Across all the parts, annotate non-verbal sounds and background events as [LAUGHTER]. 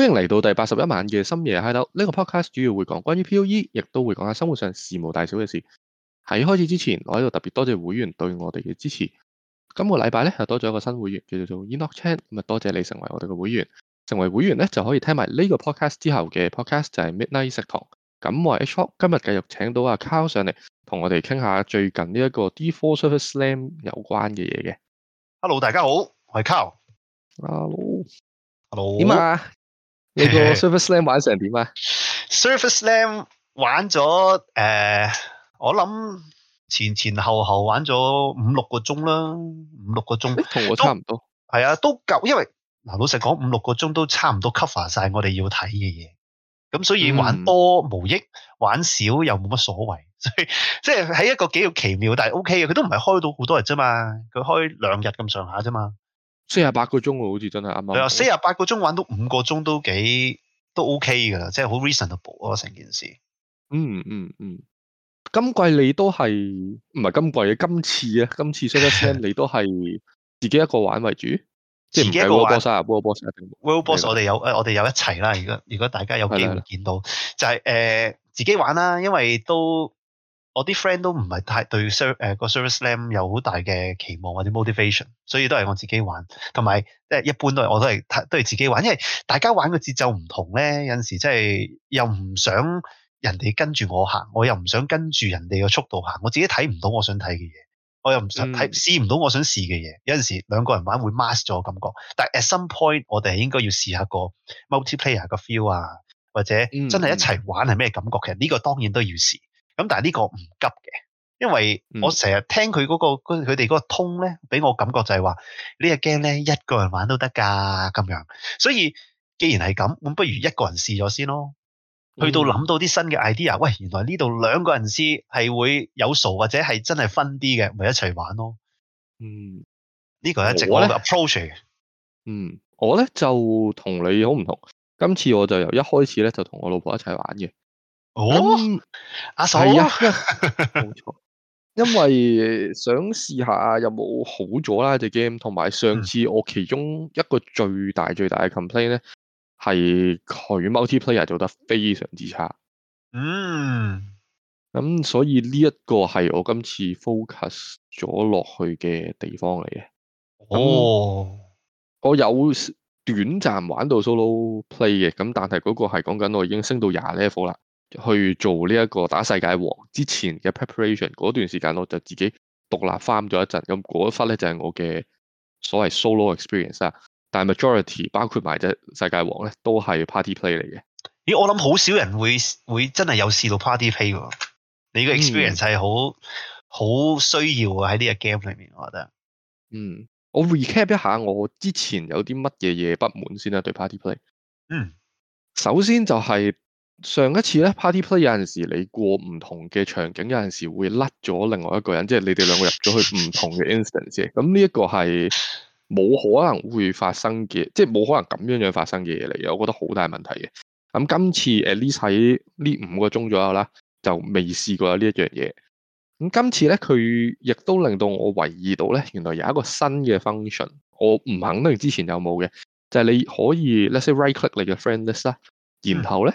歡迎嚟到第八十一晚嘅深夜 Hideout 呢個 podcast 主要會講關於 PoE，亦都會講下生活上事無大小嘅事。喺開始之前，我喺度特別多謝會員對我哋嘅支持。今個禮拜咧係多咗一個新會員叫做 Enoch Chan，咁啊多謝你成為我哋嘅會員。成為會員咧就可以聽埋呢個 podcast 之後嘅 podcast 就係 Midnight 食堂。咁我係 Hock 今日繼續請到阿 Carl 上嚟同我哋傾下最近呢一個 D4 Server Slam 有關嘅嘢嘅。Hello，大家好，我係 Carl Hello. Hello.。Hello，Hello。點啊？你個 Server Slam 玩成點啊、uh,？Server Slam 玩咗誒、呃，我諗前前後後玩咗五六個鐘啦，五六個鐘，同我差唔多。係啊，都夠，因為嗱老實講，五六個鐘都差唔多 cover 晒我哋要睇嘅嘢。咁所以玩多無益，玩少又冇乜所謂、嗯。所以即係喺一個幾奇妙，但係 O K 嘅。佢都唔係開到好多日咋嘛，佢開兩日咁上下咋嘛。四十八個鐘喎，好似真係啱啱。四十八個鐘玩到五個鐘都幾都 OK 噶啦，即係好 reasonable 咯成件事。嗯嗯嗯，今季你都係唔係今季啊？今次啊？今次所以 e 你都係自己一個玩為主， [LAUGHS] 即係唔係 World Boss 啊 World Boss 我哋有誒，我哋有,有一齊啦。如果如果大家有機會見到，是的是的就係、是、誒、呃、自己玩啦，因為都。我啲 friend 都唔係太對 service 誒個 service game 有好大嘅期望或者 motivation，所以都係我自己玩，同埋即係一般都係我都係都係自己玩，因為大家玩個節奏唔同咧，有陣時真係又唔想人哋跟住我行，我又唔想跟住人哋嘅速度行，我自己睇唔到我想睇嘅嘢，我又唔想睇試唔到我想試嘅嘢，有陣時兩個人玩會 mask 咗感覺，但係 at some point、mm -hmm. 我哋應該要試下個 multiplayer 個 feel 啊，或者真係一齊玩係咩感覺嘅？呢個當然都要試。咁但係呢個唔急嘅，因為我成日聽佢嗰、嗰個、佢、嗯、哋個通咧，俾我感覺就係話，game 咧一個人玩都得噶，咁樣。所以既然係咁，咁不如一個人試咗先咯。去到諗到啲新嘅 idea，、嗯、喂，原來呢度兩個人知係會有數，或者係真係分啲嘅，咪一齊玩咯。嗯，呢個一直 approach 我 approach。嗯，我咧就同你好唔同，今次我就由一開始咧就同我老婆一齊玩嘅。哦，嗯、阿嫂啊，冇錯 [LAUGHS] 因為想試下有冇好咗啦。隻 game 同埋上次我其中一個最大最大嘅 complain 咧，係佢 multiplayer 做得非常之差。嗯，咁、嗯、所以呢一個係我今次 focus 咗落去嘅地方嚟嘅。哦、嗯，我有短暫玩到 solo play 嘅，咁但係嗰個係講緊我已經升到廿 level 啦。去做呢一個打世界王之前嘅 preparation 嗰段時間，我就自己獨立 farm 咗一陣。咁嗰一忽咧就係我嘅所謂 solo experience 啊。但係 majority 包括埋即係世界王咧，都係 party play 嚟嘅。咦，我諗好少人會會真係有試到 party play 喎。你個 experience 係好好需要啊，喺呢個 game 裏面，我覺得。嗯，我 recap 一下我之前有啲乜嘢嘢不滿先啦，對 party play。嗯，首先就係、是。上一次咧，party play 有陣時你過唔同嘅場景，有陣時會甩咗另外一個人，即係你哋兩個入咗去唔同嘅 instance。咁呢一個係冇可能會發生嘅，即係冇可能咁樣樣發生嘅嘢嚟嘅。我覺得好大問題嘅。咁今次，at least 喺呢五個鐘左右啦，就未試過有呢一樣嘢。咁今次咧，佢亦都令到我留意到咧，原來有一個新嘅 function，我唔肯定之前有冇嘅，就係你可以 let's say right click 你嘅 friend list 啦，然後咧。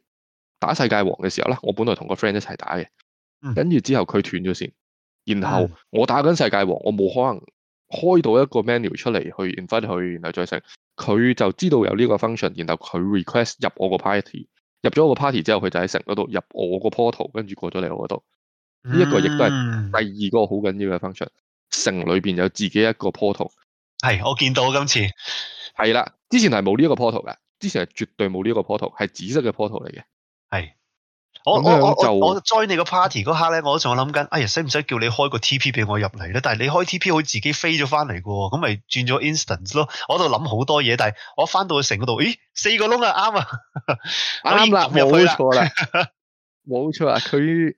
打世界王嘅時候咧，我本來同個 friend 一齊打嘅，跟住之後佢斷咗線，然後我打緊世界王，我冇可能開到一個 menu 出嚟去 invite 佢然後再上。佢就知道有呢個 function，然後佢 request 入我個 party，入咗我個 party 之後，佢就喺城嗰度入我個 portal，跟住過咗嚟我嗰度。呢一個亦都係第二個好緊要嘅 function，城裏邊有自己一個 portal。係我見到今次係啦，之前係冇呢一個 portal 嘅，之前係絕對冇呢個 portal，係紫色嘅 portal 嚟嘅。係，我我我我 join 你個 party 嗰刻咧，我都仲諗緊，哎呀，使唔使叫你開個 TP 俾我入嚟咧？但係你開 TP 會自己飛咗翻嚟嘅，咁咪轉咗 instance 咯。我度諗好多嘢，但係我翻到去城嗰度，咦，四個窿啊，啱啊，啱 [LAUGHS] 啦，冇錯啦，冇 [LAUGHS] 錯啊。佢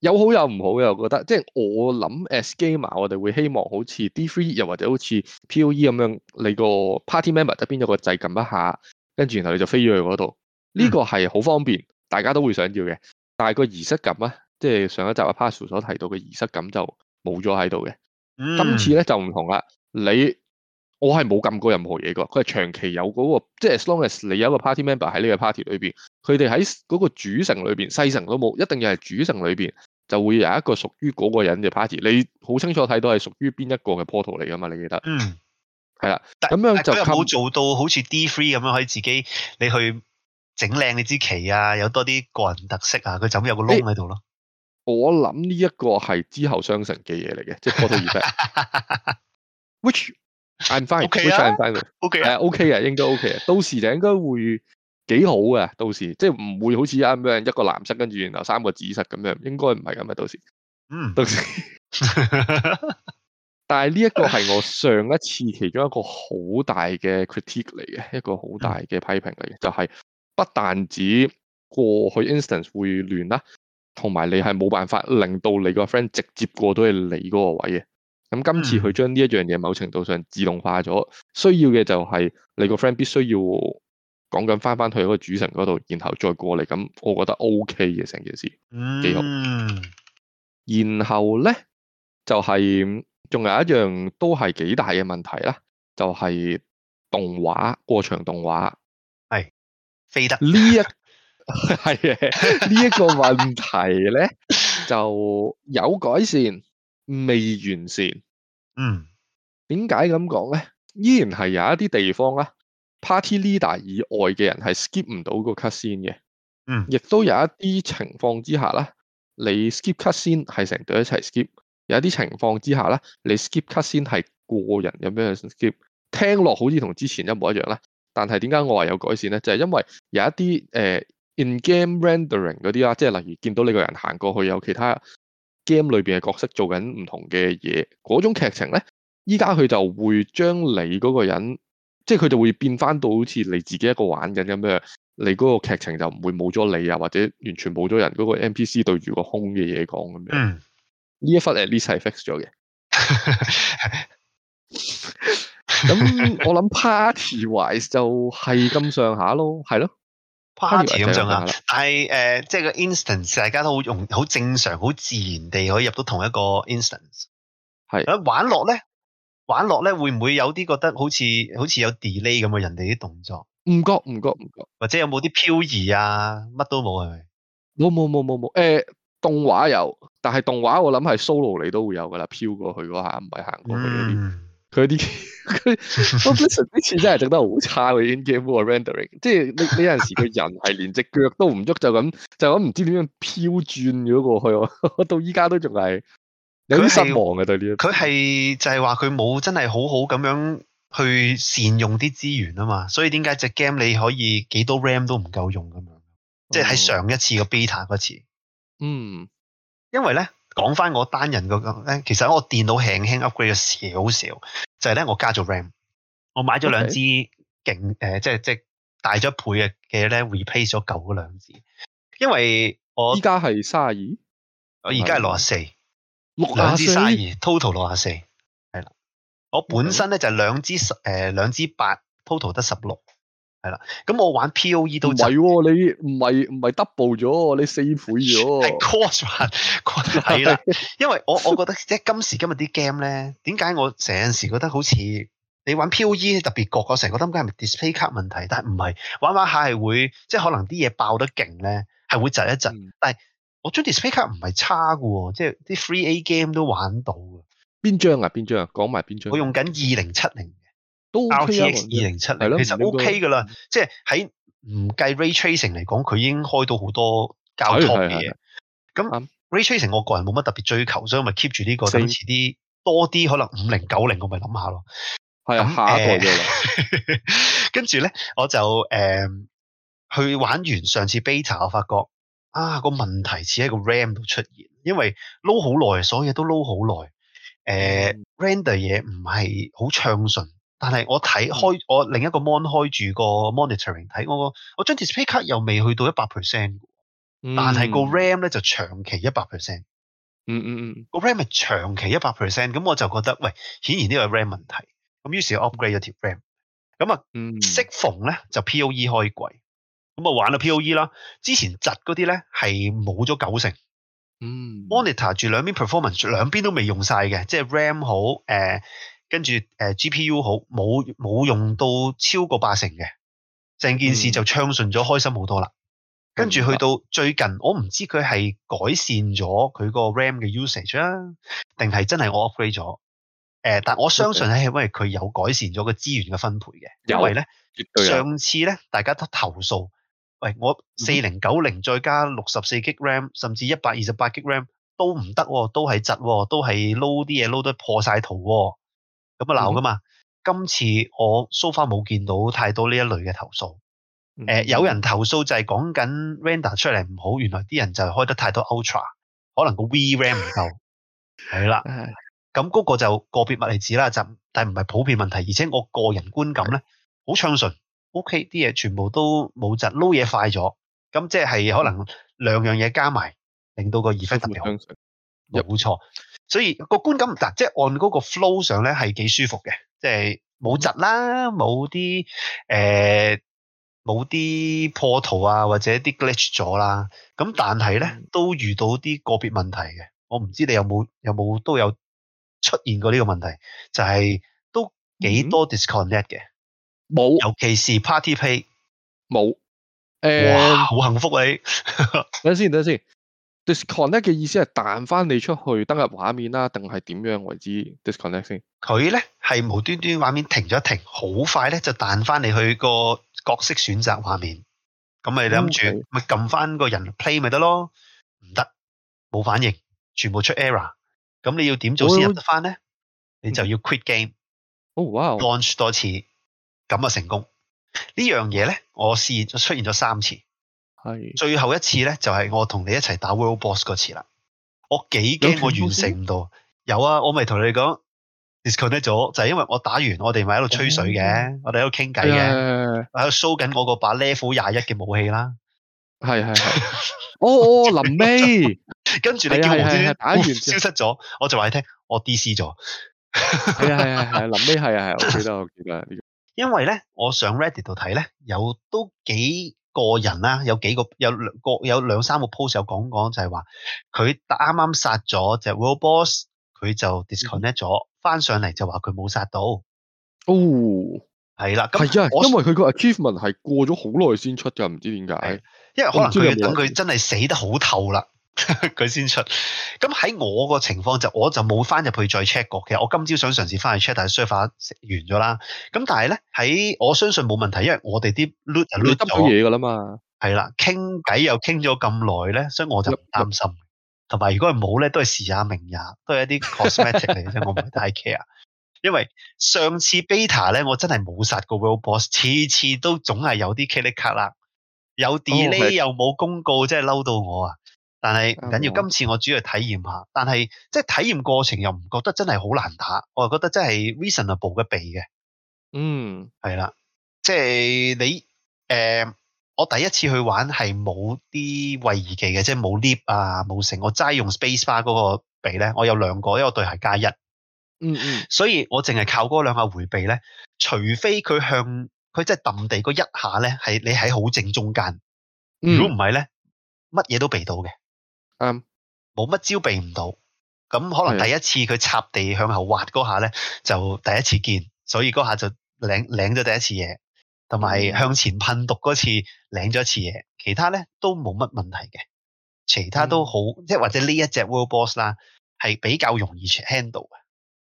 有好有唔好，嘅，我覺得即係我諗，as gamer 我哋會希望好似 D three 又或者好似 P O E 咁樣，你個 party member 入邊有個掣撳一下，跟住然後你就飛咗去嗰度，呢、嗯呢個係好方便。大家都會想要嘅，但係個儀式感咧，即係上一集阿 Pass 所提到嘅儀式感就冇咗喺度嘅。今次咧就唔同啦，你我係冇撳過任何嘢噶，佢係長期有嗰個，即係 as long as 你有一個 party member 喺呢個 party 裏邊，佢哋喺嗰個主城裏邊，細城都冇，一定要係主城裏邊就會有一個屬於嗰個人嘅 party。你好清楚睇到係屬於邊一個嘅 portal 嚟㗎嘛？你記得？嗯，係啦。咁樣就冇做到好似 D three 咁樣可以自己你去。整靚你支旗啊，有多啲個人特色啊，佢走有個窿喺度咯。我諗呢一個係之後雙城嘅嘢嚟嘅，即係 p e i of f e c k Which I'm fine，which I'm fine，O.K.、Okay、o k 啊，uh, okay、啊 [LAUGHS] 應該 O.K. 啊，到時就應該會幾好噶。到時即係唔會好似啱樣一個藍色，跟住然後三個紫色咁樣，應該唔係咁啊。到時，嗯，到時。 [LAUGHS] [LAUGHS] 但係呢一個係我上一次其中一個好大嘅 critique 嚟嘅，一個好大嘅批評嚟嘅，就係、是。不但止過去 instance 會亂啦，同埋你係冇辦法令到你個 friend 直接過到去你嗰個位嘅。咁今次佢將呢一樣嘢某程度上自動化咗，需要嘅就係你個 friend 必須要講緊翻翻去個主城嗰度，然後再過嚟。咁我覺得 OK 嘅成件事，幾好。Mm. 然後咧就係、是、仲有一樣都係幾大嘅問題啦，就係動畫，過場動畫。呢一係嘅呢一個問題咧，就有改善，未完善。嗯，點解咁講咧？依然係有一啲地方啦，party leader 以外嘅人係 skip 唔到個 cutscene 嘅。嗯，亦都有一啲情況之下啦，你 skip cutscene 係成隊一齊 skip；有一啲情況之下啦，你 skip cutscene 係個人有咩 skip？聽落好似同之前一模一樣啦。但係點解我話有改善咧？就係因為有一啲誒、呃、in game rendering 嗰啲啦，即係例如見到你個人行過去，有其他 game 裏邊嘅角色做緊唔同嘅嘢，嗰種劇情咧，依家佢就會將你嗰個人，即係佢就會變翻到好似你自己一個玩緊咁樣，你嗰個劇情就唔會冇咗你啊，或者完全冇咗人嗰個 NPC 對住個空嘅嘢講咁樣。mm. 呢一忽 at least 係 fix 咗嘅。 [LAUGHS] 咁 [LAUGHS] 我諗 party wise 就係咁上下咯，係咯 party 咁上下。但係誒，即、呃、係、就係、個 instance，大家都好容、好正常、好自然地可以入到同一個 instance。係玩落咧，玩落咧，玩會唔會有啲覺得好似好似有 delay 咁嘅，人哋啲動作唔覺，唔覺，唔覺。或者有冇啲漂移啊？乜都冇係咪？冇冇冇冇冇。誒、欸，動畫有，但係動畫我諗係 solo 你都會有噶啦，飄過去嗰下唔係行過去嗰啲。嗯佢啲佢我 p e，呢次真係整得好差嘅 [LAUGHS] ，in game rendering，即係你你有陣時佢人係連隻腳都唔喐，就咁就咁唔知點樣飄轉咗過去喎。 [LAUGHS] 我到依家都仲係有啲失望嘅，對呢佢係就係話佢冇真係好好咁樣去善用啲資源啊嘛，所以點解隻 game 你可以幾多 ram 都唔夠用咁樣？即係喺上一次個 beta 嗰次。嗯，因為咧講返我單人嗰個咧，其實我電腦輕輕 upgrade 咗少少。就係咧，我加咗 RAM，我買咗兩支勁誒、okay. 呃，即係即係大咗一倍嘅嘅咧 replace 咗舊嗰兩支，因為我依家係卅二，我而家係六十四，兩支卅二，total 六十四，係啦，我本身咧就兩支十誒兩支八，total 得十六。係啦，咁我玩 P O E 都唔係喎，你唔係唔係 double 咗，你四倍咗。係 course 玩係啦， [LAUGHS] 因為我我覺得即係今時今日啲 game 咧，點解我成日時覺得好似你玩 P O E 特別焗啊？成個都唔知係咪 display 卡問題，但係唔係玩玩下係會，即係可能啲嘢爆得勁咧，係會窒一窒。嗯、但係我張 display 卡唔係差噶喎，即係啲 three A game 都玩到嘅。邊張啊？邊張啊？講埋邊張？我用緊二零七零。都、OK 啊、RTX 二零七零，其實 OK 噶啦，即係喺唔計 Ray Tracing 嚟講，佢已經開到好多較 top 嘅嘢。咁 Ray Tracing 我個人冇乜特別追求，所以咪 keep 住呢個，等遲啲多啲可能五零九零我咪諗下咯。係啊，下一代嘅、呃、 [LAUGHS] 跟住咧，我就誒、呃、去玩完上次 Beta，我發覺啊個問題似喺個 RAM 度出現，因為撈好耐，所有嘢都撈好耐。誒，render 嘢唔係好暢順。但係我睇、嗯、開我另一個 mon 開住個 monitoring 睇我個我將 display 卡又未去到一百 percent，但係個 ram 咧就長期一百 percent。嗯嗯嗯，個 ram 係長期一百 percent，咁我就覺得喂，顯然呢個係 ram 問題。咁於是 upgrade 咗條 ram。咁啊，適逢咧就 POE 開櫃，咁啊玩到 POE 啦。之前窒嗰啲咧係冇咗九成。嗯，monitor 住兩邊 performance，兩邊都未用晒嘅，即係 ram 好誒。呃跟住、呃、G P U 好冇冇用到超過八成嘅，成件事就暢順咗、嗯，開心好多啦。跟住去到最近，我唔知佢係改善咗佢個 RAM 嘅 usage 啦、啊，定係真係我 upgrade 咗、呃？但我相信咧，係因為佢有改善咗個資源嘅分配嘅，因為咧上次咧大家都投訴，喂，我四零九零再加六十四 G RAM、嗯、甚至一百二十八 G RAM 都唔得喎，都係窒、啊，都係 load 啲嘢 load 得破晒圖、啊。咁啊鬧噶嘛！今次我 so far 冇見到太多呢一類嘅投訴。誒、呃嗯、有人投訴就係講緊 render 出嚟唔好，原來啲人就開得太多 ultra，可能個 VRAM 唔夠。係 [LAUGHS] 啦，咁嗰，那個就個別物理指啦，就但唔係普遍問題。而且我個人觀感咧，好暢順。OK，啲嘢全部都冇窒，撈嘢快咗。咁即係可能兩樣嘢加埋，令到個二分特別。又冇錯，所以個觀感唔嗱，即係按嗰個 flow 上咧係幾舒服嘅，即係冇窒啦，冇啲誒，冇啲破圖啊，或者啲 glitch 咗啦。咁但係咧都遇到啲個別問題嘅，我唔知你有冇有冇都有出現過呢個問題，就係、是、都幾多 disconnect 嘅，冇，尤其是 party play，冇，誒、呃，好幸福你，等先等先。Disconnect 嘅意思係彈翻你出去登入畫面啦，定係點樣為之 disconnect 先？佢咧係無端端畫面停咗一停，好快咧就彈翻你去個角色選擇畫面。咁咪諗住咪撳翻個人 play 咪得咯？唔得，冇反應，全部出 error。咁你要點做先得翻咧？你就要 quit game，哦。Oh wow! launch 多次，咁啊成功。這樣呢樣嘢咧，我試咗出現咗三次。最後一次咧，就係、是、我同你一齊打 World Boss 嗰次啦。我幾驚，我完成唔到。有啊，我咪同你講 disconnect 咗，就係、是、因為我打完，我哋咪喺度吹水嘅、嗯，我哋喺度傾偈嘅，喺度 show 緊我個把 level 廿一嘅武器啦。係係係。 [LAUGHS] 哦哦，臨尾 [LAUGHS] 跟住你叫黃先、哦、打完消失咗，我就話你聽，我 DC 咗。係係係， [LAUGHS] 臨尾係啊，我記得我記得。因為咧，我上 Reddit 度睇咧，有都幾。個人啦、啊，有幾個，有兩個，有兩三個 post 有講講，就係話佢啱啱殺咗隻 World Boss，佢就 disconnect 咗，翻上嚟就話佢冇殺到。哦，係啦，係啊，因為佢個 achievement 係過咗好耐先出嘅，唔知點解，因為可能佢等佢真係死得好透啦。佢 [LAUGHS] 先出，咁喺我個情況就我就冇翻入去再 check 過。其實我今朝想嘗試翻去 check，但係 server 完咗啦。咁但係咧喺我相信冇問題，因為我哋啲 load load 咗嘢噶啦嘛。係啦，傾偈又傾咗咁耐咧，所以我就唔擔心。同埋如果係冇咧，都係試下明也，也都係一啲 cosmetic 嚟嘅啫， [LAUGHS] 我唔太 care。因為上次 beta 咧，我真係冇殺過 world boss，次次都總係有啲 c a l l t 啦，有 delay 又冇公告，真係嬲到我啊！但係唔緊要、啊，今次我主要係體驗下，但係即係體驗過程又唔覺得真係好難打，我又覺得真係 reasonable 嘅避嘅，嗯，係啦，即、就、係、是、你誒、呃，我第一次去玩係冇啲位移技嘅，即係冇 leap 啊，冇成。我齋用 space bar 嗰個避咧，我有兩個，一個對鞋加一，嗯嗯，所以我淨係靠嗰兩個回避咧，除非佢向佢即係揼地嗰一下咧，係你喺好正中間，如果唔係咧，乜嘢都避到嘅。嗯、um，冇乜招避唔到，咁可能第一次佢插地向後滑嗰下咧，就第一次見，所以嗰下就領領咗第一次嘢，同埋向前噴毒嗰次領咗一次嘢，其他咧都冇乜問題嘅，其他都好，即、嗯、係或者呢一隻 World Boss 啦，係比較容易 handle 嘅，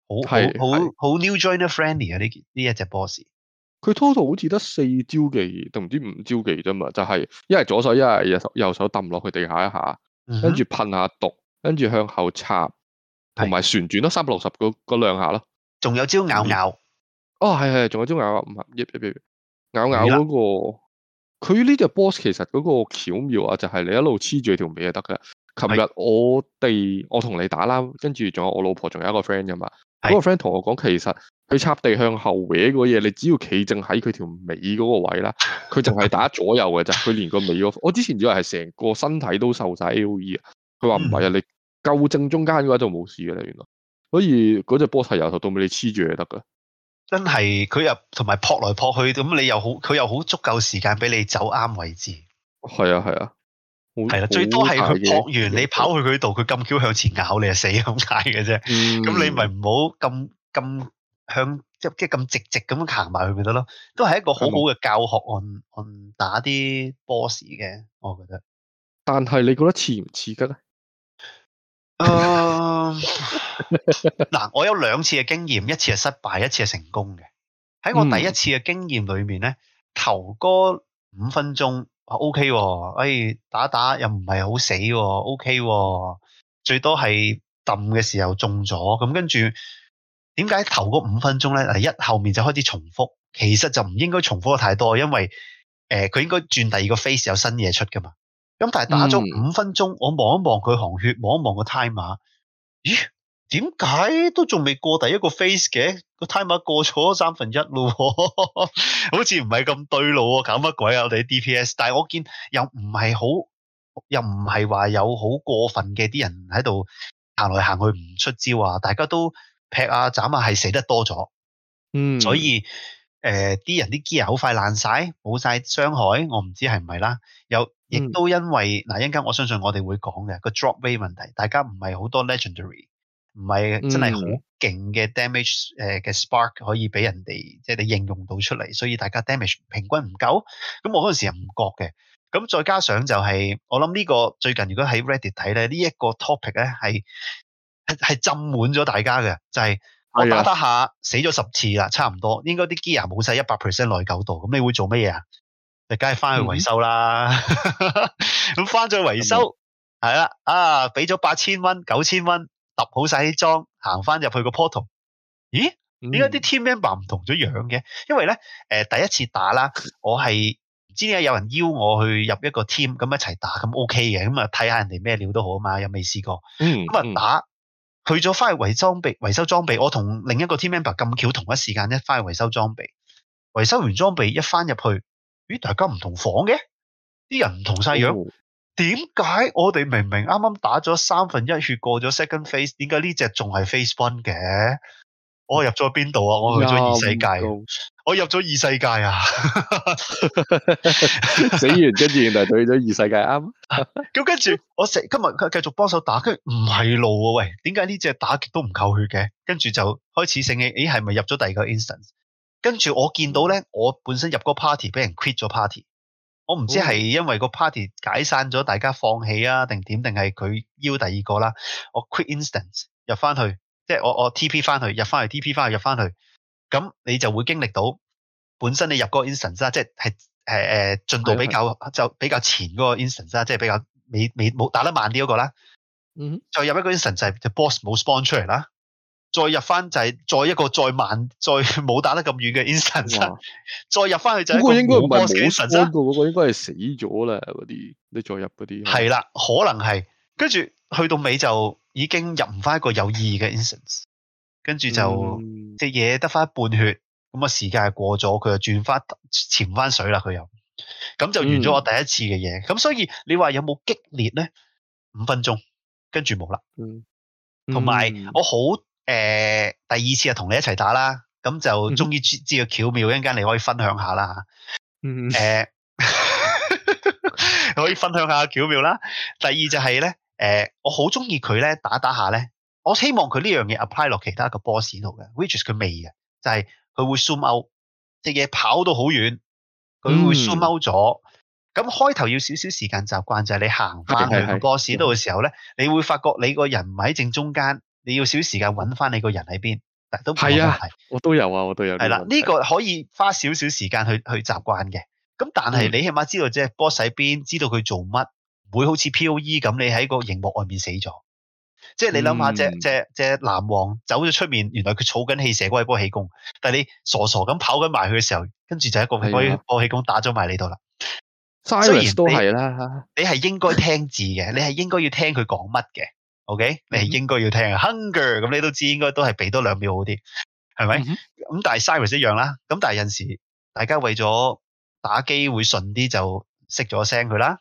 好好好好 New Joiner Friendly 啊呢呢一隻 Boss，佢 Total 好似得四招技同唔知五招技啫嘛，就係一係左手一係右手抌落去地下一下。跟住噴下毒，跟住向後插，同埋旋轉咯，三百六十個個兩下咯。仲有招咬咬，哦係係，仲有招咬唔係，一啲啲咬咬嗰、嗰個。佢呢隻 boss 其實嗰個巧妙啊，就係你一路黐住條尾就得嘅。琴日我哋我同你打啦，跟住仲有我老婆，仲有一個 friend 噶嘛。嗰、嗰個 friend 同我講，其實。佢插地向後搲嗰嘢，你只要企正喺佢條尾嗰個位啦，佢淨係打左右嘅咋。佢連個尾嗰，我之前以為係成個身體都受晒 A O E 啊。佢話唔係啊，你夠正中間嘅話就冇事嘅啦。原來，所以嗰隻波係由頭到尾你黐住就得噶。真係佢又同埋撲來撲去，咁你又好，佢又好足夠時間俾你走啱位置。係啊係啊，係啊，啊，最多係佢撲完，你跑去佢度，佢咁 Q 向前咬你啊死咁解嘅啫。咁、嗯、你咪唔好咁咁。向即係咁直直咁行埋去咪得咯，都係一個好好嘅教學按按、嗯、打啲 boss 嘅，我覺得。但係你覺得似唔似得咧？嗱、呃 [LAUGHS] 呃，我有兩次嘅經驗，一次係失敗，一次係成功嘅。喺我第一次嘅經驗裏面咧、嗯，頭嗰五分鐘，ok，、哦、哎，打打又唔係好死、哦、，ok，、哦、最多係揼嘅時候中咗，咁跟住。點解頭嗰五分鐘咧，一後面就開始重複，其實就唔應該重複得太多，因為誒佢、呃、應該轉第二個 phase 有新嘢出噶嘛。咁但係打咗五分鐘，嗯、我望一望佢行血，望一望個 timer 咦，點解都仲未過第一個 phase 嘅，個 timer 過咗三分一咯。好似唔係咁對路啊，搞乜鬼啊？我哋 DPS，但係我見又唔係好，又唔係話有好過分嘅啲人喺度行來行去唔出招啊，大家都。劈啊斬啊係死得多咗。嗯，所以誒啲、呃、人啲 gear 好快爛晒，冇晒傷害，我唔知係唔係啦。又亦都因為嗱一陣間，我相信我哋會講嘅個 drop rate 問題，大家唔係好多 legendary，唔係真係好勁嘅 damage 誒、嗯、嘅、呃、spark 可以俾人哋即係你應用到出嚟，所以大家 damage 平均唔夠。咁我嗰陣時又唔覺嘅，咁再加上就係、是、我諗呢、這個最近如果喺 Reddit 睇咧呢一個 topic 咧係。係浸滿咗大家嘅，就係、是、我打得下、哎、死咗十次啦，差唔多。應該啲 gear 冇晒一百 percent 耐久度，咁你會做乜嘢、嗯 [LAUGHS] 嗯、啊？你梗係翻去維修啦。咁翻咗去維修，係啦，啊俾咗八千蚊、九千蚊，揼好晒啲裝，行翻入去個 portal。咦？點解啲 team member 唔同咗樣嘅、嗯？因為咧，誒、呃、第一次打啦，我係唔知點解有人邀我去入一個 team，咁一齊打，咁 OK 嘅，咁啊睇下人哋咩料都好啊嘛，有未試過，咁、嗯、啊打。去咗翻去維裝備維修裝備，我同另一個 team member 咁巧同一時間一翻去維修裝備，維修完裝備一翻入去，咦，大家唔同房嘅，啲人唔同晒樣。點、嗯、解我哋明明啱啱打咗三分一血過咗 second phase，點解呢隻仲係 face one 嘅？我入咗邊度啊！我去咗異世界，我入咗異世界啊！ [MUSIC] 界啊 [LAUGHS] [LAUGHS] 死完跟住原來就去咗異世界，啱。咁、 [LAUGHS] 啊、跟住我成今日繼續幫手打，跟唔係路啊？喂，點解呢隻打極都唔扣血嘅？跟住就開始醒起，咦、哎，係咪入咗第二個 instance？跟住我見到咧，我本身入個 party 俾人 quit 咗 party，我唔知係因為個 party 解散咗，大家放棄啊，定點？定係佢邀第二個啦？我 quit instance 入翻去。即係我我 T P 翻去入翻去 T P 翻去入翻去，咁你就會經歷到本身你入嗰個 instance 啦，即係誒誒進度比較就比較前嗰個 instance 啦，即係比較未未冇打得慢啲嗰、嗰個啦。嗯，再入一個 instance 就就 boss 冇 spawn 出嚟啦，再入翻就係再一個再慢再冇打得咁遠嘅 instance，再入翻去就嗰個,個應該唔個應該係、嗰個嗰個、死咗啦嗰啲，你再入嗰啲係啦，可能係跟住。去到尾就已經入唔翻一個有意義嘅 instance，跟住就、嗯、隻嘢得翻一半血，咁啊時間過咗，佢又轉翻潛翻水啦，佢又咁就完咗我第一次嘅嘢。咁、嗯、所以你話有冇激烈咧？五分鐘跟住冇啦。嗯，同、嗯、埋我好誒、呃，第二次啊，同你一齊打啦，咁就終於知知個巧妙一陣間，嗯、你可以分享下啦。誒、嗯，呃、 [LAUGHS] 可以分享下巧妙啦。第二就係咧。誒、呃，我好中意佢咧打打下咧，我希望佢呢樣嘢 apply 落其他個 boss 度嘅，which 佢未嘅，就係佢會 zoom out，即、嗯、嘢跑到好遠，佢會 zoom out 咗。咁開頭要少少時間習慣，就係、是、你行翻去個 boss 度嘅時候咧，是是是是你會發覺你個人唔喺正中間，你要少時間揾翻你個人喺邊。係啊，我都有啊，我都有、啊。係啦，呢、呢個可以花少少時間少時間去去習慣嘅。咁但係你起碼知道即係 boss 喺邊，知道佢做乜。會好似 PoE 咁，你喺個熒幕外面死咗，即係你諗下，只只隻藍王走咗出面，原來佢儲緊氣射過一波氣功。但係你傻傻咁跑緊埋去嘅時候，跟住就一個氣波氣功打咗埋你度啦。雖然都係啦，你係應該聽字嘅，你係應該要聽佢講乜嘅。OK，你係應該要聽。嗯、Hunger 咁，你都知應該都係俾多兩秒好啲，係咪？咁、嗯、但係 s i r e n 一樣啦。咁但係有陣時，大家為咗打機會順啲，就熄咗聲佢啦。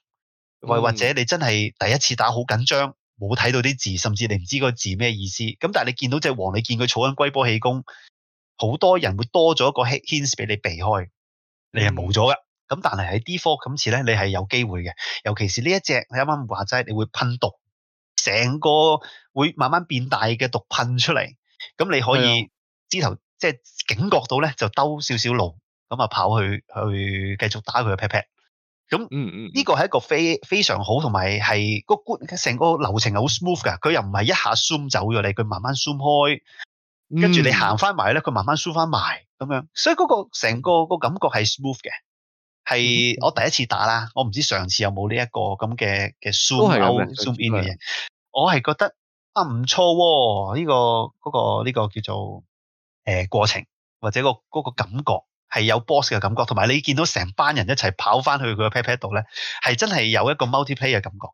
或或者你真係第一次打好緊張，冇睇到啲字，甚至你唔知個字咩意思。咁但係你見到隻王，你見佢儲緊龜波氣功，好多人會多咗一個 hints 俾你避開，你係冇咗噶。咁但係喺 D4 今次咧，你係有機會嘅。尤其是呢一隻，你啱啱話齋，你會噴毒，成個會慢慢變大嘅毒噴出嚟。咁你可以知頭，即係警覺到咧，就兜少少路，咁啊跑去去繼續打佢嘅 pat pat。咁、嗯，呢、嗯這個係一個非非常好，同埋係個成個流程係好 smooth 噶。佢又唔係一下 zoom 走咗你，佢慢慢 zoom 開，跟住你行翻埋咧，佢慢慢 zoom 翻埋咁樣。所以嗰個成個個感覺係 smooth 嘅，係、嗯、我第一次打啦。我唔知上次有冇呢一個咁嘅嘅 zoom、哦、zoom in 嘅嘢。我係覺得啊，唔錯呢、這個嗰、這個呢、這個叫做誒、呃、過程或者、那個嗰、這個感覺。係有 boss 嘅感覺，同埋你見到成班人一齊跑翻去佢嘅 pat pat 度咧，係真係有一個 multiplay 嘅感覺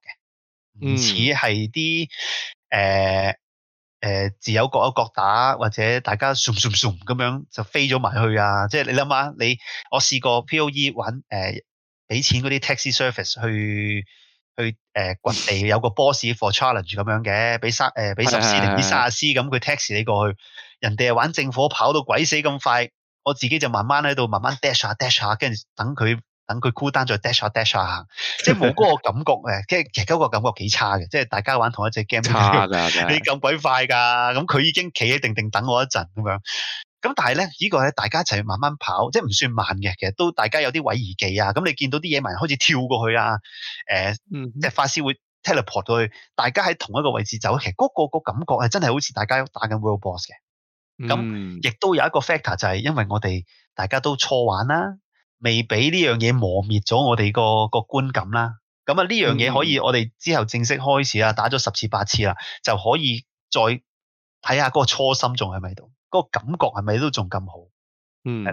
嘅，唔似係啲誒自由各一國打，或者大家 Zoom 咁樣就飛咗埋去啊！即係你諗下，你我試過 POE 玩誒俾、呃、錢嗰啲 taxi service 去去誒各地有個 boss for challenge 咁樣嘅，俾三俾十 C 定俾三啊 C 咁，佢 taxi 你過去，是的是的人哋係玩政府跑到鬼死咁快。我自己就慢慢喺度，慢慢 dash 下 dash 下，跟住等佢等佢 cooldown 再 dash 下 dash 下，即係冇嗰個感覺，即係 [LAUGHS] 其實嗰個感覺幾差嘅，即係大家玩同一隻 game。差噶，你咁鬼快噶，咁 [LAUGHS] 佢已經企喺定定等我一陣咁樣。咁但係咧，呢、呢個係大家一齊慢慢跑，即係唔算慢嘅。其實都大家有啲位移技啊。咁你見到啲野蠻人開始跳過去啊，誒、呃嗯，即係法師會 teleport 去，大家喺同一個位置走。其實嗰、嗰個、嗰個感覺係真係好似大家打緊 world boss 嘅。咁亦都有一個 factor 就係，因為我哋大家都錯玩啦，未俾呢樣嘢磨滅咗我哋個個觀感啦。咁啊呢樣嘢可以我哋之後正式開始啦，打咗十次八次啦，就可以再睇下嗰個初心仲喺咪度，嗰個感覺係咪都仲咁好？嗯，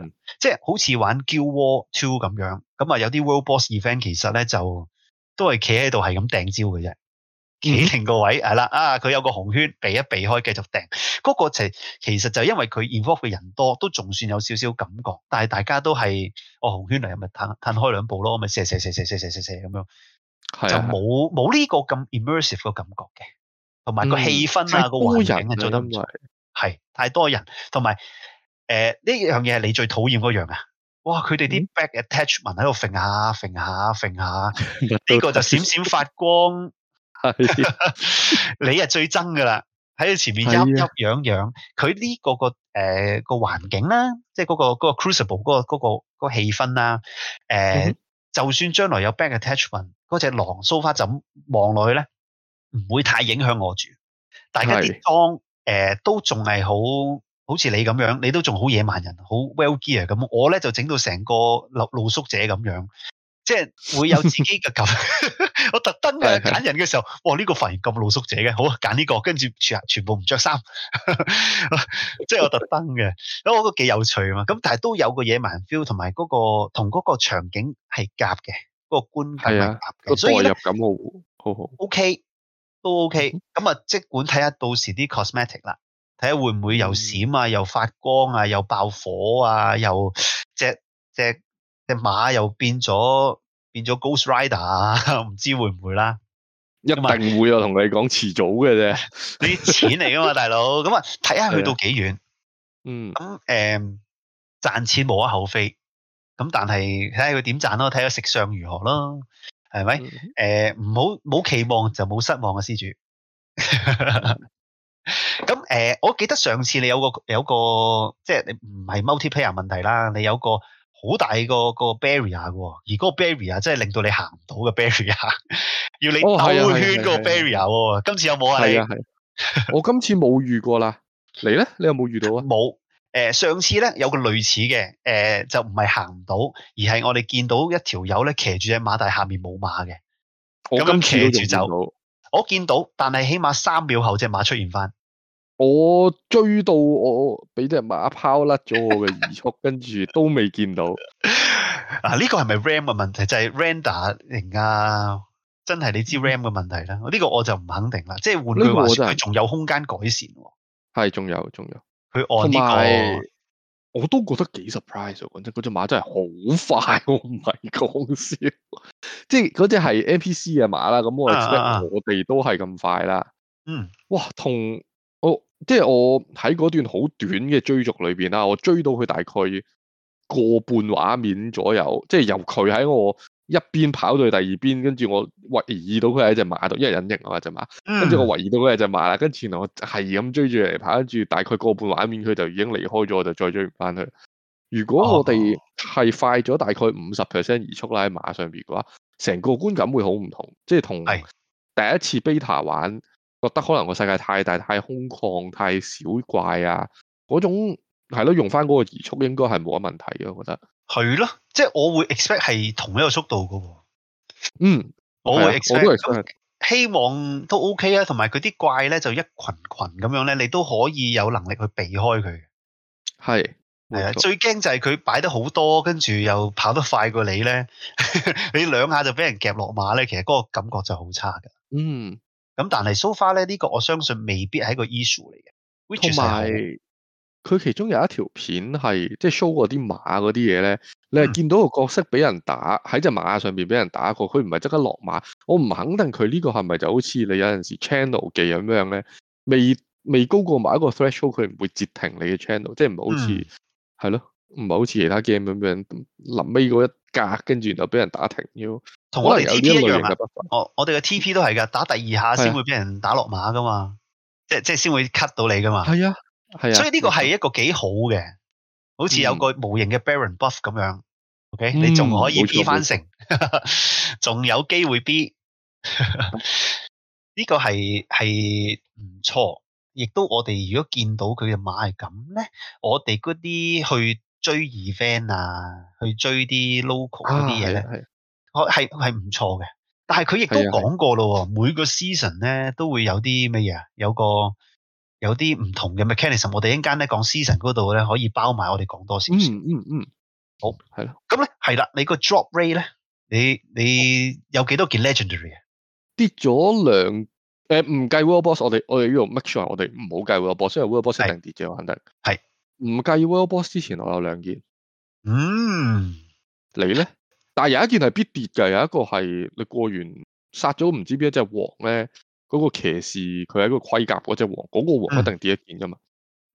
即係、就是、好似玩 Guild Wars Two 咁樣，咁啊有啲 World Boss Event 其實咧就都係企喺度係咁掟招嘅啫。記停個位係啦，啊佢有個紅圈避一避開，繼續掟嗰、那個其其實就因為佢 involve 嘅人多，都仲算有少少感覺，但係大家都係哦、喔、紅圈嚟，咁咪褪褪開兩步咯，咪射射射射射射射射咁樣，就冇冇呢個咁 immersive 嘅感覺嘅，同埋個氣氛、嗯、啊個環境啊做得唔係太多人，同埋誒呢樣嘢係你最討厭嗰樣啊！哇，佢哋啲 back attachment 喺度揈下揈下揈下，呢、啊 [LAUGHS] 這個就閃閃發光。 [LAUGHS] 你係最憎噶啦，喺你前面陰陰樣樣佢呢個個誒、呃、個環境啦，即係嗰、那個嗰 Crucible 嗰個嗰、那個那個那個、氣氛啦，誒、呃，嗯、就算將來有 back attachment，嗰隻狼蘇、so、花就望落去咧，唔會太影響我住。大家啲裝誒都仲係好好似你咁樣，你都仲好野蠻人，好 well gear 咁。我咧就整到成個露露宿者咁樣。即係會有自己嘅感，我特登啊揀人嘅時候，哇，呢個髮型咁露宿者嘅，好啊揀呢個，跟住全全部唔着衫，即係我特登嘅，我覺得幾有趣啊嘛，咁但係都有個野蠻 feel，同埋嗰個同嗰個場景係夾嘅，個觀感係夾嘅，所以咧，代入感好，好好，O K 都 O K，咁啊即管睇下到時啲 cosmetic 啦，睇下會唔會又閃啊，又發光啊，又爆火啊，又只只。隻馬又變咗，變咗 Ghost Rider，唔知會唔會啦？一定會啊！同你講遲早嘅啫，啲錢嚟噶嘛，大佬咁啊，睇 [LAUGHS] 下去到幾遠。嗯。咁、呃、誒，賺錢無可厚非，咁但係睇下佢點賺咯，睇下食相如何咯，係咪？誒、嗯呃，唔好冇期望就冇失望啊，施主。咁 [LAUGHS] 誒、呃，我記得上次你有個有個，即、就、係、是、你唔係 multiplayer 問題啦，你有個。好大個個 barrier 嘅，而個 barrier 真係令到你行唔到嘅 barrier，要你兜圈個 barrier。今、哦啊啊啊啊啊啊、次有冇啊，啊？你、啊、我今次冇遇過啦。 [LAUGHS] 你咧？你有冇遇到啊？冇。誒、呃，上次咧有個類似嘅，誒、呃，就唔係行唔到，而係我哋見到一條友咧騎住隻馬，但係下面冇馬嘅。咁騎住走。我見到，但係起碼三秒後隻馬出現翻。我追到我俾隻馬拋甩咗我嘅移速， [LAUGHS] 跟住都未見到、啊。嗱，呢個係咪 RAM 嘅問題？就係、是、render 人家真係你知 RAM 嘅問題啦。呢、這個我就唔肯定啦。即係換句話說，佢、這、仲、個就是、有空間改善。係，仲有，仲有。佢按呢、這個。我都覺得幾 surprise。講真，嗰隻馬真係好快。我唔係講笑。即係嗰隻係 NPC 嘅馬啦。咁我哋、uh uh uh、我哋都係咁快啦。嗯、uh uh。哇，同。我即係我喺嗰段好短嘅追逐裏邊啦，我追到佢大概個半畫面左右，即係由佢喺我一邊跑到去第二邊，跟住我圍意到佢喺隻馬度，一係隱形啊嘛隻馬，跟住我圍意到佢係隻馬啦，跟住我係咁追住嚟跑，跟住大概個半畫面佢就已經離開咗，我就再追唔翻佢。如果我哋係快咗大概五十 percent 移速啦喺馬上邊嘅話，成個觀感會好唔同，即係同第一次 beta 玩。覺得可能個世界太大，太空曠，太少怪啊！嗰種係咯，用翻嗰個移速應該係冇乜問題嘅。我覺得係咯，即係我會 expect 係同一個速度噶。嗯，我會 expect, 我 expect 希望都 OK 啊。同埋佢啲怪咧就一群群咁樣咧，你都可以有能力去避開佢。係係啊，最驚就係佢擺得好多，跟住又跑得快過你咧， [LAUGHS] 你兩下就俾人夾落馬咧。其實嗰個感覺就好差噶。嗯。咁、嗯、但係 so far 咧呢、呢個我相信未必係一個 issue 嚟嘅，同埋佢其中有一條片係即係 show 過啲馬嗰啲嘢咧，你係見到個角色俾人打喺隻、嗯、馬上邊俾人打過，佢唔係即刻落馬，我唔肯定佢呢個係咪就好似你有陣時 channel 技咁樣咧，未未高過埋一個 threshold，佢唔會截停你嘅 channel，即係唔係好似係咯，唔、嗯、係好似其他 game 咁樣臨尾嗰一。跟住然後俾人打停，要同我哋 T P 一樣啊！我哋嘅 T P 都係㗎，打第二下先會俾人打落馬㗎嘛，即係即係先會 cut 到你㗎嘛。係啊，係啊，所以呢個係一個幾好嘅，好似有個無形嘅 baron buff 咁樣。OK，、嗯、你仲可以 B 翻成，仲有機會 B 哈哈。呢、這個係係唔錯，亦都我哋如果見到佢嘅馬係咁咧，我哋嗰啲去。追 event 啊，去追啲 local 嗰啲嘢咧，我係係唔錯嘅。但係佢亦都講過咯、啊啊，每個 season 咧都會有啲乜嘢，啊？有個有啲唔同嘅 mechanism 我。我哋一陣間咧講 season 嗰度咧可以包埋，我哋講多少？嗯嗯嗯，好，係咯、啊。咁咧係啦，你個 drop rate 咧，你你有幾多件 legendary？啊？跌咗兩，誒唔計 World Boss，我哋我哋呢度 make sure，我哋唔好計 World Boss，雖然 World Boss 一定跌咗肯定。係、啊。唔計 World Boss 之前我有兩件，嗯，你咧？但係有一件係必跌嘅，有一個係你過完殺咗唔知邊一隻王咧，嗰、那個騎士佢喺個盔甲嗰隻王，嗰、那個王一定跌一件噶嘛、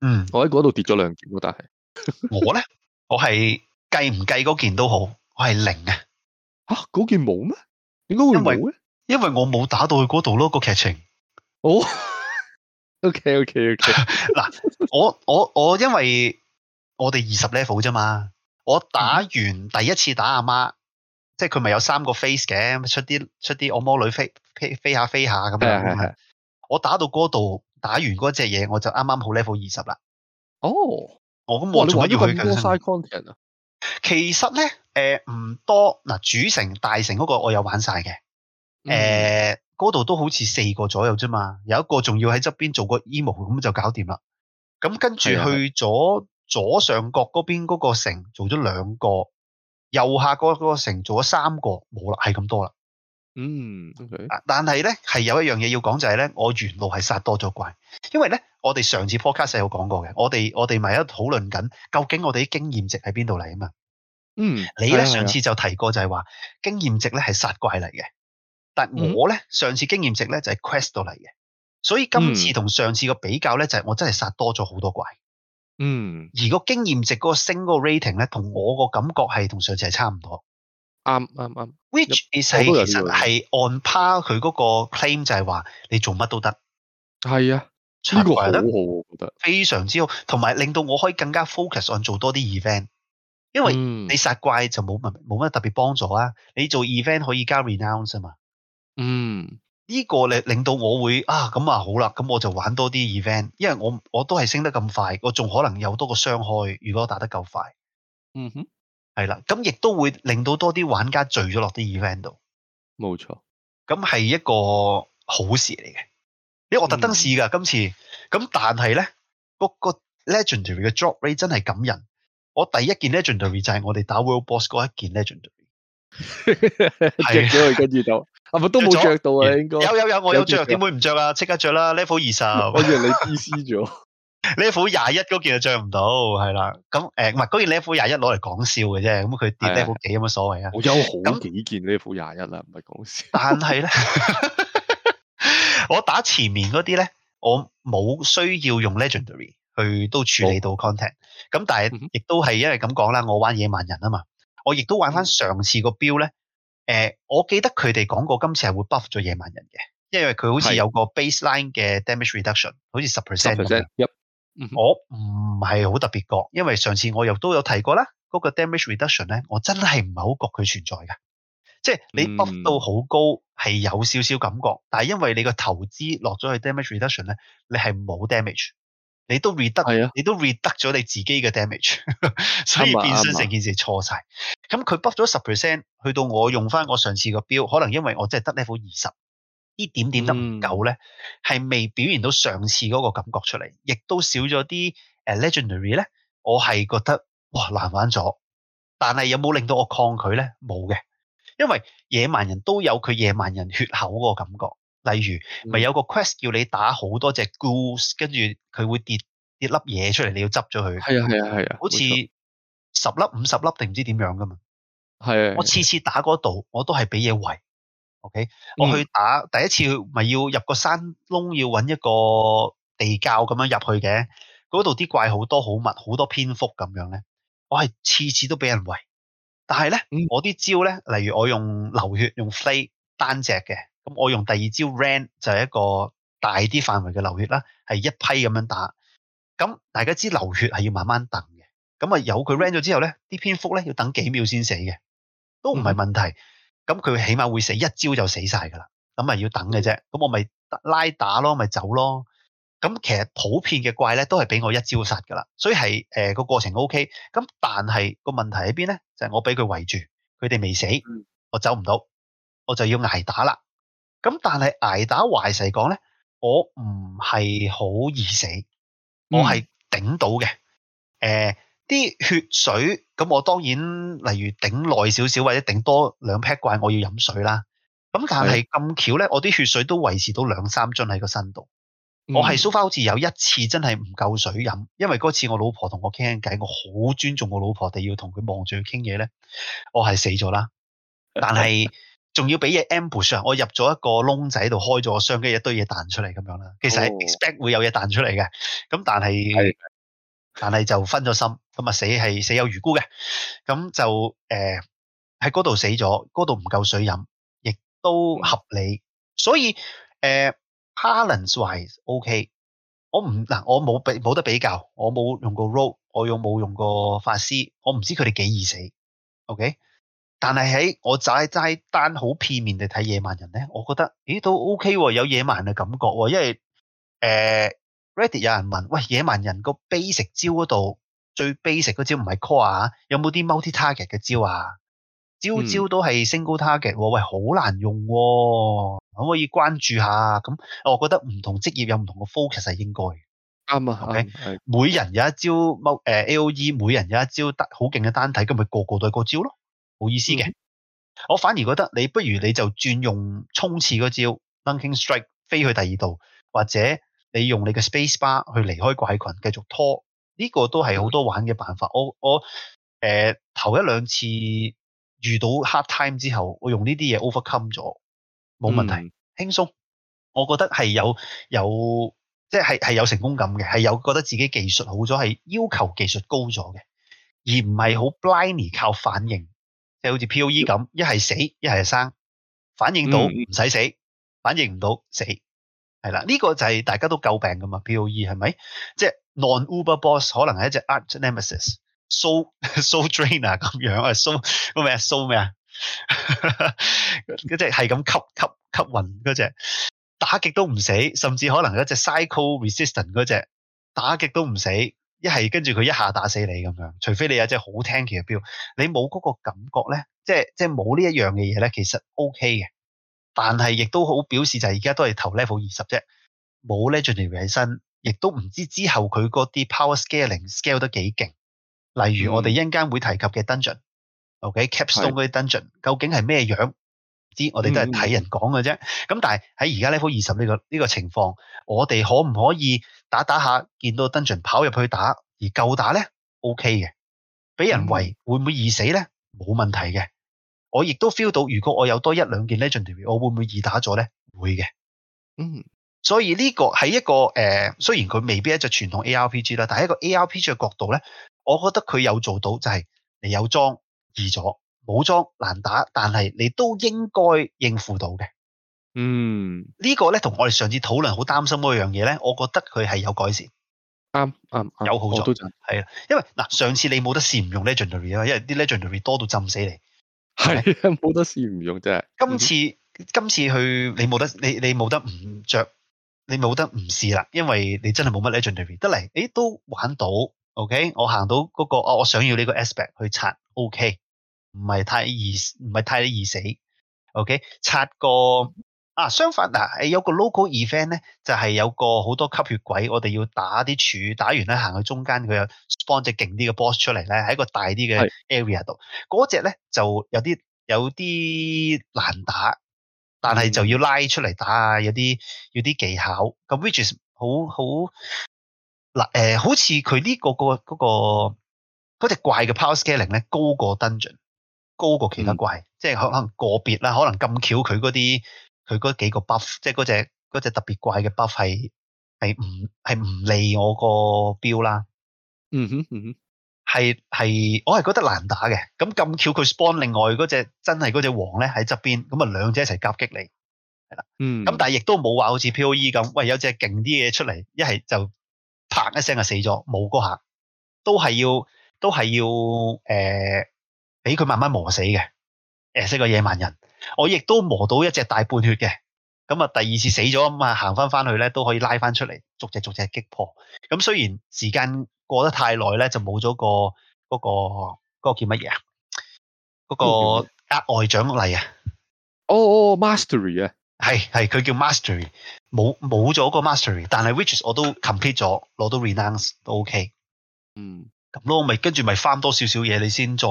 嗯。嗯，我喺嗰度跌咗兩件、啊，但係 [LAUGHS] 我咧，我係計唔計嗰件都好，我係零啊。吓、啊，嗰件冇咩？應該會冇咧，因為我冇打到去嗰度咯，個劇情。哦。O K O K O K 嗱，我我我因為我哋二十 level 啫嘛，我打完第一次打阿媽，即係佢咪有三個 face 嘅，出啲出啲惡魔女飛飛，飛下飛下咁樣是的是的，我打到嗰度打完嗰隻嘢，我就啱啱好 level 二十啦。哦，我咁我仲要去多晒 content 啊。其實咧，誒、呃、唔多嗱，主城大城嗰個我有玩晒嘅，誒、嗯。呃嗰度都好似四個左右啫嘛，有一個仲要喺側邊做個 emo 咁就搞掂啦。咁跟住去咗左上角嗰邊嗰個城做咗兩個，右下角嗰個城做咗三個，冇啦，係咁多啦。嗯，okay 啊、但係咧係有一樣嘢要講就係、是、咧，我沿路係殺多咗怪，因為咧我哋上次 podcast 有講過嘅，我哋我哋咪喺度討論緊究竟我哋啲經驗值喺邊度嚟啊嘛。嗯，你咧上次就提過就係話經驗值咧係殺怪嚟嘅。但我咧、嗯、上次經驗值咧就係、是、quest 到嚟嘅，所以今次同上次個比較咧、嗯、就係、是、我真係殺多咗好多怪，嗯，而個經驗值個升個 rating 咧同我個感覺係同上次係差唔多，啱啱啱，which is 係其實係 on par 佢嗰個 claim 就係話你做乜都得、殺怪這個、得，係啊，呢個係好，我覺得非常之好，同埋令到我可以更加 focus on 做多啲 event，因為你殺怪就冇乜冇乜特別幫助啊，你做 event 可以加 renounce 啊嘛。嗯，呢、這個你令到我會啊，咁啊好啦，咁我就玩多啲 event，因為我我都係升得咁快，我仲可能有多個傷害。如果我打得夠快。嗯哼，係啦，咁亦都會令到多啲玩家聚咗落啲 event 度。冇錯，咁係一個好事嚟嘅。因為我特登試噶今、嗯、次，咁但係咧，個個 legendary 嘅 drop rate 真係感人。我第一件 legendary 就係我哋打 world boss 嗰一件 legendary，只只跟住就。 [LAUGHS] 係咪都冇着到啊？應該有有有，我有着，點會唔着啊？即刻着啦！level 二十，我以為你 DC 咗。 [LAUGHS] level 廿一嗰件就着唔到，係啦。咁誒，唔係嗰件 level 廿一攞嚟講笑嘅啫。咁佢跌 level 幾有乜所謂啊？我有好幾件 level 廿一啦，唔係講笑。但係咧， [LAUGHS] [LAUGHS] 我打前面嗰啲咧，我冇需要用 Legendary 去都處理到 content。咁但係亦都係因為咁講啦，我玩野蠻人啊嘛，我亦都玩翻上次個標咧。誒、呃，我記得佢哋講過今次係會 buff 咗野蠻人嘅，因為佢好似有個 baseline 嘅 damage reduction，好似十 percent。10 yep. 我唔係好特別覺，因為上次我又都有提過啦，嗰、那個 damage reduction 咧，我真係唔係好覺佢存在㗎。即係你 buff 到好高係、嗯、有少少感覺，但係因為你個投資落咗去 damage reduction 咧，你係冇 damage。你都 read 得，你都 read 得咗你自己嘅 damage， [LAUGHS] 所以變相成件事錯晒。咁佢 buff 咗十 percent，去到我用翻我上次個標，可能因為我真係得 level 二十，啲點點得唔夠咧，係、嗯、未表現到上次嗰個感覺出嚟，亦都少咗啲 legendary 咧。我係覺得哇難玩咗，但係有冇令到我抗拒咧？冇嘅，因為野蠻人都有佢野蠻人血厚嗰個感覺。例如，咪、嗯、有個 quest 叫你打好多隻 goose，跟住佢會跌跌粒嘢出嚟，你要執咗佢。係啊係啊係啊，好似十粒五十粒定唔知點樣噶嘛。係，我次次打嗰度，我都係俾嘢圍。OK，我去打、嗯、第一次，咪要入個山窿，要搵一個地窖咁樣入去嘅。嗰度啲怪好多好密，好多蝙蝠咁樣咧，我係次次都俾人圍。但係咧、嗯，我啲招咧，例如我用流血，用飛單隻嘅。我用第二招 ran 就係、是、一個大啲範圍嘅流血啦，係一批咁樣打。咁大家知流血係要慢慢等嘅。咁啊，有佢 ran 咗之後咧，啲蝙蝠咧要等幾秒先死嘅，都唔係問題。咁、嗯、佢起碼會死一招就死晒噶啦。咁啊要等嘅啫。咁我咪拉打咯，咪走咯。咁其實普遍嘅怪咧都係俾我一招殺噶啦。所以係誒個過程 OK。咁但係個問題喺邊咧？就係、是、我俾佢圍住，佢哋未死，我走唔到，我就要挨打啦。咁但係挨打懷勢嚟講咧，我唔係好易死，我係頂到嘅。誒、嗯呃，啲血水咁我當然，例如頂耐少少或者頂多兩劈怪，我要飲水啦。咁但係咁巧咧，的我啲血水都維持到兩三樽喺個身度。嗯、我係 so far 好似有一次真係唔夠水飲，因為嗰次我老婆同我傾偈，我好尊重我老婆哋要同佢望住佢傾嘢咧，我係死咗啦。嗯、但係。嗯仲要俾嘢 ambush 上，我入咗一個窿仔度，開咗個箱機，一堆嘢彈出嚟咁樣啦。其實 expect 會有嘢彈出嚟嘅，咁但係、哦、但係就分咗心，咁啊死係死有餘辜嘅。咁就誒喺嗰度死咗，嗰度唔夠水飲，亦都合理。所以誒，balance 係 ok 我、呃。我唔嗱，我冇比冇得比較，我冇用過 Rogue，我又冇用過法師，我唔知佢哋幾易死。ok。但係喺我齋齋單好片面地睇野蠻人咧，我覺得咦都 O K 喎，有野蠻人嘅感覺、啊。因為誒、呃、，Reddit 有人問，喂，野蠻人個 basic 招嗰度最 basic 嗰招唔係 core 啊？有冇啲 multi target 嘅招啊？招招都係 single target，、啊嗯、喂，好難用、啊，可唔可以關注下？咁我覺得唔同職業有唔同嘅 focus 係應該嘅，啱、嗯、啊，係、okay? 咪、嗯？每人有一招 m 誒 A O E，每人有一招好勁嘅單體，咁咪個個都係個招咯。冇意思嘅、嗯，我反而覺得你不如你就轉用沖刺嗰招 Lunging Strike 飛去第二度，或者你用你嘅 space bar 去離開怪群，繼續拖呢、這個都係好多玩嘅辦法。我我誒頭、呃、一兩次遇到 hard time 之後，我用呢啲嘢 overcome 咗，冇問題、嗯，輕鬆。我覺得係有有即係係有成功感嘅，係有覺得自己技術好咗，係要求技術高咗嘅，而唔係好 blindly 靠反應。就好似 P.O.E. 咁，一係死，一係生，反應到唔使死，反應唔到死，係啦。呢個就係大家都詬病噶嘛。P.O.E. 係咪？即係 non-uber boss 可能係一隻 arch nemesis so so drain 啊咁樣啊，so 咩 so 咩啊？嗰隻係咁吸吸吸暈嗰隻，打極都唔死，甚至可能係一隻 cycle resistant 嗰隻，打極都唔死。一係跟住佢一下打死你咁樣，除非你有隻好聽嘅標，你冇嗰個感覺咧，即係即係冇呢一樣嘅嘢咧，其實 OK 嘅。但係亦都好表示就係而家都係投 level 二十啫，冇 legendary 起身，亦都唔知之後佢嗰啲 power scaling scale 得幾勁。例如我哋一陣間會提及嘅 dungeon，ok、嗯 okay? capstone 嗰啲 dungeon，究竟係咩樣？知我哋都係睇人講嘅啫，咁但係喺而家 level 二十呢個呢個情況，我哋可唔可以打打下，見到 Dungeon 跑入去打而夠打呢 o K 嘅，俾、okay、人圍會唔會易死呢？冇問題嘅。我亦都 feel 到，如果我有多一兩件 legendary，我會唔會易打咗呢？會嘅。嗯，所以呢個係一個誒、呃，雖然佢未必一隻傳統 A R P G 啦，但係一個 A R P G 嘅角度呢，我覺得佢有做到就係你有裝易咗。武裝難打，但係你都應該應付到嘅。嗯，呢個咧同我哋上次討論好擔心嗰樣嘢咧，我覺得佢係有改善，啱、嗯、啱、嗯嗯、有好轉，係、嗯嗯、因為嗱，上次你冇得試唔用 legendary 啊嘛，因為啲 legendary 多到浸死你，係、嗯、冇得試唔用啫。今次、嗯、今次去你冇得你你冇得唔着，你冇得唔試啦，因為你真係冇乜 legendary 得嚟，誒都玩到。OK，我行到嗰、嗰個我想要呢個 aspect 去刷。OK。唔係太易，唔係太易死，OK？拆個啊，相反嗱，有個 local event 咧，就係、是、有個好多吸血鬼，我哋要打啲柱，打完咧行去中間，佢有 spawn 隻勁啲嘅 boss 出嚟咧，喺個大啲嘅 area 度，嗰隻咧就有啲有啲難打，但係就要拉出嚟打啊，有啲要啲技巧，咁 which is 好好嗱誒，好似佢呢個、嗰個嗰、嗰個嗰隻、嗰個、怪嘅 power scaling 咧高過 dungeon。高過其他怪，即係可能個別啦，可能咁巧佢嗰啲佢嗰幾個 buff，即係嗰隻嗰隻特別怪嘅 buff 係係唔係唔理我個標啦。嗯哼嗯，係係，我係覺得難打嘅。咁咁巧佢 spawn 另外嗰隻真係嗰隻王咧喺側邊，咁啊兩隻一齊夾擊你係啦。嗯，咁但係亦都冇話好似 P.O.E. 咁，喂有隻勁啲嘢出嚟，一係就啪一聲就死咗，冇嗰下，都係要都係要誒。俾佢慢慢磨死嘅，誒，識個野蠻人，我亦都磨到一隻大半血嘅，咁啊，第二次死咗咁啊，行翻翻去咧都可以拉翻出嚟，逐隻逐隻擊破。咁雖然時間過得太耐咧，就冇咗個嗰個嗰個叫乜嘢啊？嗰個額外獎勵啊？哦、oh, oh, Mastery 啊，係係，佢叫 Mastery，冇冇咗個 Mastery，但係 witches 我都 complete 咗，攞到 Renounce 都 ok。嗯，咁咯，咪跟住咪翻多少少嘢，你先再。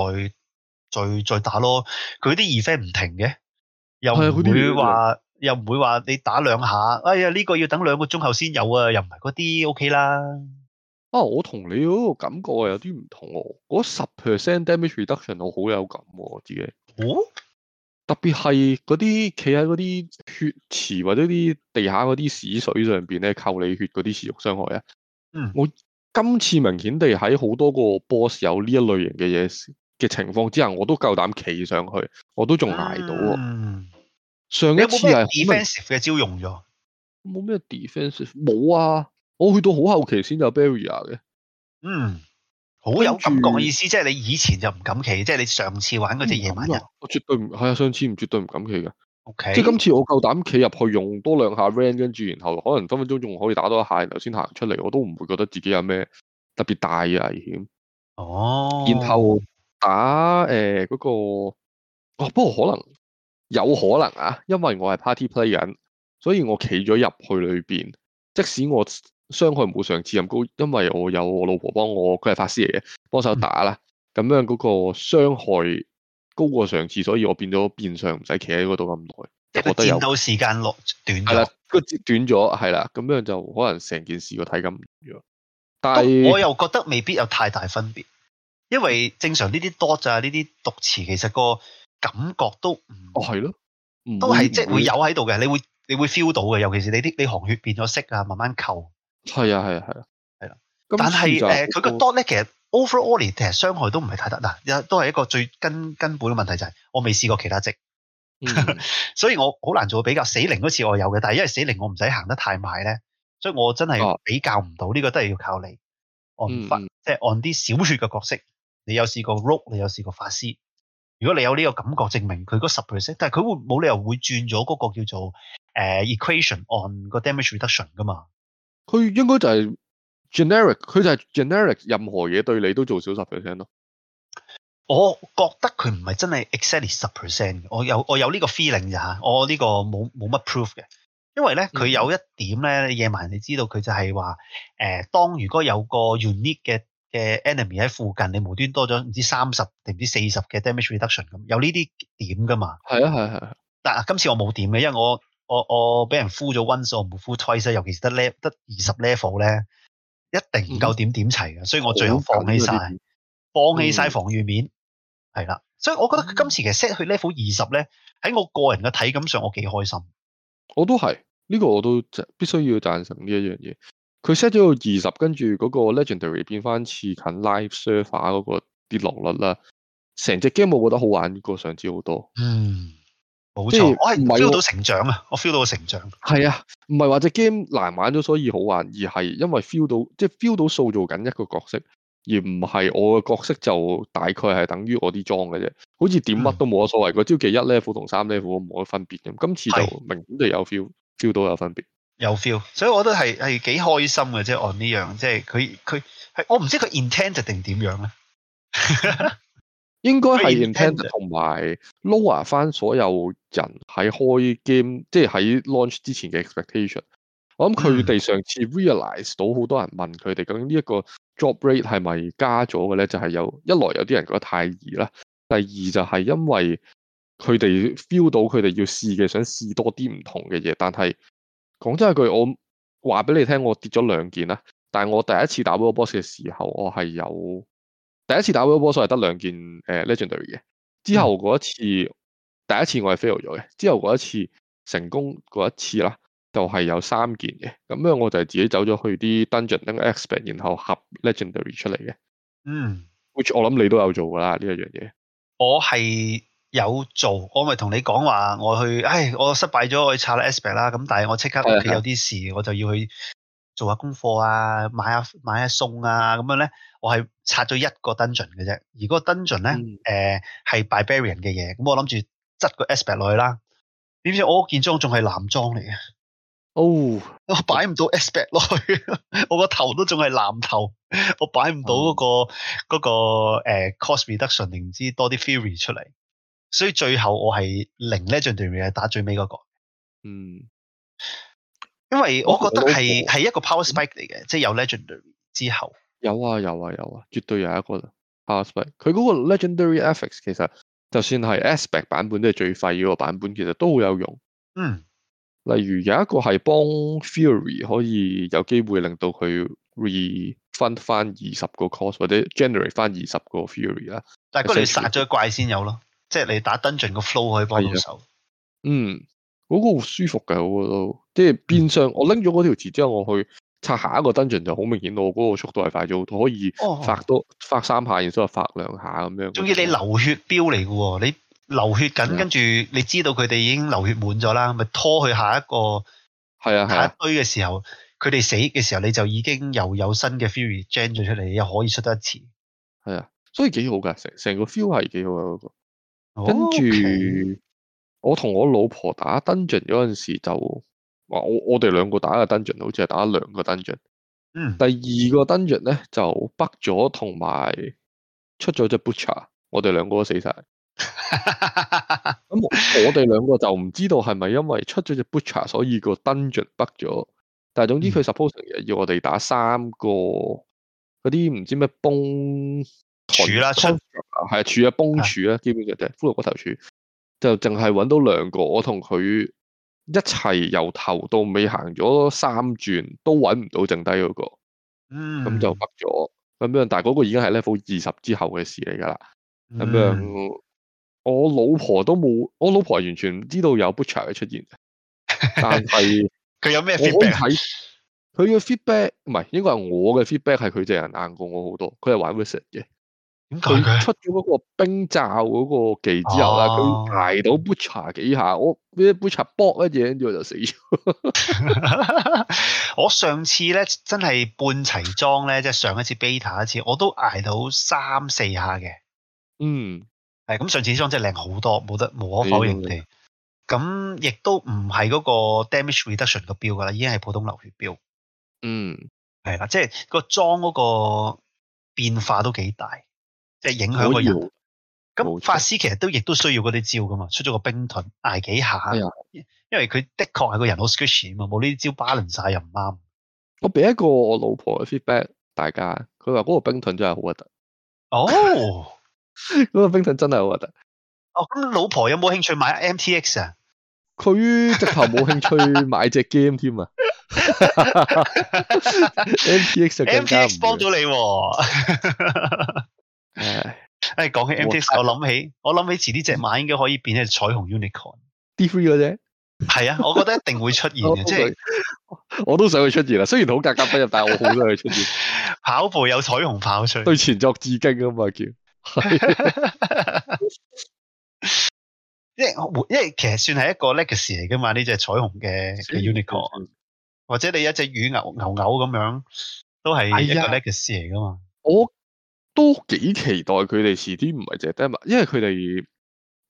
再再打咯，佢啲二番唔停嘅，又唔會話，又唔會話你打兩下，哎呀呢、這個要等兩個鐘後先有啊，又唔係嗰啲 OK 啦。啊，我同你嗰個感覺有啲唔同喎、啊，嗰十 percent damage reduction 我好有感喎、啊，我自己。哦。特別係嗰啲企喺嗰啲血池或者啲地下嗰啲屎水上邊咧，扣你血嗰啲持續傷害啊。嗯。我今次明顯地喺好多個 boss 有呢一類型嘅嘢。嘅情況之下，我都夠膽企上去，我都仲捱到喎、嗯。上一次有,有 defensive 嘅招用咗？冇咩 defensive 冇啊！我去到好後期先有 barrier 嘅。嗯，好有感覺嘅意思，即係你以前就唔敢企，即係你上次玩嗰隻野蠻人、啊，我絕對唔係啊！上次唔絕對唔敢企嘅。O、okay. K，即係今次我夠膽企入去用多兩下 ran 跟住然後可能分分鐘仲可以打多一下然後先行出嚟，我都唔會覺得自己有咩特別大嘅危險。哦，然後。打誒嗰個哦，不過可能有可能啊，因為我係 party player，所以我企咗入去裏邊，即使我傷害冇上次咁高，因為我有我老婆幫我，佢係法師嚟嘅，幫手打啦，咁、嗯、樣嗰個傷害高過上次，所以我變咗變相唔使企喺嗰度咁耐，覺得戰鬥時間落短咗，係啦，個短咗，係啦，咁樣就可能成件事個體感唔一樣，但係我又覺得未必有太大分別。因為正常呢啲 dot 啊，呢啲毒詞其實個感覺都唔係咯，都係即係會有喺度嘅，你會你會 feel 到嘅，尤其是你啲你寒血變咗色啊，慢慢扣係啊係啊係啊係啦。但係誒，佢個 dot 咧其實 overall 嚟其實傷害都唔係太得，都係一個最根根本嘅問題就係、是、我未試過其他職，嗯、 [LAUGHS] 所以我好難做比較。死靈嗰次我有嘅，但係因為死靈我唔使行得太埋咧，所以我真係比較唔到呢個都係要靠你我、嗯就是、按法，即係按啲小血嘅角色。你有試過 rock，你有試過法師。如果你有呢個感覺，證明佢嗰十 percent，但係佢會冇理由會轉咗嗰個叫做誒、呃、equation on 個 damage reduction 噶嘛？佢應該就係 generic，佢就係 generic，任何嘢對你都做少十 percent 咯。我覺得佢唔係真係 exactly 十 percent。我有我有呢個 feeling 咋嚇？我呢個冇冇乜 proof 嘅。因為咧，佢、嗯、有一點咧，夜晚你知道佢就係話誒，當如果有個 unique 嘅。嘅 enemy 喺附近，你無端多咗唔知三十定唔知四十嘅 damage reduction 咁，有呢啲點噶嘛？係啊係係、啊，但係今次我冇點嘅，因為我我我俾人 fool 咗 once，唔冇 fool twice，尤其是得 l l 得二十 level 咧，一定唔夠點點齊嘅、嗯，所以我最後放棄晒、嗯，放棄晒防禦面，係、嗯、啦，所以我覺得今次其實 set 去 level 二十咧，喺我個人嘅體感上我，我幾開心。我都係，呢個我都必須要贊成呢一樣嘢。佢 set 咗到二十，跟住嗰個 legendary 變翻似近 live server 嗰個跌落率啦，成隻 game 我覺得好玩過上次好多。嗯，冇錯，我係唔 e e 到成長啊！我 feel 到成長。係啊，唔係話隻 game 難玩咗所以好玩，而係因為 feel 到即係 feel 到塑造緊一個角色，而唔係我嘅角色就大概係等於我啲裝嘅啫，好似點乜都冇乜所謂。嗯，那個招技一咧，l 同三咧我冇乜分別咁，今次就明顯就有 feel，feel 到有分別。有 feel，所以我都係係幾開心嘅，即係按呢樣，即係佢佢係我唔知佢 intend 定點樣咧，應該係 intend 同埋 lower 翻所有人喺開 game，即係喺 launch 之前嘅 expectation。我諗佢哋上次 realize 到好多人問佢哋，究竟呢一個 job rate 係咪加咗嘅咧？就係、是、有一來有啲人覺得太易啦，第二就係因為佢哋 feel 到佢哋要試嘅，想試多啲唔同嘅嘢，但係。講真一句，我話俾你聽，我跌咗兩件啦。但係我第一次打 World Boss 嘅時候，我係有第一次打 World Boss 係得兩件、呃、Legendary 嘅。之後嗰一次、嗯，第一次我係 fail 咗嘅。之後嗰一次成功嗰一次啦，就係、是、有三件嘅。咁樣我就係自己走咗去啲 Dungeon、嗯、等 Expert，然後合 Legendary 出嚟嘅。嗯，which 我諗你都有做㗎啦呢一樣嘢。我係。有做，我咪同你講話，我去，唉，我失敗咗，我去拆個 aspect 啦。咁但係我即刻屋企有啲事， [LAUGHS] 我就要去做下功課啊，買下買下餸啊，咁樣咧，我係拆咗一個 dungeon 嘅啫。而個 dungeon 咧，誒係 Biberian 嘅嘢，咁、呃、我諗住執個 aspect 落去啦。點知我件裝仲係藍裝嚟嘅。哦，我擺唔到 aspect 落去， [LAUGHS] 我個頭都仲係藍頭，我擺唔到嗰、嗰個嗰、嗯嗰個誒 cosmetic 定唔知多啲 theory 出嚟。所以最後我係零 legendary 係打最尾嗰個，嗯，因為我覺得係一個 power spike 嚟嘅，嗯，即有 legendary 之後。有啊有啊有啊，絕對有一個 power spike。佢嗰個 legendary affix 其實就算係 aspect 版本，即係最廢嗰個版本，其實都好有用。嗯，例如有一個係幫 fury 可以有機會令到佢 refund 翻二十個 cost 或者 generate 翻二十個 fury 啦。但係佢哋要殺咗怪先有咯。即係你打 Dungeon 個 flow 可以幫到手是，嗯，嗰、嗰個好舒服嘅，我覺得，即係變相我拎咗嗰條字之後，我去拆下一個 Dungeon 就好明顯，我嗰個速度係快咗，可以發多、哦、發三下，亦都係發兩下咁樣。仲要你流血標嚟嘅喎，你流血緊，跟住你知道佢哋已經流血滿咗啦，咪拖去下一個，係啊，下一堆嘅時候，佢哋死嘅時候，你就已經又有，有新嘅 fury generate 出嚟，又可以出得一次。係啊，所以幾好噶，成成個 feel 係幾好啊、嗰個。跟住，okay. 我同我老婆打 dungeon 嗰陣時就，話我我哋兩個打嘅 dungeon，好似係打兩個 dungeon。嗯，第二個 dungeon 咧就崩咗，同埋出咗隻 butcher，我哋兩個都死晒。咁 [LAUGHS] 我哋兩個就唔知道係咪因為出咗隻 butcher，所以個 dungeon 崩咗。但係總之佢 suppose 要我哋打三個嗰啲唔知咩崩台啦係柱啊，崩柱啊，基本上啫、就是，骷髏頭柱就淨係揾到兩個，我同佢一齊由頭到尾行咗三轉，都揾唔到剩低嗰、那個，咁、嗯、就屈咗咁樣。但係嗰個已經係 level 二十之後嘅事嚟噶啦。咁、嗯、樣我老婆都冇，我老婆完全唔知道有 Butcher 出現，但係佢 [LAUGHS] 有咩 feedback 佢嘅 feedback 唔係應該係我嘅 feedback，係佢隻人硬過我好多。佢係玩 w e s e y 嘅。咁佢出咗嗰個冰罩嗰個技之後啦、啊，咁、哦、挨到 butcher 幾下，我呢 butcher 搏一嘢，跟住我就死咗。 [LAUGHS] [LAUGHS] [LAUGHS] 我上次咧真係半齊裝咧，即係上一次 beta 一次，我都挨到三四下嘅。嗯，係咁上次裝真係靚好多，冇得無可否認地。咁亦都唔係嗰個 damage reduction 個標噶啦，已經係普通流血標。嗯，係啦，即係個裝嗰個變化都幾大。即係影響個人，咁法師其實都亦都需要嗰啲招噶嘛，出咗個冰盾挨幾下，哎、因為佢的確係個人好 sketchy 啊嘛，冇呢啲招 balance 晒又唔啱。我俾一個我老婆嘅 feedback，大家，佢話嗰個冰盾真係好核突。哦，嗰 [LAUGHS] 個冰盾真係好核突。哦，咁老婆有冇興趣買 MTX 啊？佢直頭冇興趣買隻 game 添啊 [LAUGHS] [LAUGHS] ！MTX 就 MTX 幫咗你、哦。 [LAUGHS] 誒、uh，講起 MTX，我諗起，我諗起遲啲隻馬應該可以變成彩虹 unicorn，D three 隻，係啊，我覺得一定會出現嘅，即 [LAUGHS] 係我、就是、我都想去出現啦。雖然好格格不入， [LAUGHS] 但係我好想佢出現。 [LAUGHS] 跑步有彩虹跑出，去，對前作致敬啊嘛叫，因 [LAUGHS] 為 [LAUGHS] 因為其實算係一個 legacy 嚟噶嘛呢隻彩虹嘅 unicorn，是或者你一隻乳牛，牛牛牛咁樣，都係一個 legacy 嚟噶嘛。哎、我。都幾期待佢哋遲啲唔係淨係得馬，因為佢哋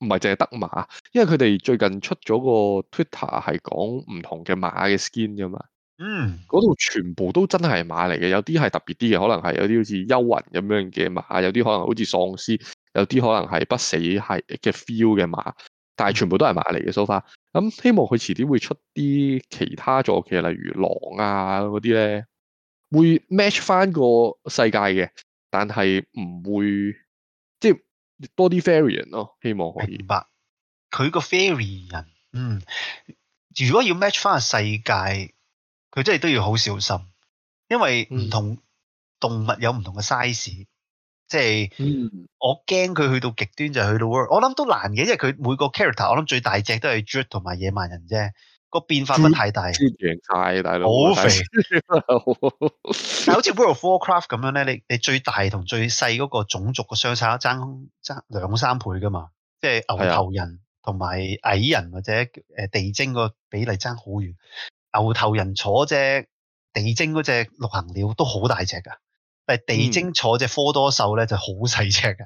唔係淨係得馬，因為佢哋最近出咗個 Twitter 係講唔同嘅馬嘅 skin 㗎嘛。嗯，嗰度全部都真係馬嚟嘅，有啲係特別啲嘅，可能係有啲好似幽魂咁樣嘅馬，有啲可能好似喪屍，有啲可能係不死係嘅 feel 嘅馬，但係全部都係馬嚟嘅。So far，咁希望佢遲啲會出啲其他座騎，例如狼啊嗰啲咧，會 match 翻個世界嘅。但係唔會即係、就是、多啲 variation 咯，希望可以。明白佢個 variation，嗯，如果要 match 翻個世界，佢真係都要好小心，因為唔同動物有唔同嘅 size、嗯、即係、嗯、我驚佢去到極端就去到 world，我諗都難嘅，因為佢每個 character，我諗最大隻都係德魯伊同埋野蠻人啫。個變化分太大，資太大咯， [LAUGHS] 好肥，好似 World of Warcraft 咁樣咧，你你最大同最細嗰個種族嘅相差爭爭兩三倍噶嘛，即係牛頭人同埋矮人或者誒地精個比例爭好遠，牛頭人坐隻地精嗰隻陸行鳥都好大隻噶。係地精坐隻科多獸咧就好細隻噶，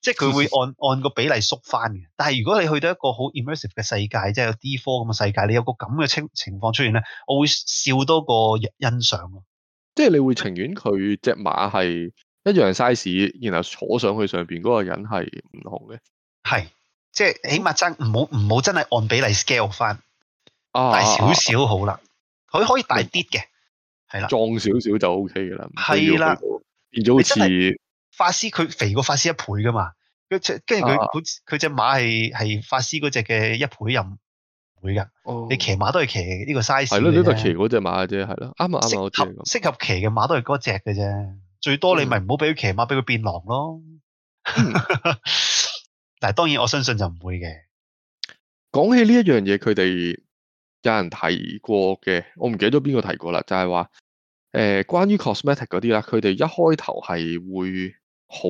即係佢會按按個比例縮翻嘅。但係如果你去到一個好 immersive 嘅世界，即係 D 科咁嘅世界，你有個咁嘅情情況出現咧，我會笑多過欣賞。即係你會情願佢隻馬係一樣 size，然後坐上去上邊嗰個人係唔同嘅，係即係起碼真唔好唔好真係按比例 scale 翻，啊，大少少好啦，佢可以大啲嘅。嗯。係啦，壯少少就 O K 嘅啦，係啦，變咗好似法師佢肥過法師一倍噶嘛，佢跟住佢佢隻馬係係法師嗰隻嘅一倍又唔會噶，你騎馬都係騎呢個 size，係咯，你都係騎嗰隻馬啫，係咯，啱啊啱啊，適合騎嘅馬都係嗰隻嘅啫，最多你咪唔好俾佢騎馬，俾佢變狼咯。嗯、 [LAUGHS] 但係當然我相信就唔會嘅、嗯。講起呢一樣嘢，佢哋有人提過嘅，我唔記得咗邊個提過啦，就係、是、話。誒、呃，關於 cosmetic 嗰啲啦，佢哋一開頭係會好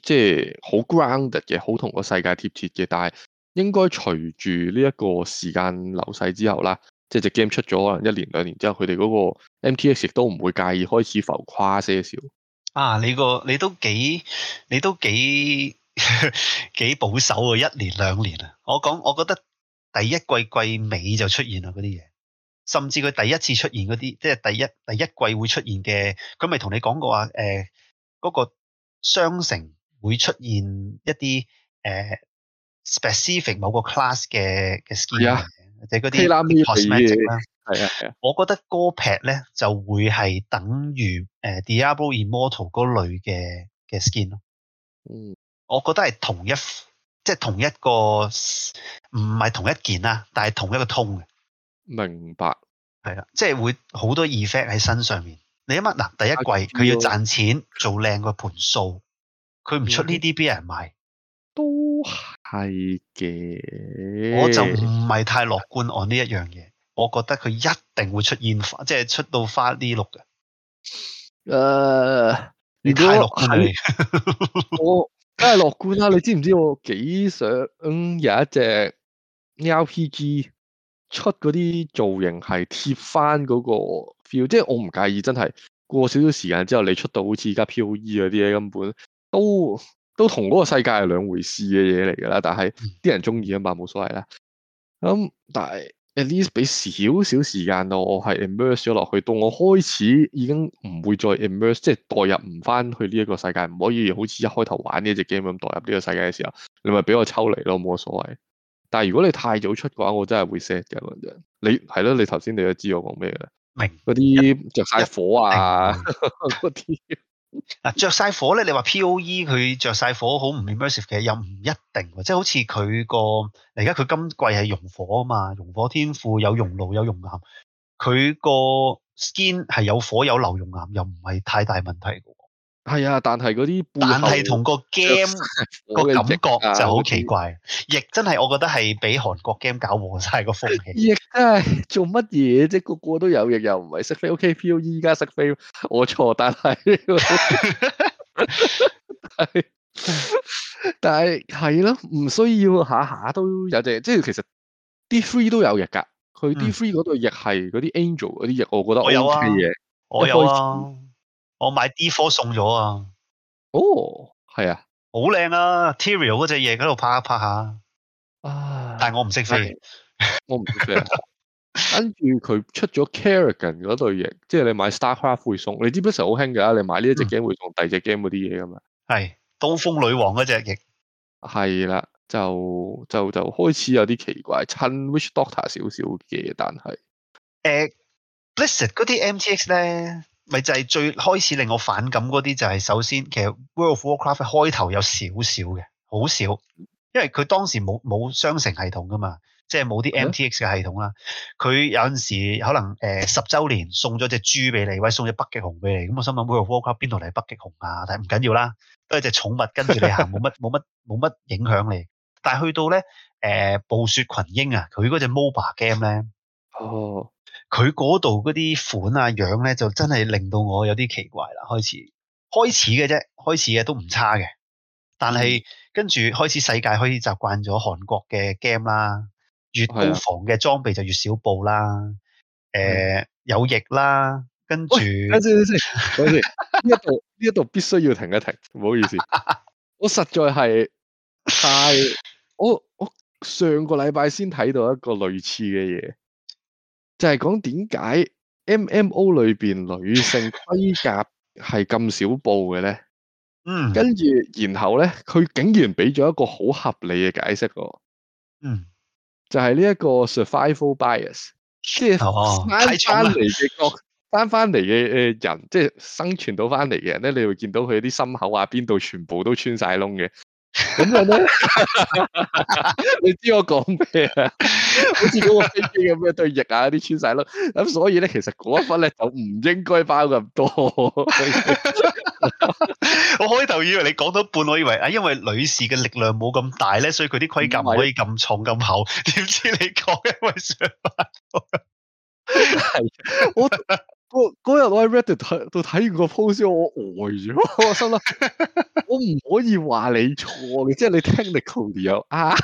即係好 grounded 嘅，好同個世界貼切嘅。但係應該隨住呢一個時間流逝之後啦，即係隻 game 出咗可能一年兩年之後，佢哋嗰個 MTX 亦都唔會介意開始浮誇些少。啊，你個你都幾你都幾 [LAUGHS] 幾保守啊！一年兩年啊，我講我覺得第一季季尾就出現啦嗰啲嘢。甚至佢第一次出現嗰啲，即係第一第一季會出現嘅，佢咪同你講過話誒嗰個商城會出現一啲誒、呃、specific 某個 class 嘅嘅 skin，yeah, 或者嗰啲 cosmetic 啦，係啊，我覺得哥劈咧就會係等於誒、呃、Diablo Immortal 嗰類嘅嘅 skin 咯。嗯、mm.，我覺得係同一即係、就是、同一個唔係同一件啦，但係同一個 tone 嘅。明白，係啦，即係會好多 effect 喺身上面。你諗下，嗱，第一季佢要賺錢做，做靚個盤數，佢唔出呢啲俾人買，都係嘅。我就唔係太樂觀。我呢一樣嘢，我覺得佢一定會出現，即係出到花呢六嘅。誒、呃， [LAUGHS] 你太樂觀，我 [LAUGHS] 我，我梗係樂觀啦。你知唔知我幾想有一隻 LPG？出嗰啲造型係貼翻嗰個 feel，即係我唔介意，真係過少少時間之後你出到好似而家 P.O.E 嗰啲咧，根本都都同嗰個世界係兩回事嘅嘢嚟㗎啦。但係啲人中意啊嘛，冇所謂啦。咁、嗯、但係 at least 俾少少時間我，我係 i m m e r s e 咗落去，到我開始已經唔會再 i m m e r s e 即係代入唔翻去呢一個世界，唔可以好似一開頭玩呢隻 game 咁代入呢個世界嘅時候，你咪俾我抽離咯，冇乜所謂。但係如果你太早出嘅話，我真係會 set 嘅，真。你係咯，你頭先你都知我講咩啦？明嗰啲着晒火啊啲。嗱，着 [LAUGHS] 晒火咧，你話 P.O.E 佢着晒火好唔 immersive 嘅，又唔一定喎。即係好似佢個，而家佢今季係熔火啊嘛，熔火天賦有熔爐有熔岩，佢個 skin 係有火有流熔岩，又唔係太大問題嘅。係啊，但係嗰啲，但係同個 game 個感覺就好奇怪，翼真係我覺得係俾韓國 game 搞和晒個風氣。翼真係做乜嘢啫？個個都有翼，又唔係識飛。O K P O E，而家識飛，我錯，但係，但係係咯，唔、 [LAUGHS] [LAUGHS] 哎、需要下下都有隻，即係其實 D three 都有翼噶。佢 D three 嗰對翼係嗰啲 angel 嗰啲翼，我覺得 O K 嘅，我有、啊我買 D Four 送咗啊！哦，係啊，好靚啊！Tyrael 嗰隻嘢喺度拍一拍一下啊！但係我唔識飛，啊、我唔識飛、啊。跟住佢出咗 Kerrigan 嗰對翼，即係你買 Starcraft 會送。你知 Blizzard 好興噶你買呢一隻 game 會送第二隻 game 嗰啲嘢噶嘛？係刀鋒女王嗰隻翼，係啦、啊，就就就開始有啲奇怪，襯 Witch Doctor 少少嘅，但係誒 Blizzard 嗰啲 M T X 咧。咪就係、是、最開始令我反感嗰啲，就係首先其實 World of Warcraft 開頭有少少嘅，好少，因為佢當時冇冇商城系統㗎嘛，即係冇啲 MTX 嘅系統啦。佢有陣時可能誒、呃、十週年送咗隻豬俾你，或者送隻北極熊俾你，咁我心諗 World of Warcraft 邊度嚟北極熊啊？但係唔緊要啦，都係隻寵物 [LAUGHS] 跟住你行，冇乜冇乜冇乜影響你。但係去到咧誒、呃、暴雪群英啊，佢嗰隻 MOBA game 咧。哦。佢嗰度嗰啲款啊樣咧，就真係令到我有啲奇怪啦。開始開始嘅啫，開始嘅都唔差嘅。但係、嗯、跟住開始世界開始習慣咗韓國嘅 game 啦，越高防嘅裝備就越少布啦，誒、嗯呃、有翼啦，跟住等等先，等先。呢一度呢一度必須要停一停，唔好意思，我實在係，但 [LAUGHS] 係我我上個禮拜先睇到一個類似嘅嘢。就係講點解 M M O 裏邊女性盔甲係咁少布嘅咧？嗯，跟住然後咧，佢竟然俾咗一個好合理嘅解釋，哦。嗯，就係呢一個 survival bias，即係翻翻嚟嘅翻翻嚟嘅誒人，即、就、係、是、生存到翻嚟嘅人咧，你會見到佢啲心口啊邊度全部都穿晒窿嘅。咁樣咧， [LAUGHS] 你知我講咩啊？ [LAUGHS] [LAUGHS] 好似嗰個飛機咁，嘅 [LAUGHS] 對翼啊一，啲穿晒窿。咁所以咧，其實嗰一份咧就唔應該包咁多。 [LAUGHS] [LAUGHS] [LAUGHS] [LAUGHS] 我開頭以為你講到半，我以為啊，因為女士嘅力量冇咁大咧，所以佢啲盔甲唔可以咁重咁 [LAUGHS] 厚。點知你講嘅係上係 [LAUGHS] [LAUGHS] [LAUGHS] [LAUGHS] [LAUGHS] 嗰日我喺 Reddit 睇到睇完個 post，我呆、呃、咗。我心諗我唔可以話你錯嘅，即係你聽力點樣啊？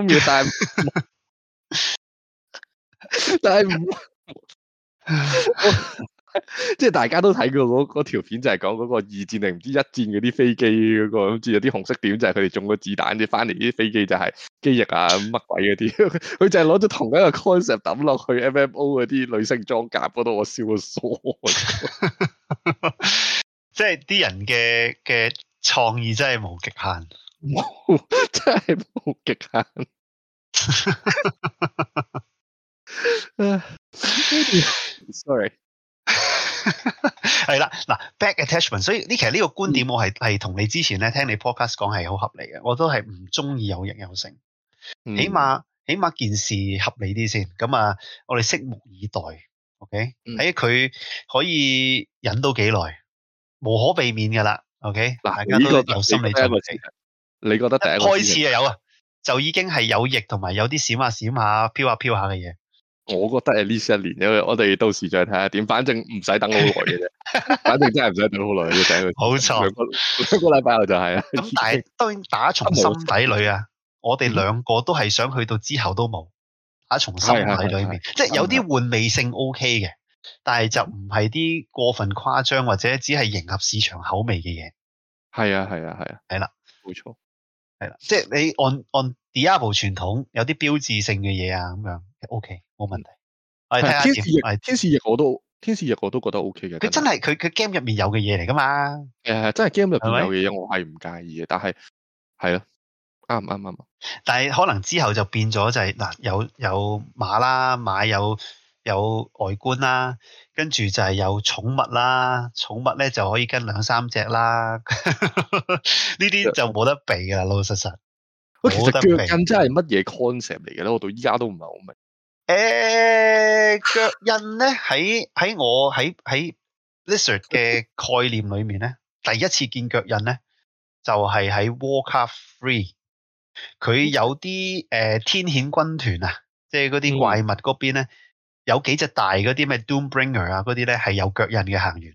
唔要但但唔。我即係大家都睇過嗰嗰條片，就係講嗰個二戰定唔知一戰嗰啲飛機嗰、嗰個，好似有啲紅色點就，就係佢哋中個子彈，你翻嚟啲飛機就係機翼啊乜鬼嗰啲，佢就係攞咗同一個 concept 抌落去 M M O 嗰啲女性裝甲嗰度，我笑傻。 [LAUGHS] [LAUGHS] 即係啲人嘅嘅創意真係無極限，真係無極限。 [LAUGHS] [LAUGHS] [LAUGHS] Sorry。係 [LAUGHS] [LAUGHS] 啦，嗱，back attachment，所以呢其實呢個觀點我係係同你之前咧聽你 podcast 講係好合理嘅，我都係唔中意有翼有成，嗯、起碼起碼件事合理啲先，咁啊，我哋拭目以待，OK，睇、嗯、佢可以忍到幾耐，無可避免噶、okay? 啦，OK，嗱，大家都有心理準備，你覺得第一個，第一個一開始啊有啊，就已經係有翼同埋有啲閃下閃下、飄下飄下嘅嘢。我覺得係呢一年，因為我哋到時再睇下點，反正唔使等好耐嘅啫。 [LAUGHS] 反正真係唔使等好耐嘅，真 [LAUGHS] 係。冇錯，一 [LAUGHS] 兩個禮拜 [LAUGHS] 就係、是、啦。咁但係當然打從心底裏啊、嗯，我哋兩個都係想去到之後都冇打從心底裏面、 [LAUGHS] 啊啊啊，即係有啲換味性 OK 嘅， [LAUGHS] 但係就唔係啲過分誇張或者只係迎合市場口味嘅嘢。係啊係啊係啊，係啦、啊，冇、啊 [LAUGHS] 啊、錯，係啦、啊，即係你按按 Diablo 傳統，有啲標誌性嘅嘢啊咁樣。O K，冇問題。天使翼，天使翼我都天使翼我都覺得 O K 嘅。佢真係佢佢 game 入面有嘅嘢嚟噶嘛？係、嗯、真係 game 入面有嘅嘢，我係唔介意嘅。但係係咯，啱唔啱啊？對不對，不對，但係可能之後就變咗就係、是、嗱，有有馬啦，馬有有外觀啦，跟住就係有寵物啦，寵物咧就可以跟兩三隻啦。呢 [LAUGHS] 啲就冇得避噶啦、嗯，老老實實。我其實腳印真係乜嘢 concept 嚟嘅咧？我到依家都唔係好明。誒、呃，腳印咧喺喺我喺喺 Blizzard 嘅概念裏面咧，第一次見腳印咧就係喺 Warcraft Three 佢有啲誒、呃、天譴軍團啊，即係嗰啲怪物嗰邊咧，有幾隻大嗰啲咩 Doombringer 啊，嗰啲咧係有腳印嘅行員。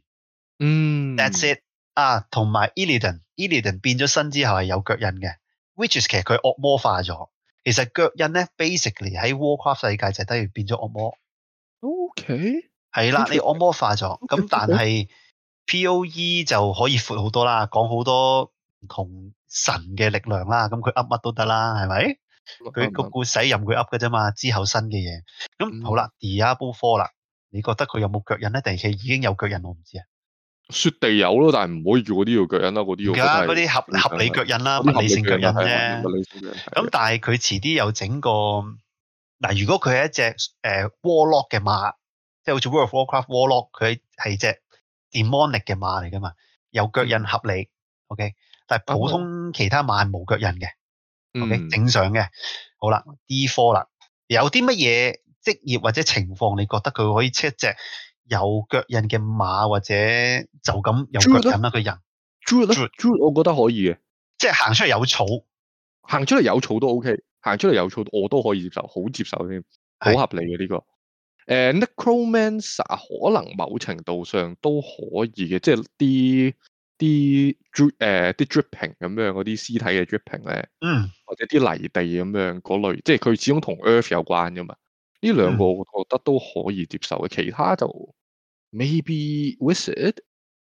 嗯，That's it 啊，同埋 Illidan，Illidan 變咗身之後係有腳印嘅，Which is 其實佢惡魔化咗。其實腳印咧，basically 喺 Warcraft 世界就等於變咗惡魔。OK，係啦，你惡魔化咗，咁、okay, okay. 但係 P O E 就可以闊好多啦，講好多唔同神嘅力量啦，咁佢 up 乜都得啦，係咪？佢、嗯、個、嗯、故使任佢 up 噶啫嘛，之後新嘅嘢。咁好啦 Diablo Four 啦，你覺得佢有冇腳印咧？定係已經有腳印？我唔知啊。雪地有咯，但係唔可以做嗰啲要腳印啦，嗰啲而家，嗰啲合合理腳印啦，物理性腳印啫。咁、嗯、但係佢遲啲又整個嗱，如果佢係一隻誒、呃、Warlock 嘅馬，即係好似 World of Warcraft warlock，佢係隻 demonic 嘅馬嚟噶嘛，有腳印合理。OK，但係普通其他馬係冇腳印嘅。OK，正常嘅，好啦，D four 啦，有啲乜嘢職業或者情況，你覺得佢可以出一隻？有腳印嘅馬或者就咁有腳印啊個人，我覺得可以嘅，即係行出嚟有草，行出嚟有草都 OK，行出嚟有草我都可以接受，好接受添，好合理嘅呢個。誒、uh，Necromancer 可能某程度上都可以嘅，即係啲啲 dr 誒啲 dripping 咁樣嗰啲屍體嘅 dripping 咧，嗯，或者啲泥地咁樣嗰類，即係佢始終同 earth 有關噶嘛。呢兩個我覺得都可以接受嘅、嗯，其他就 Maybe Wizard,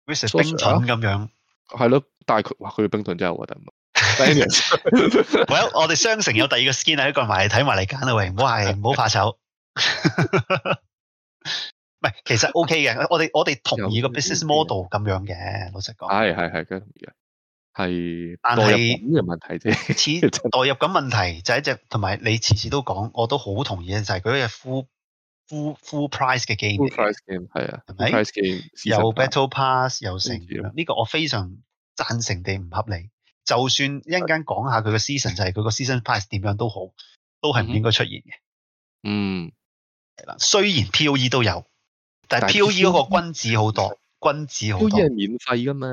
Wizard 冰盾咁樣，係咯，但係佢話佢嘅冰盾真係我覺得，喂 [LAUGHS] [LAUGHS] ，Well, [LAUGHS] 我哋商城有第二個 skin 喺個埋睇埋嚟揀啦喂，唔好係唔好怕醜，唔 [LAUGHS] 係 [LAUGHS] 其實 OK 嘅，我哋我哋同意個 business model 咁樣嘅， [LAUGHS] 老實講，係係係，梗係同意嘅。係代入咁嘅問題啫，似代入咁問題 [LAUGHS] 就係一隻，同埋你次次都講，我都好同意，就係佢嗰個 full full full price 嘅 game。full price game 係啊，係咪？price game 有 battle pass, pass, pass 又成，呢、這個我非常讚成地唔合理。就算一陣間講下佢個 season，就係佢個 season price 點樣都好，都係唔應該出現嘅。嗯，係啦。雖然 P.O.E 都有，但係 P.O.E 個君子好多,君子多，君子好多。P.O.E 係免費噶嘛。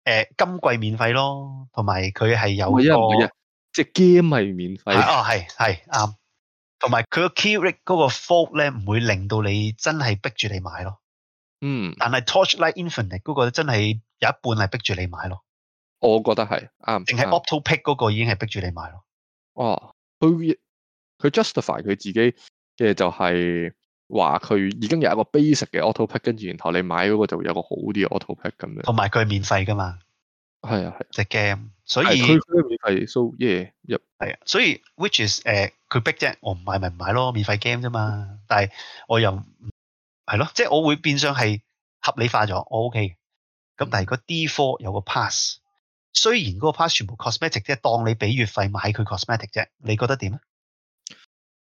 誒、呃，今季免費咯，同埋佢係有一個即係 game 係免費，哦係係啱，同埋佢個 key rig 嗰個 fold 咧唔會令到你真係逼住你買咯，嗯，但係 Torchlight Infinite 嗰個真係有一半係逼住你買咯，我覺得係啱，定、嗯、係 optopick 嗰個已經係逼住你買咯，哦，佢佢 justify 佢自己嘅就係、是。話佢已經有一個 basic 嘅 auto pack，跟住然後你買嗰個就會有個好啲嘅 auto pack 咁樣，同埋佢係免費噶嘛，係啊係隻 game，所以係，所以，啊免費 so yeah, yep、所以 which is 誒佢逼 a 啫，我唔買咪唔買咯，免費 game 啫嘛，但係我又係咯，即係我會變相係合理化咗，我 ok，咁但係個 D four 有個 pass，雖然個 pass 全部 cosmetic，即係當你俾月費買佢 cosmetic 啫，你覺得點啊？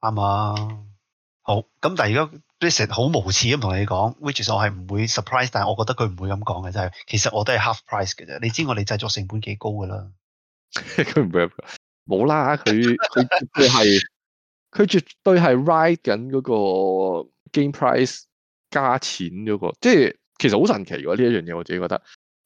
啱啊，好，咁但係而家，Blizzard 好無恥咁同你講，Which 我係唔會 surprise，但係我覺得佢唔會咁講嘅，就係其實我都係 half price 嘅啫。你知我哋製作成本幾高噶 [LAUGHS] 啦，佢唔會冇啦，佢佢係佢絕對係 write 緊嗰個 game price 加錢嗰、嗰個，即係其實好神奇噶呢一樣嘢，我自己覺得。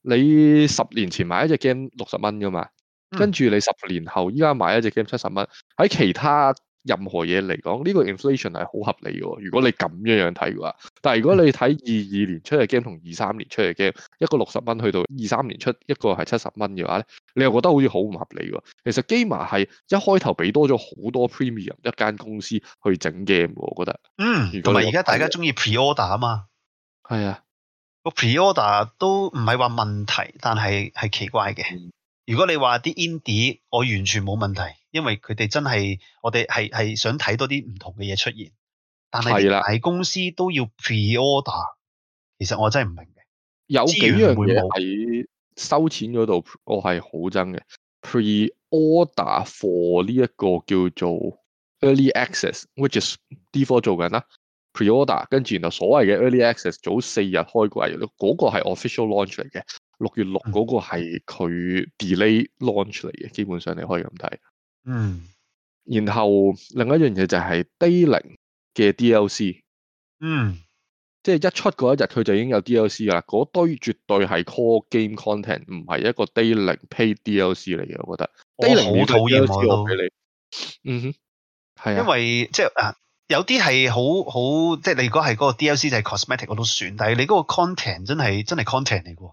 你十年前買一隻 game 六十蚊噶嘛，跟、嗯、住你十年後依家買一隻 game 七十蚊，喺其他。任何嘢嚟講，呢個 inflation 係好合理嘅喎。如果你咁樣樣睇嘅話，但係如果你睇二二年出嘅 game 同二三年出嘅 game，一個六十蚊去到二三年出一個係七十蚊嘅話咧，你又覺得好似好唔合理喎。其實起碼係一開頭俾多咗好多 premium 一間公司去整 game，我覺得。嗯，同埋而家大家中意 pre order 啊嘛。係啊，個 pre order 都唔係話問題，但係係奇怪嘅。如果你話啲 indie 我完全冇問題，因為佢哋真係我哋係係想睇多啲唔同嘅嘢出現。但係大公司都要 pre-order，其實我真係唔明嘅。有幾樣嘢喺收錢嗰度，我係好憎嘅。pre-order for 呢一個叫做 early access，which is D4 做緊啦。pre-order 跟住然後所謂嘅 early access 早四日開季，嗰、嗰個係 official launch 嚟嘅。六月六嗰個係佢 delay launch 嚟嘅、嗯，基本上你可以咁睇。嗯，然後另一樣嘢就係 day one 嘅 DLC 嗯，即係一出嗰一日佢就已經有 DLC 啦。嗰堆絕對係 core game content，唔係一個 day one pay DLC 嚟嘅，我覺得。我好討厭我。嗯，係啊。因為即係啊，有啲係好好，即係你如果係嗰個 DLC 就係 cosmetic 我都算，但係你嗰個 content 真係真係 content 嚟嘅。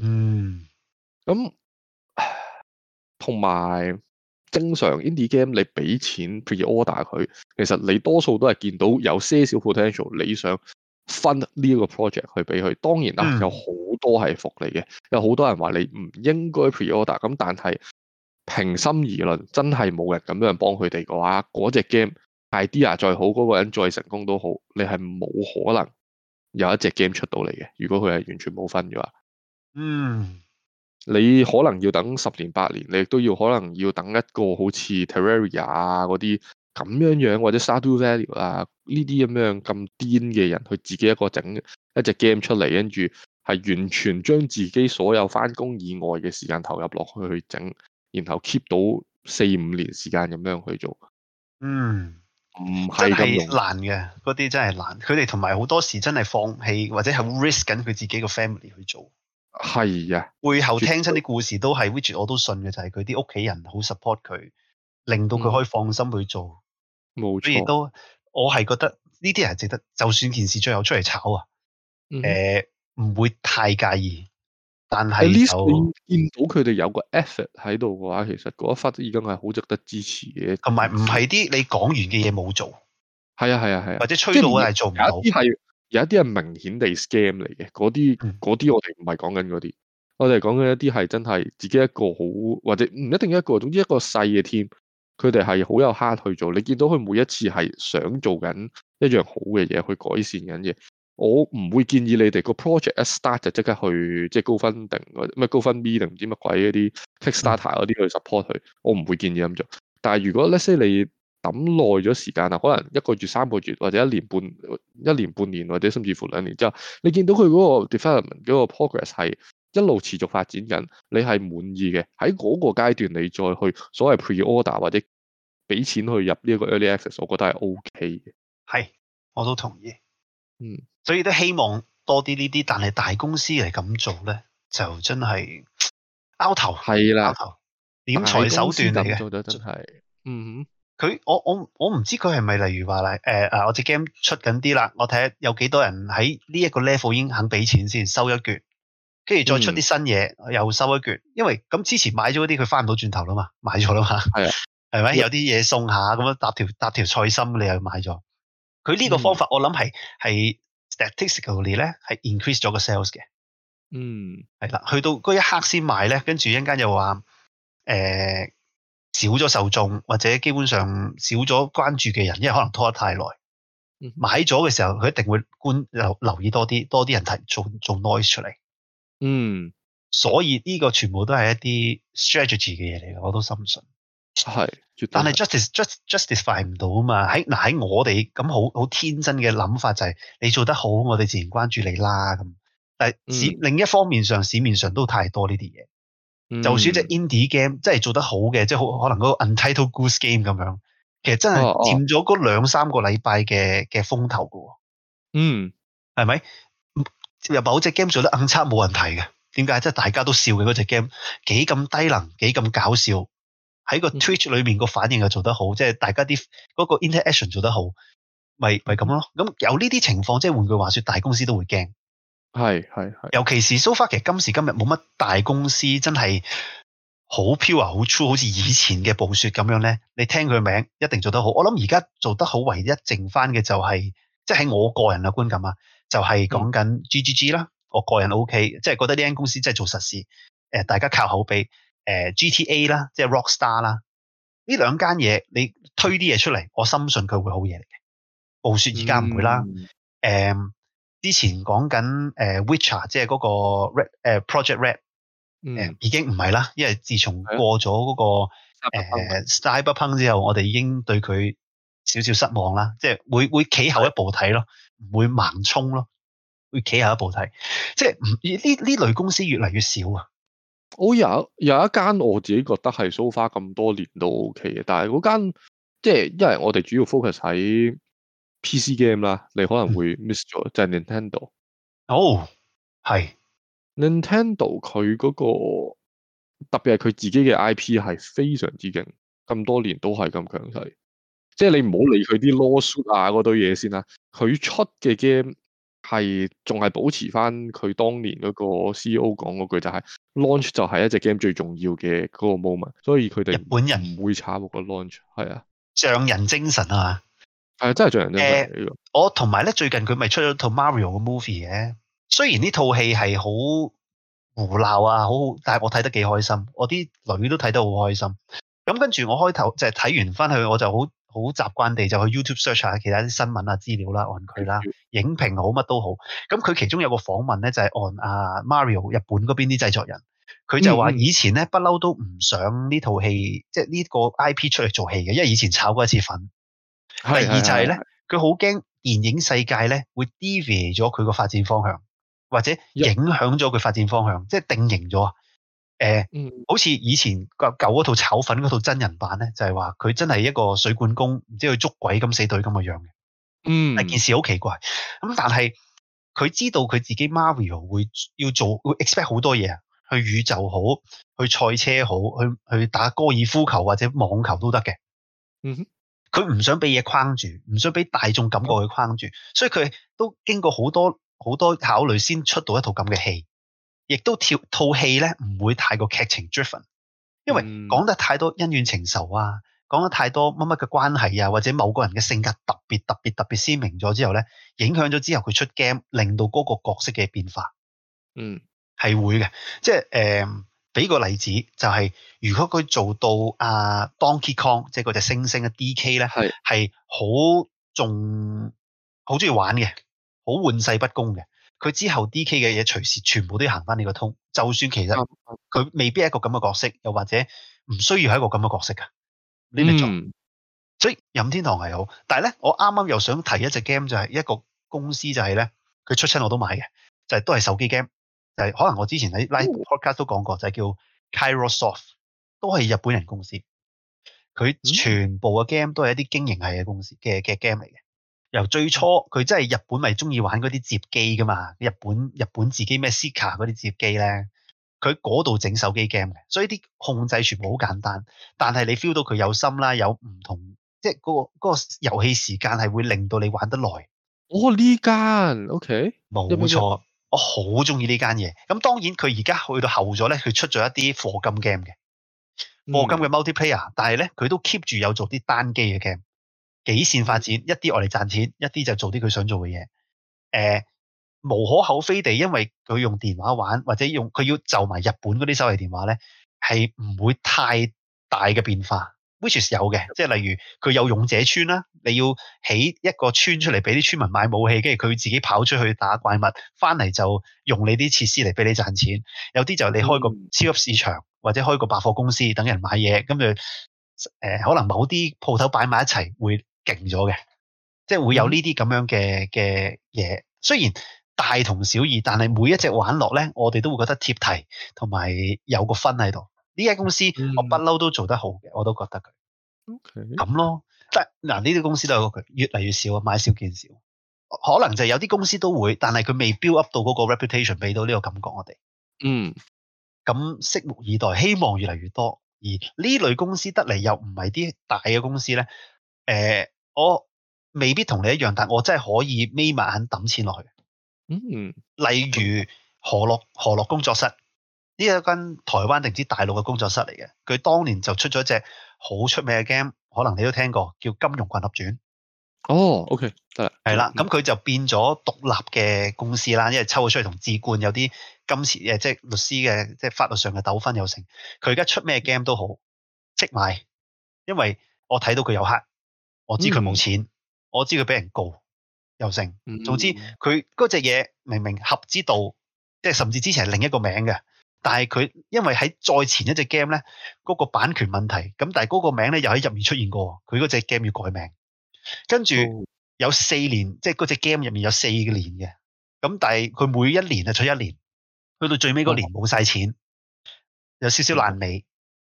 嗯，咁同埋正常，indie game 你俾錢 preorder 佢，其實你多數都係見到有些少 potential，你想分呢個 project 去俾佢。當然啦、嗯，有好多係福利嘅，有好多人話你唔應該 preorder。咁但係平心而論，真係冇人咁樣幫佢哋嘅話，嗰隻 game idea 再好，嗰、嗰個人再成功都好，你係冇可能有一隻 game 出到嚟嘅。如果佢係完全冇分嘅話。嗯，你可能要等十年八年，你亦都要可能要等一個好似 Terraria 啊嗰啲咁樣樣，或者 Stardew Valley 啊呢啲咁樣咁癲嘅人，佢自己一個整一隻 game 出嚟，跟住係完全將自己所有翻工以外嘅時間投入落去去整，然後 keep 到四五年時間咁樣去做。嗯，唔係咁難嘅，嗰啲真係難。佢哋同埋好多時真係放棄，或者係 risk 緊佢自己個 family 去做。係啊，背後聽親啲故事都係，which 我都信嘅，就係佢啲屋企人好 support 佢，令到佢可以放心去做。冇、嗯、錯，所以都我係覺得呢啲人值得，就算件事最後出嚟炒啊，誒、嗯、唔、呃、會太介意。但係見到佢哋有個 effort 喺度嘅話，其實嗰一忽已經係好值得支持嘅。同埋唔係啲你講完嘅嘢冇做，係、嗯、啊係啊係啊，啊，或者吹到但係做唔到。有一啲係明顯地 scam 嚟嘅，嗰啲嗰啲我哋唔係講緊嗰啲，我哋講緊一啲係真係自己一個好，或者唔一定一個，總之一個細嘅 team，佢哋係好有 heart 去做。你見到佢每一次係想做緊一樣好嘅嘢，去改善緊嘢。我唔會建議你哋個 project 一 start 就即刻去即係高分定乜高分 B 定唔知乜鬼嗰啲 kickstarter 嗰啲去 support 佢。我唔會建議咁做。但係如果 let’s say 你，抌耐咗時間啦，可能一個月三個月，或者一年半一年半年，或者甚至乎兩年之後，你見到佢嗰個 development 嗰個 progress 係一路持續發展緊，你係滿意嘅。喺嗰個階段，你再去所謂 pre-order 或者俾錢去入呢個 early access，我覺得係 O.K. 嘅。係，我都同意。嗯，所以都希望多啲呢啲，但係大公司嚟咁做咧，就真係拗頭。係啦，拗頭，點財手段嚟嘅。大公司真係，嗯佢我我我唔知佢係咪例如話啦、呃，我隻 game 出緊啲啦，我睇下有幾多人喺呢一個 level 已經肯俾錢先收一卷，跟住再出啲新嘢、嗯、又收一卷，因為咁之前買咗嗰啲佢翻唔到轉頭啦嘛，買咗啦嘛，係咪有啲嘢送下咁樣搭條搭條菜心你又買咗？佢呢個方法我諗係係 statistically 咧係 increase 咗個 sales 嘅，嗯，係啦，去到嗰一刻先買咧，跟住一陣間又話誒。呃少咗受眾或者基本上少咗關注嘅人，因為可能拖得太耐、嗯。買咗嘅時候，佢一定會觀留留意多啲，多啲人提做做 noise 出嚟。嗯，所以呢個全部都係一啲 strategy 嘅嘢嚟嘅，我都深信。係，但係 justice justify 唔到啊嘛。喺嗱喺我哋咁好好天真嘅諗法就係、是、你做得好，我哋自然關注你啦。咁，但市、嗯、另一方面上市面上都太多呢啲嘢。 [NOISE] 就算隻 indie game，即係做得好嘅，即係好可能嗰個 Untitled Goose Game 咁樣，其實真係佔咗嗰兩三個禮拜嘅嘅風頭喎。嗯、oh, oh.，係咪？又某隻 game 做得硬差冇問題嘅，點解？即係大家都笑嘅嗰隻 game，幾咁低能，幾咁搞笑，喺個 Twitch 裏面個反應又做得好，oh, oh. 即係大家啲嗰個 interaction 做得好，咪咪咁咯。咁有呢啲情況，即係換句話說，說大公司都會驚。係係係，尤其是 so far 其實今時今日冇乜大公司真係好 pure 啊，好 true，好似以前嘅暴雪咁樣咧。你聽佢名一定做得好。我諗而家做得好，唯一剩翻嘅就係、是，即、就、係、是、我個人嘅觀感啊，就係、是、講緊 G G G 啦、嗯。我個人 O K，即係覺得呢間公司即係做實事。誒、呃，大家靠口碑。誒、呃、G T A 啦，即係 Rockstar 啦，呢兩間嘢你推啲嘢出嚟，我深信佢會好嘢嚟嘅。暴雪而家唔會啦，誒、嗯。嗯之前講緊誒，Witcher 即係嗰個誒、呃、Project r a p 嗯，已經唔係啦，因為自從過咗嗰、那個誒 Style 崩之後，我哋已經對佢少少失望啦。即係會會企後一步睇咯，唔會盲衝咯，會企後一步睇。即係唔呢呢類公司越嚟越少啊。我有有一間我自己覺得係 a r 咁多年都 OK 嘅，但係嗰間即係因為我哋主要 focus 喺。P.C. game 啦，你可能會 miss 咗、嗯，就係、是、Nintendo。哦，係 Nintendo 佢嗰、那個特別係佢自己嘅 I.P. 係非常之勁，咁多年都係咁強勢。即係你唔好理佢啲 lawsuit 啊嗰堆嘢先啦，佢出嘅 game 係仲係保持翻佢當年嗰個 C.E.O. 講嗰句就係、是、launch 就係一隻 game 最重要嘅嗰個 moment。所以佢哋日本人唔會炒個 launch 係啊，匠人精神啊！係、啊、真係最人。誒、呃，我同埋咧，最近佢咪出咗套 Mario 嘅 movie 嘅。雖然呢套戲係好胡鬧啊，好好，但係我睇得幾開心。我啲女都睇得好開心。咁、嗯、跟住我開頭就係、是、睇完翻去，我就好好習慣地就去 YouTube search 下其他啲新聞啊、資料啦、啊、按佢啦、影評好乜都好。咁佢其中有個訪問咧，就係、是、按 Mario 日本嗰邊啲製作人，佢就話以前咧、嗯、不嬲都唔想呢套戲，即係呢個 IP 出嚟做戲嘅，因為以前炒過一次粉。第二就係咧，佢好驚電影世界咧會 deviate 咗佢個發展方向，或者影響咗佢發展方向，即係定型咗啊！誒、呃，嗯、好似以前舊嗰套炒粉嗰套真人版咧，就係話佢真係一個水管工，唔知去捉鬼咁死隊咁嘅樣嘅。嗯，一件事好奇怪。咁但係佢知道佢自己 Mario 會要做，會 expect 好多嘢，去宇宙好，去賽車好，去去打高爾夫球或者網球都得嘅。嗯哼。佢唔想俾嘢框住，唔想俾大眾感覺佢框住，所以佢都經過好多好多考慮先出到一套咁嘅戲，亦都跳套戲咧唔會太過劇情 driven，因為講得太多恩怨情仇啊，講得太多乜乜嘅關係啊，或者某個人嘅性格特別特別特別鮮明咗之後咧，影響咗之後佢出 game，令到嗰個角色嘅變化，嗯，係會嘅，即係誒。呃俾個例子就係、是、如果佢做到啊 Donkey Kong 即係嗰隻猩猩嘅 DK 咧，係係好仲好中意玩嘅，好玩世不恭嘅，佢之後 DK 嘅嘢隨時全部都要行翻呢個通，就算其實佢未必係一個咁嘅角色，又或者唔需要係一個咁嘅角色㗎，你明唔明？所以任天堂係好，但係咧我啱啱又想提一隻 game 就係一個公司就係咧，佢出親我買、就是、都買嘅就係都係手機 game。可能我之前喺 live podcast 都講過，就係叫 Kairosoft，都係日本人公司。佢全部嘅 game 都是一些係一啲經營係嘅公司嘅嘅 game 嚟嘅。由最初佢真係日本咪中意玩嗰啲接機噶嘛？日本日本自己咩 Sika 嗰啲接機咧，佢嗰度整手機 game 嘅，所以啲控制全部好簡單。但係你 feel 到佢有心啦，有唔同，即係嗰個、那個遊戲時間係會令到你玩得耐。哦呢間、這個、OK，冇錯。我好中意呢間嘢，咁當然佢而家去到後咗咧，佢出咗一啲課金 game 嘅，課金嘅 multiplayer，、嗯、但係咧佢都 keep 住有做啲單機嘅 game，幾線發展，一啲我哋賺錢，一啲就做啲佢想做嘅嘢。誒、呃，無可厚非地，因為佢用電話玩或者用佢要就埋日本嗰啲手提電話咧，係唔會太大嘅變化。which is 有嘅，即係例如佢有勇者村啦，你要起一個村出嚟俾啲村民買武器，跟住佢自己跑出去打怪物，翻嚟就用你啲設施嚟俾你賺錢。有啲就係你開個超級市場或者開個百貨公司等人買嘢，咁就誒、呃、可能某啲鋪頭擺埋一齊會勁咗嘅，即係會有呢啲咁樣嘅嘅嘢。雖然大同小異，但係每一隻玩落咧，我哋都會覺得貼題同埋有個分喺度。呢間公司我不嬲都做得好嘅，我都覺得佢咁、okay. 咯，即係嗱呢啲公司都有一個越嚟越少，買少見少，可能就係有啲公司都會，但係佢未 build up 到嗰個 reputation 俾到呢個感覺我哋。嗯，咁拭目以待，希望越嚟越多。而呢類公司得嚟又唔係啲大嘅公司咧，誒、呃，我未必同你一樣，但我真係可以眯埋眼抌錢落去。嗯，例如河洛河洛工作室。呢一間台灣定唔知大陸嘅工作室嚟嘅，佢當年就出咗一隻好出名嘅 game，可能你都聽過，叫《金庸群俠傳》oh, okay. yeah. 對。哦，OK，得啦，係啦，咁佢就變咗獨立嘅公司啦，因為抽咗出嚟同智冠有啲金錢嘅，即係律師嘅即係法律上嘅糾紛又成。佢而家出咩 game 都好，即買，因為我睇到佢有黑，我知佢冇錢、嗯，我知佢俾人告又成。總之佢嗰隻嘢明明合之道，即係甚至之前係另一個名嘅。但係佢因為喺再前一隻 game 咧，嗰、嗰個版權問題，咁但係嗰個名咧又喺入面出現過，佢嗰隻 game 要改名，跟住有四年，即係嗰隻 game 入面有四年嘅，咁但係佢每一年係取一年，去到最尾嗰年冇晒錢、嗯，有少少爛尾、嗯。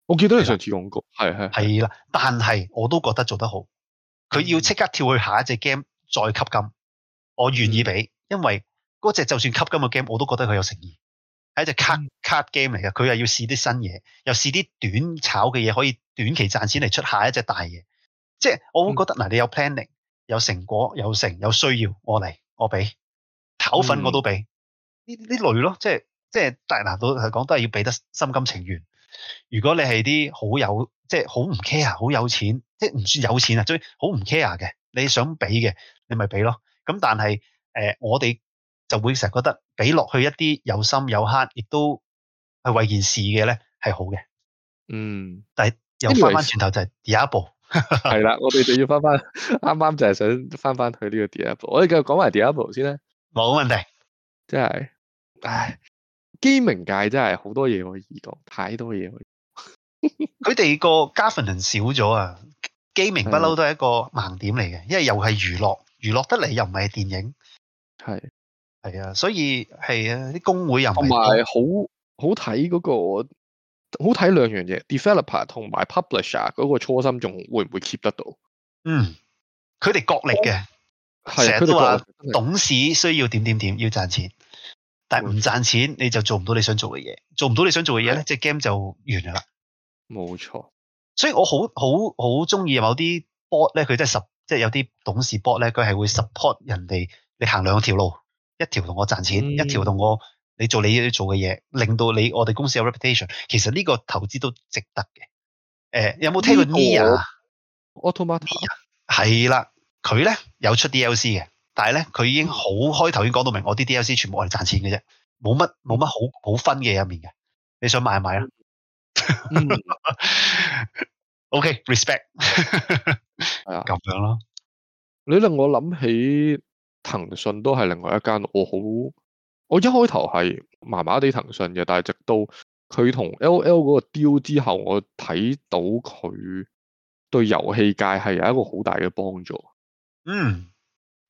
我記得你上次用過。係係係啦，但係我都覺得做得好，佢、嗯、要即刻跳去下一隻 game 再吸金，我願意俾、嗯，因為嗰隻就算吸金嘅 game，我都覺得佢有誠意。係一隻 card card game 嚟嘅，佢又要試啲新嘢，又試啲短炒嘅嘢，可以短期賺錢嚟出下一隻大嘢。即係我會覺得嗱、嗯啊，你有 planning，有成果，有成，有需要，我嚟，我俾炒粉我都俾呢呢類咯。即係即係但嗱，我講都係要俾得心甘情願。如果你係啲好有即係好唔 care，好有錢，即係唔算有錢啊，最好唔 care 嘅，你想俾嘅，你咪俾咯。咁但係誒、呃，我哋。就會成日覺得俾落去一啲有心有黑，亦都係為件事嘅咧，係好嘅。嗯，但係又翻翻轉頭就係第一步，係 [LAUGHS] 啦。我哋就要翻翻，啱啱就係想翻翻去呢個第一步。我哋繼續講埋第一步先啦。冇問題，真、就、係、是。唉，gaming 界真係好多嘢可以講，太多嘢。佢哋個 governance 少咗啊，gaming 不嬲都係一個盲點嚟嘅，因為又係娛樂，娛樂得嚟又唔係電影，係。係啊，所以係啊，啲工會又同埋好好睇嗰個，好睇兩樣嘢，developer 同埋 publisher 嗰個初心，仲會唔會 keep 得到？嗯，佢哋角力嘅，成、哦、日都話董事需要點點點要賺錢，是的，但係唔賺錢你就做唔到你想做嘅嘢，做唔到你想做嘅嘢咧，即係 game 就完噶啦。冇錯，所以我好好好中意某啲 board 咧、就是，佢即係 s 即係有啲董事 board 咧，佢係會 support 人哋你行兩條路。一條同我賺錢，一條同我你做你做嘅嘢，嗯、令到你我哋公司有 reputation。其實呢個投資都值得嘅。誒、欸，有冇聽過 Nia？Automatic 係啦，佢、啊、咧、yeah, 有出 DLC 嘅，但係咧佢已經好開頭已經講到明，我啲 DLC 全部係賺錢嘅啫，冇乜冇乜好好分嘅入面嘅。你想買咪買啦。嗯、 [LAUGHS] OK，respect、okay, 是。咁 [LAUGHS] 樣咯。你令我諗起。騰訊都係另外一間，我好我一開頭係麻麻地騰訊嘅，但係直到佢同 L.O.L 嗰個 deal 之後，我睇到佢對遊戲界係有一個好大嘅幫助。嗯，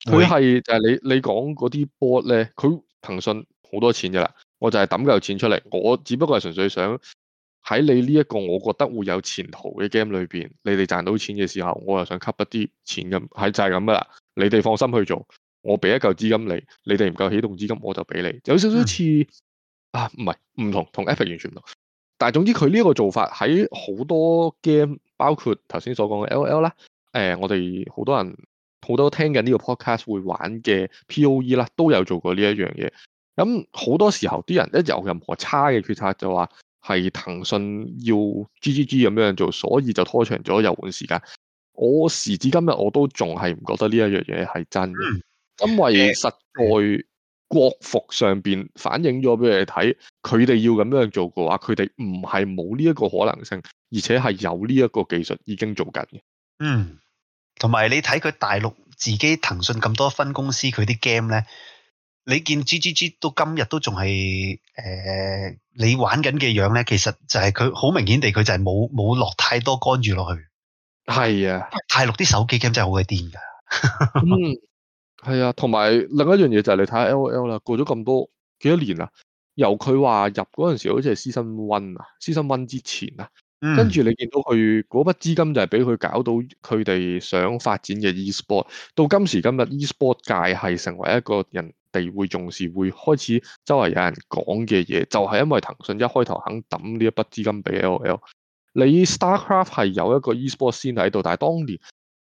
佢係、嗯、就係、你你講嗰啲 board 咧，佢騰訊好多錢㗎啦，我就係揼夠錢出嚟，我只不過係純粹想喺你呢一個我覺得會有前途嘅 game 裏邊，你哋賺到錢嘅時候，我又想吸一啲錢咁，係就係咁噶啦，你哋放心去做。我俾一嚿資金你，你哋唔夠起動資金，我就俾你。有少少似啊，唔係唔同，同 Epic 完全唔同。但係總之佢呢個個做法喺好多 game，包括頭先所講嘅 L.O.L 啦、呃，我哋好多人好多聽緊呢個 podcast 會玩嘅 P.O.E 啦，都有做過呢一樣嘢。咁好多時候啲人一有任何差嘅決策，就話係騰訊要 G.G.G 咁樣做，所以就拖長咗遊玩時間。我時至今日我都仲係唔覺得呢一樣嘢係真嘅。嗯。因為實在國服上邊反映咗俾你睇，佢、嗯、哋要咁樣做嘅話，佢哋唔係冇呢一個可能性，而且係有呢一個技術已經做緊嘅。嗯，同埋你睇佢大陸自己騰訊咁多分公司，佢啲 game 咧，你見 G G G 到今日都仲係誒，你玩緊嘅樣咧，其實就係佢好明顯地，佢就係冇冇落太多干預落去。係啊，大陸啲手機 game 真係好鬼癲噶。嗯。 [LAUGHS] 係啊，同埋另一樣嘢就係你睇下 L O L 啦，過咗咁多幾多年啦，由佢話入嗰陣時好似係 season one 啊，season one 之前啊、嗯，跟住你見到佢嗰筆資金就係俾佢搞到佢哋想發展嘅 e-sport，到今時今日 e-sport 界係成為一個人哋會重視會開始周圍有人講嘅嘢，就係、是、因為騰訊一開頭肯抌呢一筆資金俾 L O L，你 StarCraft 係有一個 e-sport 先喺度，但係當年。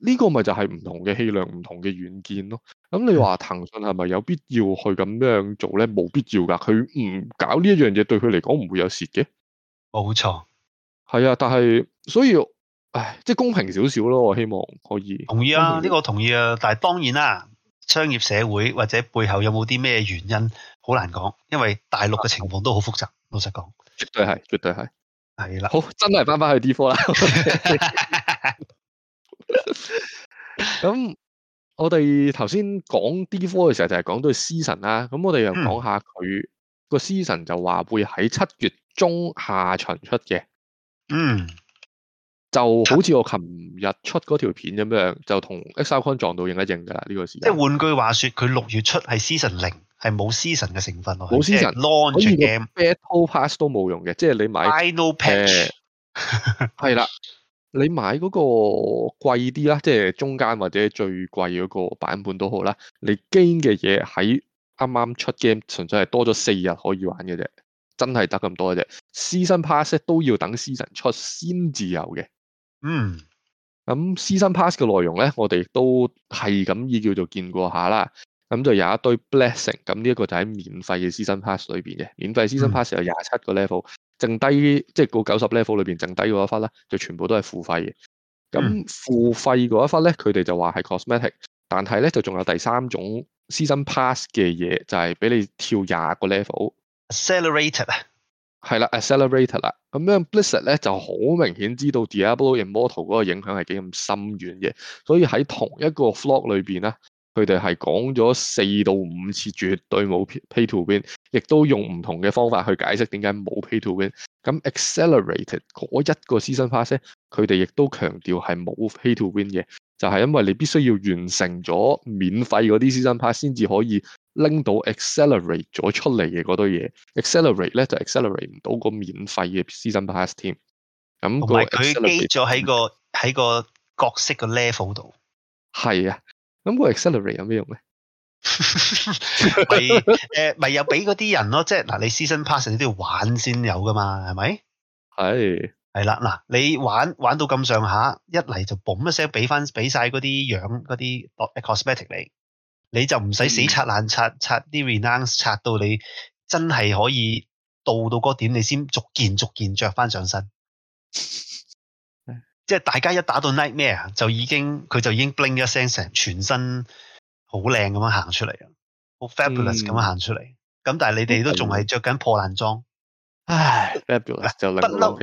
呢、這個咪就係唔同嘅氣量、唔同嘅遠見咯。咁你話騰訊係咪有必要去咁樣做咧？冇必要㗎，佢唔搞呢一樣嘢對佢嚟講唔會有蝕嘅。冇錯，係啊。但係所以，唉，即係公平少少咯。我希望可以同意啊。呢、這個同意啊。但係當然啦，商業社會或者背後有冇啲咩原因，好難講，因為大陸嘅情況都好複雜。老實講，絕對係，絕對係，係啦。好，真係翻返去 D4 啦。 [LAUGHS] [LAUGHS] 咁、 [LAUGHS] 嗯、我哋頭先講 D4 嘅時候就係講到 season 啦，咁我哋又講下佢、嗯那個 season 就話會喺七月中下旬出嘅。嗯，就好似我琴日出嗰條片咁樣，嗯、就同 Xbox 撞到認一認噶啦。呢、這個事即係換句話說，佢六月出係 season 零，係冇 season 嘅成分咯，冇 season launch game，咩 battle pass 都冇用嘅，即係你買 final patch 係啦。 [LAUGHS] 你買嗰個貴啲啦，即係中間或者最貴嗰個版本都好啦。你 gain 嘅嘢喺啱啱出 game 純粹係多咗四日可以玩嘅啫，真係得咁多啫。Season pass 都要等 Season 出先至有嘅。嗯，咁 Season pass 嘅內容咧，我哋都係咁依叫做見過下啦。咁就有一堆 blessing，咁呢一個就喺免費嘅 Season pass 裏邊嘅。免費 Season pass 有廿七個 level、嗯。嗯剩低即係嗰九十 level 裏邊剩低嗰一忽咧，就全部都係付費嘅。咁付費嗰一忽咧，佢哋就話係 cosmetic，但係咧就仲有第三種 season pass 嘅嘢，就係、是、俾你跳廿個 level。accelerator 啊，係啦 accelerator 啦。咁樣 Blizzard 咧就好明顯知道 Diablo Immortal 嗰個影響係幾咁深遠嘅，所以喺同一個 flog 裏邊咧，佢哋係講咗四到五次，絕對冇 pay to win。亦都用唔同嘅方法去解釋點解冇 pay-to-win。咁 accelerated 嗰一個 season pass，佢哋亦都強調係冇 pay-to-win 嘅，就係因為你必須要完成咗免費嗰啲 season pass 先至可以拎到 accelerate 咗出嚟嘅嗰堆嘢。accelerate 咧就 accelerate 唔到個免費嘅 season pass 添。咁同埋佢基咗喺個喺個角色個 level 度。係啊。咁個 accelerate 有咩用咧？咪 [LAUGHS] 誒、 [LAUGHS] 嗯，咪又俾嗰啲人咯，即係嗱，你 season pass 都要玩先有噶嘛，係咪？係係啦，嗱，你玩玩到咁上下，一嚟就嘣一聲，俾翻俾晒嗰啲樣嗰啲 cosmetic 你，你就唔使死刷爛刷擦啲 renounce 刷到你真係可以到到嗰點，你先逐件逐件着翻上身。Hey。即係大家一打到 nightmare，就已經佢就已經 bling 一聲成全身。好靚咁樣行出嚟啊！好 fabulous 咁樣行出嚟，咁、嗯、但係你哋都仲係着緊破爛裝，嗯、唉，fabulous 就不嬲。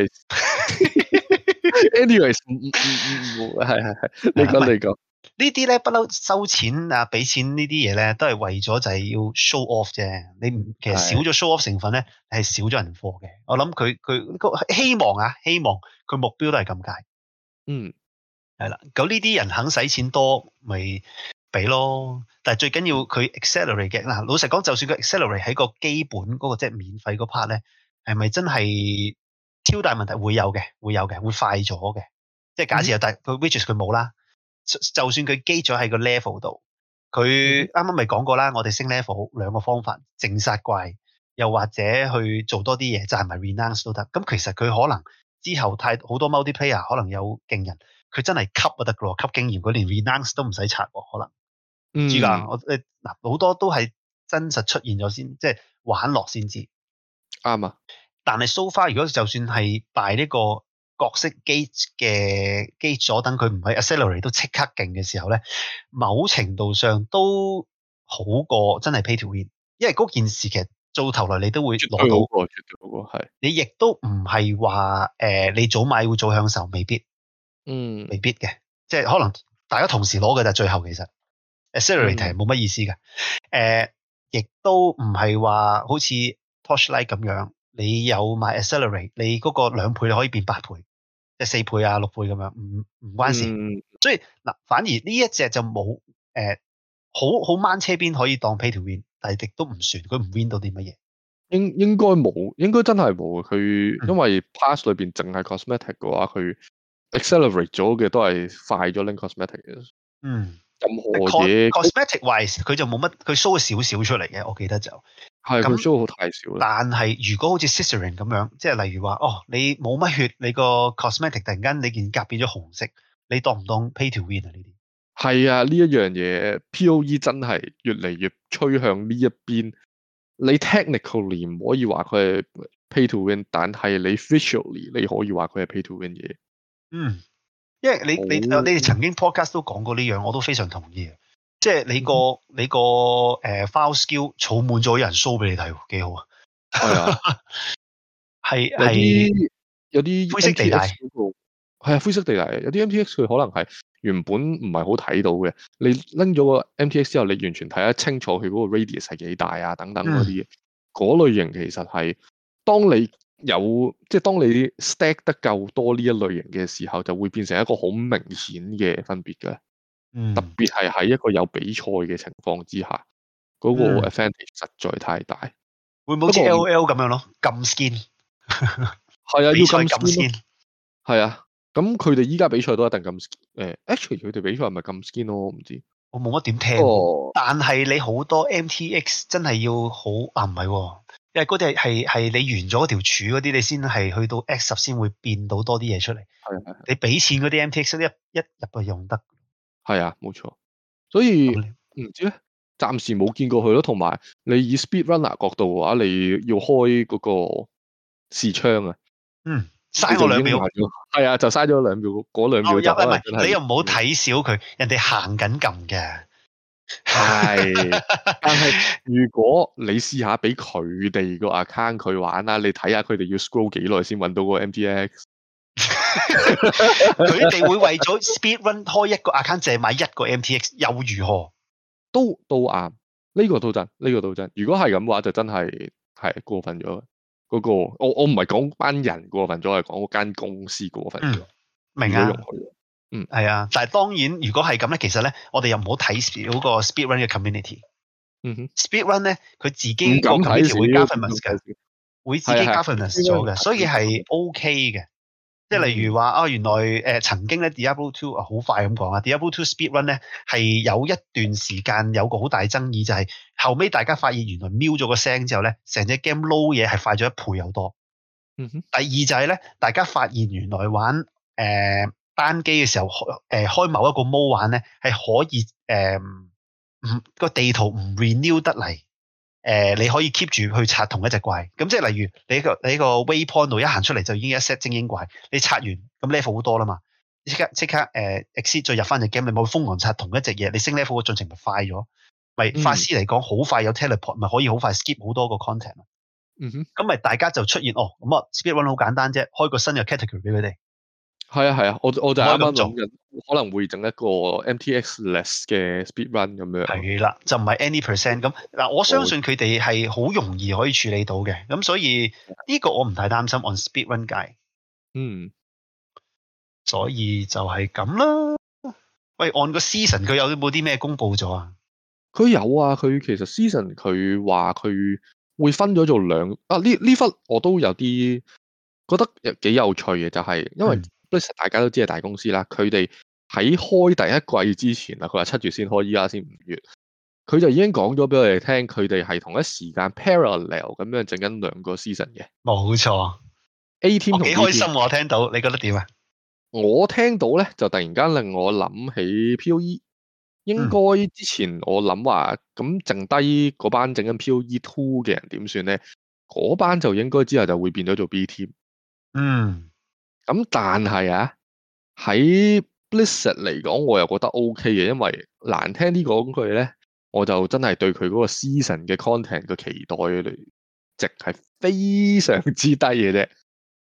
anyways，係係係，你講你講呢啲咧，不嬲收錢啊，俾錢呢啲嘢咧，都係為咗就係要 show off 啫。你唔其實少咗 show off 成分咧，係少咗人貨嘅。我諗佢佢個希望啊，希望佢目標都係咁解。嗯，係啦，咁呢啲人肯使錢多，咪。俾咯，但最緊要佢 accelerate 嗱，老實講，就算佢 accelerate 喺個基本嗰、那個即係、就是、免費嗰 part 咧，係咪真係超大問題會有嘅？會有嘅，會快咗嘅。即係假設有，但佢 whiches 佢冇啦，就算佢基咗喺個 level 度，佢啱啱咪講過啦，我哋升 level 兩個方法，淨殺怪，又或者去做多啲嘢，就係咪 renounce 都得？咁其實佢可能之後太好多 multiplayer 可能有勁人，佢真係吸就得噶咯，吸經驗佢連 renounce 都唔使刷，可能。不知噶，我誒嗱，好多都係真實出現咗先，即係玩落先知，啱啊，嗯。但係 so far，如果就算係大呢個角色機嘅機咗，等佢唔係 accelerate 都即刻勁嘅時候咧，某程度上都好過真係 pay to win 因為嗰件事其實到頭來你都會攞到，係你亦都唔係話誒，你早買會早享受，未必，嗯，未必嘅，即係可能大家同時攞嘅就係最後其實。accelerate 冇、嗯、乜意思嘅，誒、呃，亦都唔係話好似 torchlight 咁樣，你有買 accelerate，你嗰個兩倍可以變八倍，即係四倍啊六倍咁樣，唔唔關事、嗯。所以嗱，反而呢一隻就冇，誒、呃，好好掹車邊可以當 pay to win，但係亦都唔算，佢唔 win 到啲乜嘢。應應該冇，應該真係冇。佢因為 pass 裏邊淨係 cosmetic 嘅話，佢 accelerate 咗嘅都係快咗拎 cosmetic。嗯。咁何嘢 cosmetic wise 佢就冇乜佢 show 少少出嚟嘅，我記得就係咁 show 好太少啦。但係如果好似 sissuring 咁樣，即係例如話哦，你冇乜血，你個 cosmetic 突然間你件甲變咗紅色，你當唔當 pay to win 啊？呢啲係啊，呢一樣嘢 POE 真係越嚟越趨向呢一邊。你 technically 唔可以話佢係 pay to win，但係你 visually 你可以話佢係 pay to win 嘢。嗯。因為你你你哋曾經 podcast 都講過呢樣，我都非常同意即係、就是、你個你個誒 file skill 儲滿咗，有人 show 俾你睇喎，幾好啊！係 [LAUGHS] 係有啲灰色地帶，係啊，灰色地帶，有啲 MTX 佢可能係原本唔係好睇到嘅，你拎咗個 MTX 之後，你完全睇得清楚佢嗰個 radius 係幾大啊等等嗰啲，嗰 [LAUGHS] 類型其實係當你。有即係當你 stack 得夠多呢一類型嘅時候，就會變成一個好明顯嘅分別嘅。嗯，特別係喺一個有比賽嘅情況之下，嗰、嗯那個 effect 實在太大。會唔會好似 LOL 咁樣咯？禁 skin 係 [LAUGHS] 啊，要禁 skin 係啊。咁佢哋依家比賽都一定禁誒，actually 佢哋比賽係咪禁 skin 咯？我唔知我冇乜點聽。哦、但係你好多 MTX 真係要好啊，唔係、啊。因嗰啲係係你完咗條柱嗰啲，你先係去到 X 十先會變到多啲嘢出嚟。係係。你俾錢嗰啲 MTX 一一入去用得，係啊，冇錯。所以唔知咧，暫時冇見過佢咯。同埋你以 Speed Runner 角度嘅話，你要開嗰個視窗啊。嗯，嘥我兩秒。係啊，就嘥咗兩秒，嗰兩秒就唔係你又唔好睇少佢，人哋行緊撳嘅。係， [LAUGHS] 但係如果你試下俾佢哋個 account 佢玩啦，你睇下佢哋要 scroll 幾耐先揾到個 MTX，佢 [LAUGHS] 哋會為咗 speed run 開一個 account 淨係買一個 MTX 又如何？都都啱，呢、這個都真，呢、這個都真。如果係咁嘅話，就真係係過分咗。嗰、那個我我唔係講班人過分咗，係講個間公司過分咗、嗯。明白啊。嗯，係啊，但係當然，如果係咁咧，其實咧，我哋又唔好睇個 Speedrun 嘅 community。嗯哼，Speedrun 咧，佢自己個 community 會 governance 會自己 governance 做嘅，所以係 OK 嘅。即、嗯、係例如話啊、哦，原來誒、呃、曾經咧 Diablo Two 啊，好快咁講啊 d、嗯、iablo Two Speedrun 咧係有一段時間有個好大爭議，就係、是、後尾大家發現原來瞄咗個聲之後咧，成隻 game load 嘢係快咗一倍有多。嗯、第二就係咧，大家發現原來玩誒。呃單機嘅時候，誒、呃、開某一個模玩咧，係可以誒唔個地圖唔 renew 得嚟，誒、呃、你可以 keep 住去刷同一隻怪。咁即係例如你一個你一個 waypoint 度一行出嚟就已經一 set 精英怪，你刷完咁 level 好多啦嘛，即刻即刻誒 exit、呃、再入翻隻 game，你冇瘋狂刷同一隻嘢，你升 level 嘅進程咪快咗？咪、嗯、法師嚟講好快有 teleport，咪可以好快 skip 好多個 content。咁、嗯、咪大家就出現哦，咁啊 speed run 好簡單啫，開個新嘅 category 俾佢哋。係啊係啊，我我就啱啱諗緊，可能會整一個 MTXless 嘅 speed run 咁樣。係啦，就唔係 any percent 咁嗱。我相信佢哋係好容易可以處理到嘅，咁所以呢個我唔太擔心按 speed run 界。嗯，所以就係咁啦。喂，on 個 season 佢有冇啲咩公布咗啊？佢有啊，佢其實 season 佢話佢會分咗做兩啊呢呢忽我都有啲覺得幾有趣嘅，就係因為，嗯。大家都知係大公司啦，佢哋喺開第一季之前啦，佢話七月先開，依家先五月，佢就已經講咗俾我哋聽，佢哋係同一時間 parallel 咁樣整緊兩個 season 嘅。冇錯，A team 同 B team。我幾開心 A team, 我聽到，你覺得點啊？我聽到咧，就突然間令我諗起 POE，應該之前我諗話咁剩低嗰班整緊 POE two 嘅人點算咧？嗰班就應該之後就會變咗做 B team。嗯。咁但係啊，喺 Blizzard 嚟講，我又覺得 OK 嘅，因為難聽啲講句咧，我就真係對佢嗰個 season 嘅 content 嘅期待值係非常之低嘅啫。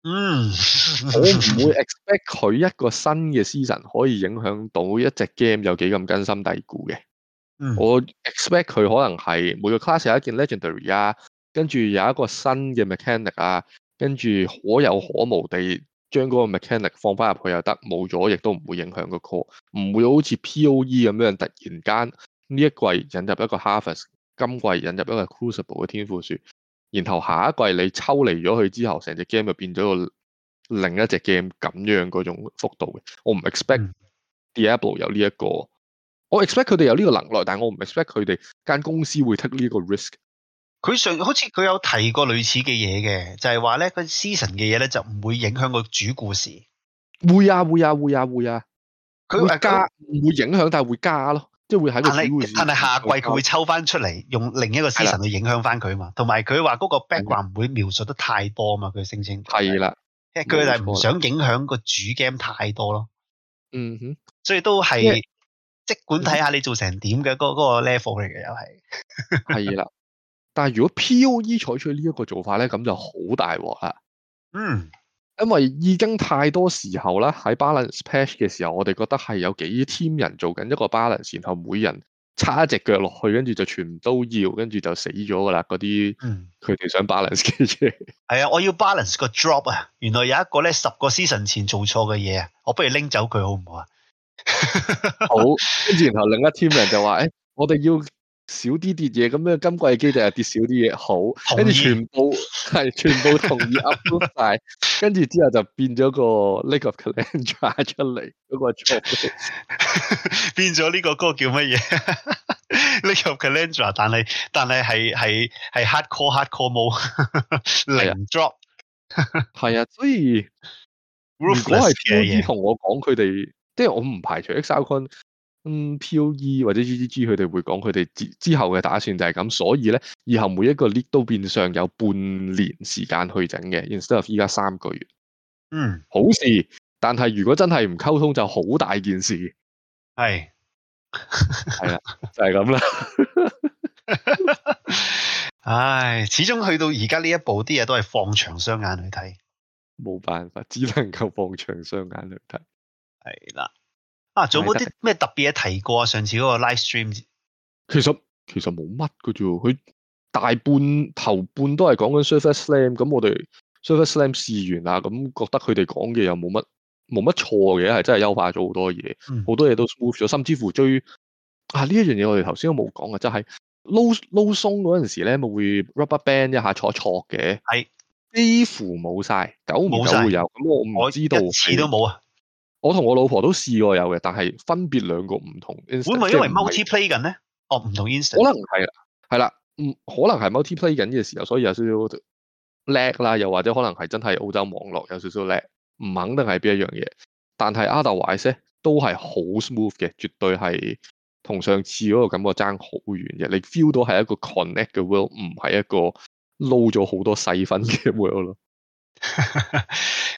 嗯、mm. [LAUGHS] ，我唔會 expect 佢一個新嘅 season 可以影響到一隻 game 有幾咁根深蒂固嘅。Mm. 我 expect 佢可能係每個 class 有一件 legendary 啊，跟住有一個新嘅 mechanic 啊，跟住可有可無地。將嗰個 mechanic 放翻入去又得，冇咗亦都唔會影響個 call，唔會好似 POE 咁樣突然間呢一季引入一個 harvest，今季引入一個 crucible 嘅天賦樹，然後下一季你抽離咗佢之後，成隻 game 就變咗個另一隻 game 咁樣嗰種幅度嘅。我唔 expect Diablo 有呢一個，我 expect 佢哋有呢個能力，但係我唔 expect 佢哋間公司會 take 呢個 risk。佢上好似佢有提過類似嘅嘢嘅，就係話咧，佢 season 嘅嘢咧就唔會影響個主故事。會啊會啊會啊會啊，佢係、啊、加唔會影響，但係會加咯，即係會喺度。係咪下季佢會抽翻出嚟，用另一個 season 去影響翻佢啊嘛？同埋佢話嗰個 background 唔會描述得太多啊嘛？佢聲稱係啦，佢就唔想影響個主 game 太多咯。嗯哼，所以都係即管睇下你做成點嘅，嗰、嗰個 level 嚟嘅又係係啦。 [LAUGHS] 但係如果 POE 採取呢一個做法咧，咁就好大鑊啦。嗯，因為已經太多時候咧，喺 balance patch 嘅時候，我哋覺得係有幾 team 人做緊一個 balance，然後每人差一隻腳落去，跟住就全部都要，跟住就死咗噶啦。嗰啲佢哋想 balance 嘅啫。係啊，我要 balance 個 drop 啊。原來有一個咧十個 season 前做錯嘅嘢啊，我不如拎走佢好唔好啊？好，好，跟 [LAUGHS] 住然後另一 team 人就話：誒、欸，我哋要。少啲跌嘢，咁樣今季機就係跌少啲嘢好，跟住全部係全部同意 upload 晒，跟住之後就變咗個 Lake of Calendra 出嚟，嗰個變咗呢個歌叫乜嘢 Lake of Calendra？但係但係係係係 hardcore hardcore 冇零 drop，係啊，所以如果係故意同我講佢哋，即係我唔排除 XOCON。嗯，POE 或者 GGG 佢哋會講佢哋之之後嘅打算就係咁，所以咧，以後每一個 league 都變相有半年時間去整嘅，instead of 依家三個月。嗯，好事，但係如果真係唔溝通，就好大件事。係，係 [LAUGHS] 啊，就係咁啦。唉， [LAUGHS] [LAUGHS] 始終去到而家呢一步，啲嘢都係放長雙眼去睇。冇辦法，只能夠放長雙眼去睇。係啦，啊。啊，仲有冇啲咩特別嘅提過啊？上次嗰個 live stream 其實其實冇乜嘅啫，佢大半頭半都係講緊 Server Slam。咁我哋 Server Slam 試完啦，咁覺得佢哋講嘅又冇乜冇乜錯嘅，係真係優化咗好多嘢，好、嗯、多嘢都 smooth 咗。甚至乎追啊呢一樣嘢，我哋頭先都冇講嘅，就係撈撈松嗰陣時咧，咪會，會 rubber band 一下坐錯嘅，係幾乎冇晒，九年九會有，咁、嗯、我唔知道我一次都冇啊。我同我老婆都試過有嘅，但係分別兩個唔同。會唔會因為 multiplay 緊咧？哦，唔同 instance 可能係係啦，唔可能係 multiplay 緊嘅時候，所以有少少叻啦。又或者可能係真係澳洲網絡有少少叻，唔肯定係邊一樣嘢。但係 otherwise 咧都係好 smooth 嘅，絕對係同上次嗰個感覺爭好遠嘅。你 feel 到係一個 connect 嘅 world，唔係一個 load 咗好多細分嘅 world 咯。 [LAUGHS]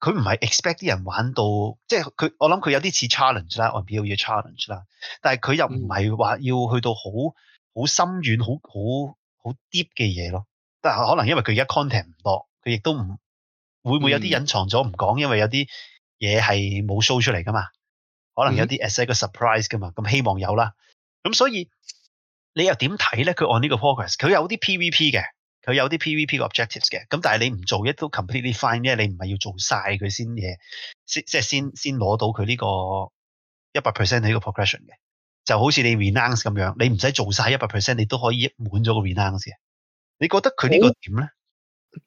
佢唔係 expect 啲人玩到，即係佢我諗佢有啲似 challenge 啦，or build your challenge 啦，但係佢又唔係話要去到好好、嗯、深遠、好好好 deep 嘅嘢咯。但係可能因為佢而家 content 唔多，佢亦都唔會唔會有啲隱藏咗唔講，因為有啲嘢係冇 show 出嚟噶嘛。可能有啲 as a surprise 噶嘛，咁、嗯、希望有啦。咁所以你又點睇咧？佢按呢個 progress，佢有啲 PVP 嘅。佢有啲 PVP 嘅 objectives 嘅，咁但係你唔做一都 completely fine，因為你唔係要做晒佢先嘅，先即係先先攞到佢呢個一百 percent 呢個 progression 嘅，就好似你 Renown 咁樣，你唔使做晒一百 percent，你都可以滿咗個 Renown 嘅。你覺得佢呢個點咧？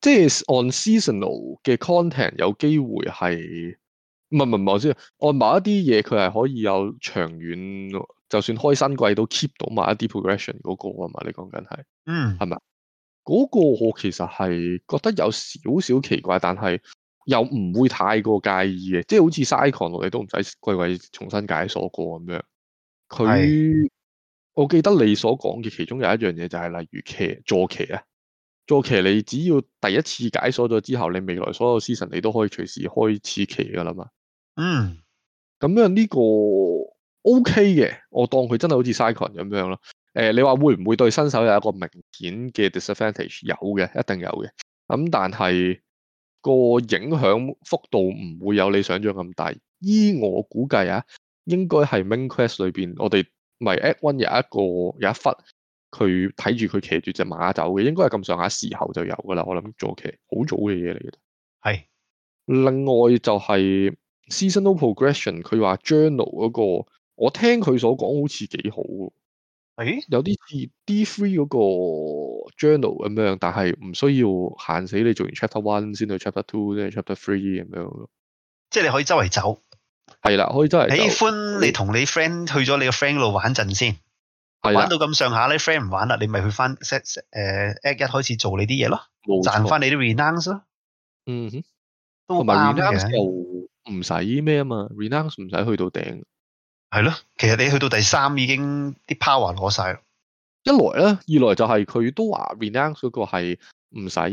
即係、就是、on seasonal 嘅 content 有機會係唔係唔係我知，按某一啲嘢佢係可以有長遠，就算開新季都 keep 到某一啲 progression 嗰、那個啊嘛？你講緊係嗯係咪？是吧。嗰、那個我其實係覺得有少少奇怪，但係又唔會太過介意嘅，即係好似 season 我哋都唔使季季重新解鎖過咁樣。佢，我記得你所講嘅其中有一樣嘢就係、是、例如騎坐騎啊，坐騎你只要第一次解鎖咗之後，你未來所有 season 你都可以隨時開始騎噶啦嘛。嗯，咁樣呢、這個 OK 嘅，我當佢真係好似 season 咁樣咯。誒，你話會唔會對新手有一個明顯嘅 disadvantage？有嘅，一定有嘅。咁但係個影響幅度唔會有你想象咁大。依我估計啊，應該係 main quest 裏邊，我哋咪 at one 有一個有一忽，佢睇住佢騎住隻馬走嘅，應該係咁上下時候就有噶啦。我諗早期好早嘅嘢嚟嘅。係。另外就係 seasonal progression，佢話 journal 嗰個，我聽佢所講好似幾好的。誒，有啲似 D three 嗰個 journal 咁樣，但係唔需要限死你做完 chapter one 先到 chapter two，即係 chapter three 咁樣。即係你可以周圍走，係啦，可以周圍走。喜歡你同你 friend 去咗你個 friend 度玩陣先，玩到咁上下咧，friend 唔玩啦，你咪去翻 set set 誒，at 一開始做你啲嘢咯，賺翻你啲 renown 咯。嗯哼，都啱嘅。renown 唔使咩啊嘛，renown 唔使去到頂。係咯，其實你去到第三已經啲 power 攞晒一來咧，二來就係佢都話 renounce 嗰個係唔使，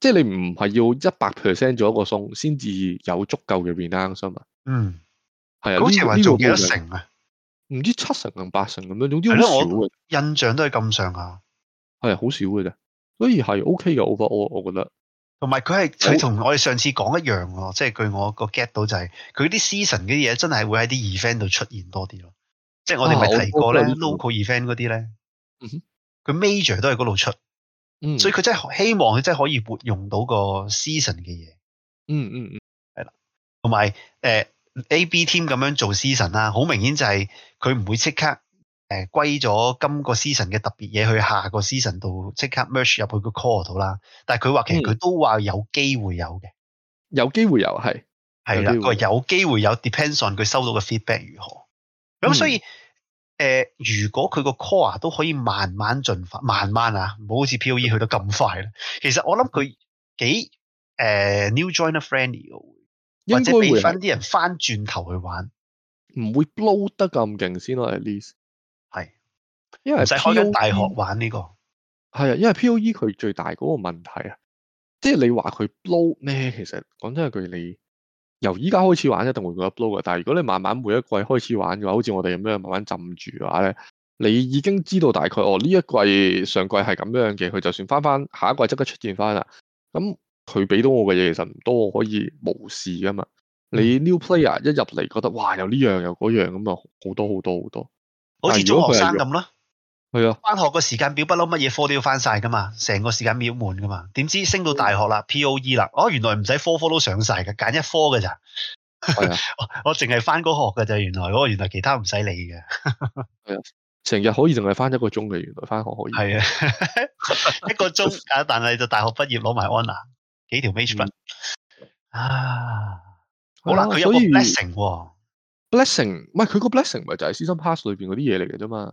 即係你唔係要一百 percent 做一個送先至有足夠嘅 renounce 嘛。嗯，係啊。好似話做幾多成啊？唔知七成定八成咁樣，總之少嘅，我印象都係咁上下。係啊，好少嘅啫，所以係 OK 嘅 overall 我我覺得。同埋佢係佢同我哋上次講一樣咯，oh. 即係據我個 get 到就係佢啲 season 嘅嘢真係會喺啲 event 度出現多啲咯，即、oh. 係我哋咪提過咧、oh. local event 嗰啲咧，佢、mm -hmm. major 都係嗰度出，嗯、mm -hmm.，所以佢真係希望佢真係可以活用到個 season 嘅嘢，嗯嗯嗯，係啦，同埋誒 AB team 咁樣做 season 啦，好明顯就係佢唔會即刻。誒、呃，歸咗今個 season 嘅特別嘢去下個 season 度，即刻 merge 入去個 core 度啦。但係佢話，其實佢都話有機會有嘅、嗯，有機會有係係啦。佢有機會有，有，機會有，depends on 佢收到嘅 feedback 如何。咁、嗯、所以，誒、呃，如果佢個 core 都可以慢慢進化，慢慢啊，唔好好似 P.O.E 去到咁快啦、嗯。其實我諗佢幾誒 new joiner friendly，會或者俾翻啲人翻轉頭去玩，唔會 blow 得咁勁先咯。At least。因為使開一個大學玩呢、呢個係啊，因為 P.O.E 佢最大嗰個問題啊，即係你話佢 low 咧，其實講真一句，你由依家開始玩一定會覺得 low 嘅。但係如果你慢慢每一季開始玩嘅話，好似我哋咁樣慢慢浸住嘅話咧，你已經知道大概哦，呢一季上季係咁樣嘅，佢就算翻翻下一季即刻出現翻啦，咁佢俾到我嘅嘢其實唔多，我可以無視噶嘛。你 new player 一入嚟覺得哇，又呢樣又嗰樣咁啊，好多好多好多，多，好似中學生咁咯。係啊，翻學個時間表不嬲乜嘢科都要翻晒噶嘛，成個時間秒滿噶嘛。點知升到大學啦、啊、，P.O.E. 啦，哦，原來唔使科科都上晒嘅，揀一科噶咋？係啊， [LAUGHS] 我我淨係翻嗰學噶咋？原來哦，原來其他唔使理嘅。係 [LAUGHS] 啊，成日可以淨係翻一個鐘嘅，原來翻學可以。係啊， [LAUGHS] [LAUGHS] [LAUGHS] 一個鐘啊，但係就大學畢業攞埋安娜幾條 makeup、嗯、啊，好啦，佢有個 blessing 喎、哦、，blessing 唔係佢個 blessing 咪就係私心 pass 裏邊嗰啲嘢嚟嘅啫嘛。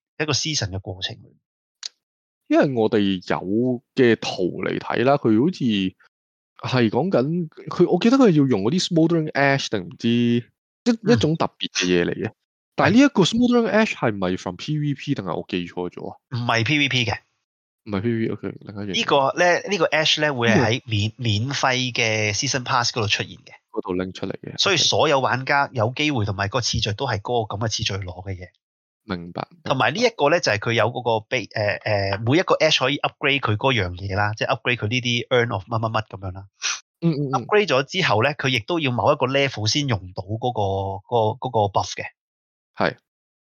一個 season 嘅過程，因為我哋有嘅圖嚟睇啦，佢好似係講緊佢，我記得佢要用嗰啲 smoldering ash 定唔知一、嗯、一種特別嘅嘢嚟嘅。但係呢一個 smoldering ash 係唔係 from PVP 定係我記錯咗啊？唔係 PVP 嘅，唔係 PVP okay,、這個。OK，另呢個咧，呢、這個 ash 咧會喺免免費嘅 season pass 嗰度出現嘅。嗰度拎出嚟嘅，所以所有玩家有機會同埋嗰個次序都係嗰個咁嘅次序攞嘅嘢。明白，同埋呢一個咧就係佢有嗰個碑誒誒，每一個 t 可以 upgrade 佢嗰樣嘢啦，即、就、係、是、upgrade 佢呢啲 earn of 乜乜乜咁樣啦、嗯嗯。upgrade 咗之後咧，佢亦都要某一個 level 先用到嗰、那個、那個 buff 嘅。係，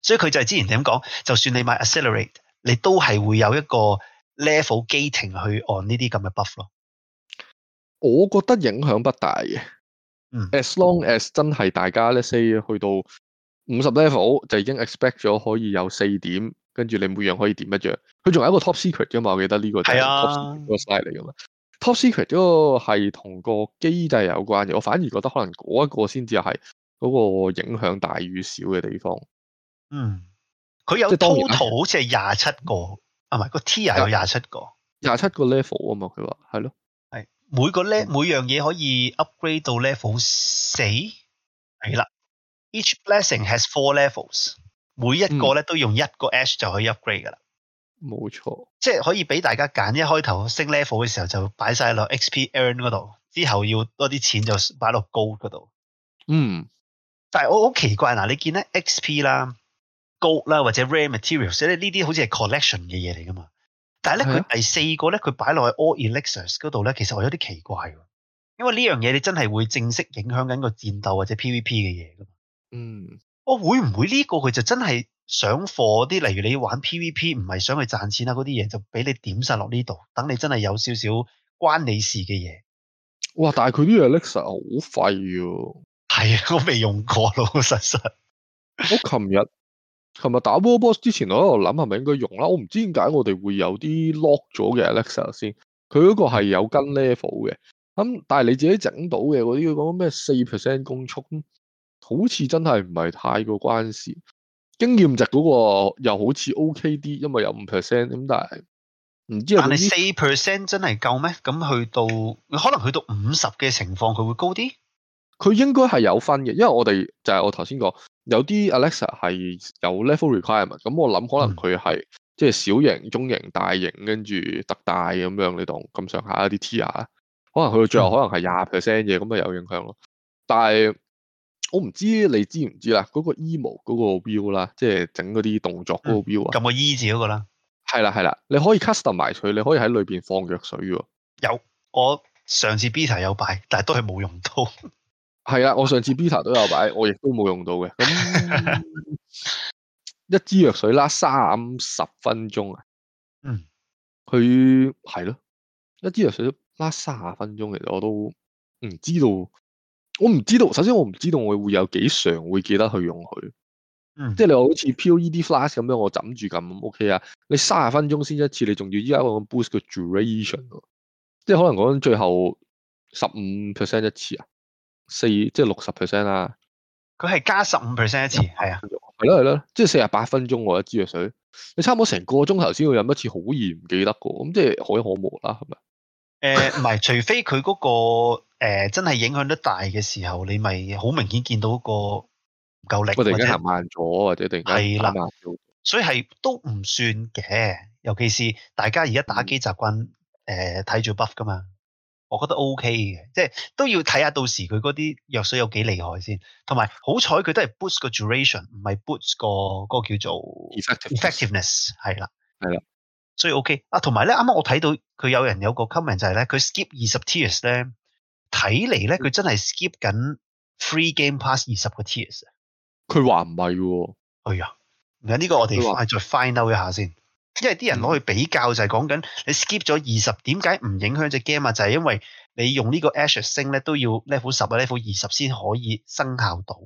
所以佢就係之前點講，就算你買 accelerate，你都係會有一個 level gating 去按呢啲咁嘅 buff 咯。我覺得影響不大嘅、嗯、，as long as 真係大家咧 say 去到。五十 level 就已經 expect 咗可以有四點，跟住你每樣可以點一樣。佢仲有一個 top secret 噶嘛？我記得呢個係啊，個 slide 嚟噶嘛。top secret 嗰個係同個機制有關嘅。我反而覺得可能嗰一個先至係嗰個影響大與小嘅地方。嗯，佢有 total 好似係廿七個，啊唔係個 tier 有廿七個，廿七個 level 啊、嗯、嘛。佢話係咯，係每個咧每樣嘢可以 upgrade 到 level 四，係啦。Each blessing has four levels，嗯、每一個咧都用一個 S 就可以 upgrade 噶啦。冇錯，即係可以俾大家揀一開頭升 level 嘅時候就擺晒落 XP a r o n 嗰度，之後要多啲錢就擺落 gold 嗰度。嗯，但係我好奇怪嗱，你見咧 XP 啦、gold 啦或者 rare materials 咧呢啲好似係 collection 嘅嘢嚟噶嘛？但係咧佢第四個咧佢擺落去 all elixirs 嗰度咧，其實我有啲奇怪，因為呢樣嘢你真係會正式影響緊個戰鬥或者 PVP 嘅嘢噶嘛？嗯，我、哦、會唔會呢個佢就真係上貨啲？例如你玩 PVP 唔係想去賺錢啊，嗰啲嘢就俾你點晒落呢度，等你真係有少少關你事嘅嘢。哇！但係佢啲 Alexa 好廢啊，係啊，我未用過老實實。 [LAUGHS] 我琴日琴日打 World Boss 之前，我喺度諗係咪應該用啦。我唔知點解我哋會有啲 lock 咗嘅 Alexa 先。佢嗰個係有跟 level 嘅，咁但係你自己整到嘅嗰啲，佢講咩四 percent 攻速。好似真係唔係太過關事，經驗值嗰個又好似 OK 啲，因為有五 percent 咁，但係唔知。但係四 percent 真係夠咩？咁去到可能去到五十嘅情況，佢會高啲。佢應該係有分嘅，因為我哋就係我頭先講，有啲 Alexa 係有 level requirement。咁我諗可能佢係即係小型、中型、大型跟住特大咁樣，你同，咁上下一啲 tier 啊，可能去到最後可能係廿 percent 嘅咁，就有影響咯。但係。我唔知你知唔知啦，嗰、那個 E 冒嗰個標啦，即係整嗰啲動作嗰、嗯、個標啊。撳個 E 字嗰個啦。係啦係啦，你可以 custom 埋佢，你可以喺裏邊放藥水喎。有，我上次 Beta 有擺，但係都係冇用到。係啊，我上次 Beta 都有擺， [LAUGHS] 我亦都冇用到嘅。咁 [LAUGHS] 一支藥水拉三十分鐘啊。嗯。佢係咯，一支藥水拉三十分鐘，其實我都唔知道。我唔知道，首先我唔知道我會有幾常會記得去用佢。嗯，即係你話好似 P.O.E.D.Flash 咁樣，我枕住咁，O.K. 啊，你三十分鐘先一次，你仲要依家喺度 boost 個 duration，即係可能講最後十五 percent 一次啊，四即係六十 percent 啦，佢係加十五 percent 一次，係啊，係咯係咯，即係四十八分鐘我一支藥水，你差唔多成個鐘頭先會飲一次，好易唔記得噶，咁即係可有可無啦，係咪？誒、 [LAUGHS] 呃，唔係，除非佢嗰、嗰個誒、呃、真係影響得大嘅時候，你咪好明顯見到個唔夠力。我哋行慢咗或者定係啦。所以係都唔算嘅，尤其是大家而家打機習慣誒睇住 buff 噶嘛。我覺得 OK 嘅，即、就、係、是、都要睇下到時佢嗰啲藥水有幾厲害先。同埋好彩佢都係 boost 個 duration，唔係 boost 個嗰個叫做 effectiveness，係 [LAUGHS] 啦，係啦。所以 OK 啊，同埋咧，啱啱我睇到佢有人有個 comment 就係咧，佢、嗯、skip 二十 tiers 咧，睇嚟咧佢真係 skip 緊 free game pass 二十個 tier 啊。佢話唔係喎，哎呀，唔、這、呢個我哋再 find out 一下先，因為啲人攞去比較就係講緊你 skip 咗二十，點解唔影響隻 game 啊？就係、是、因為你用個 Asher 呢個 ash 升咧都要 level 十啊 level 二十先可以生效到，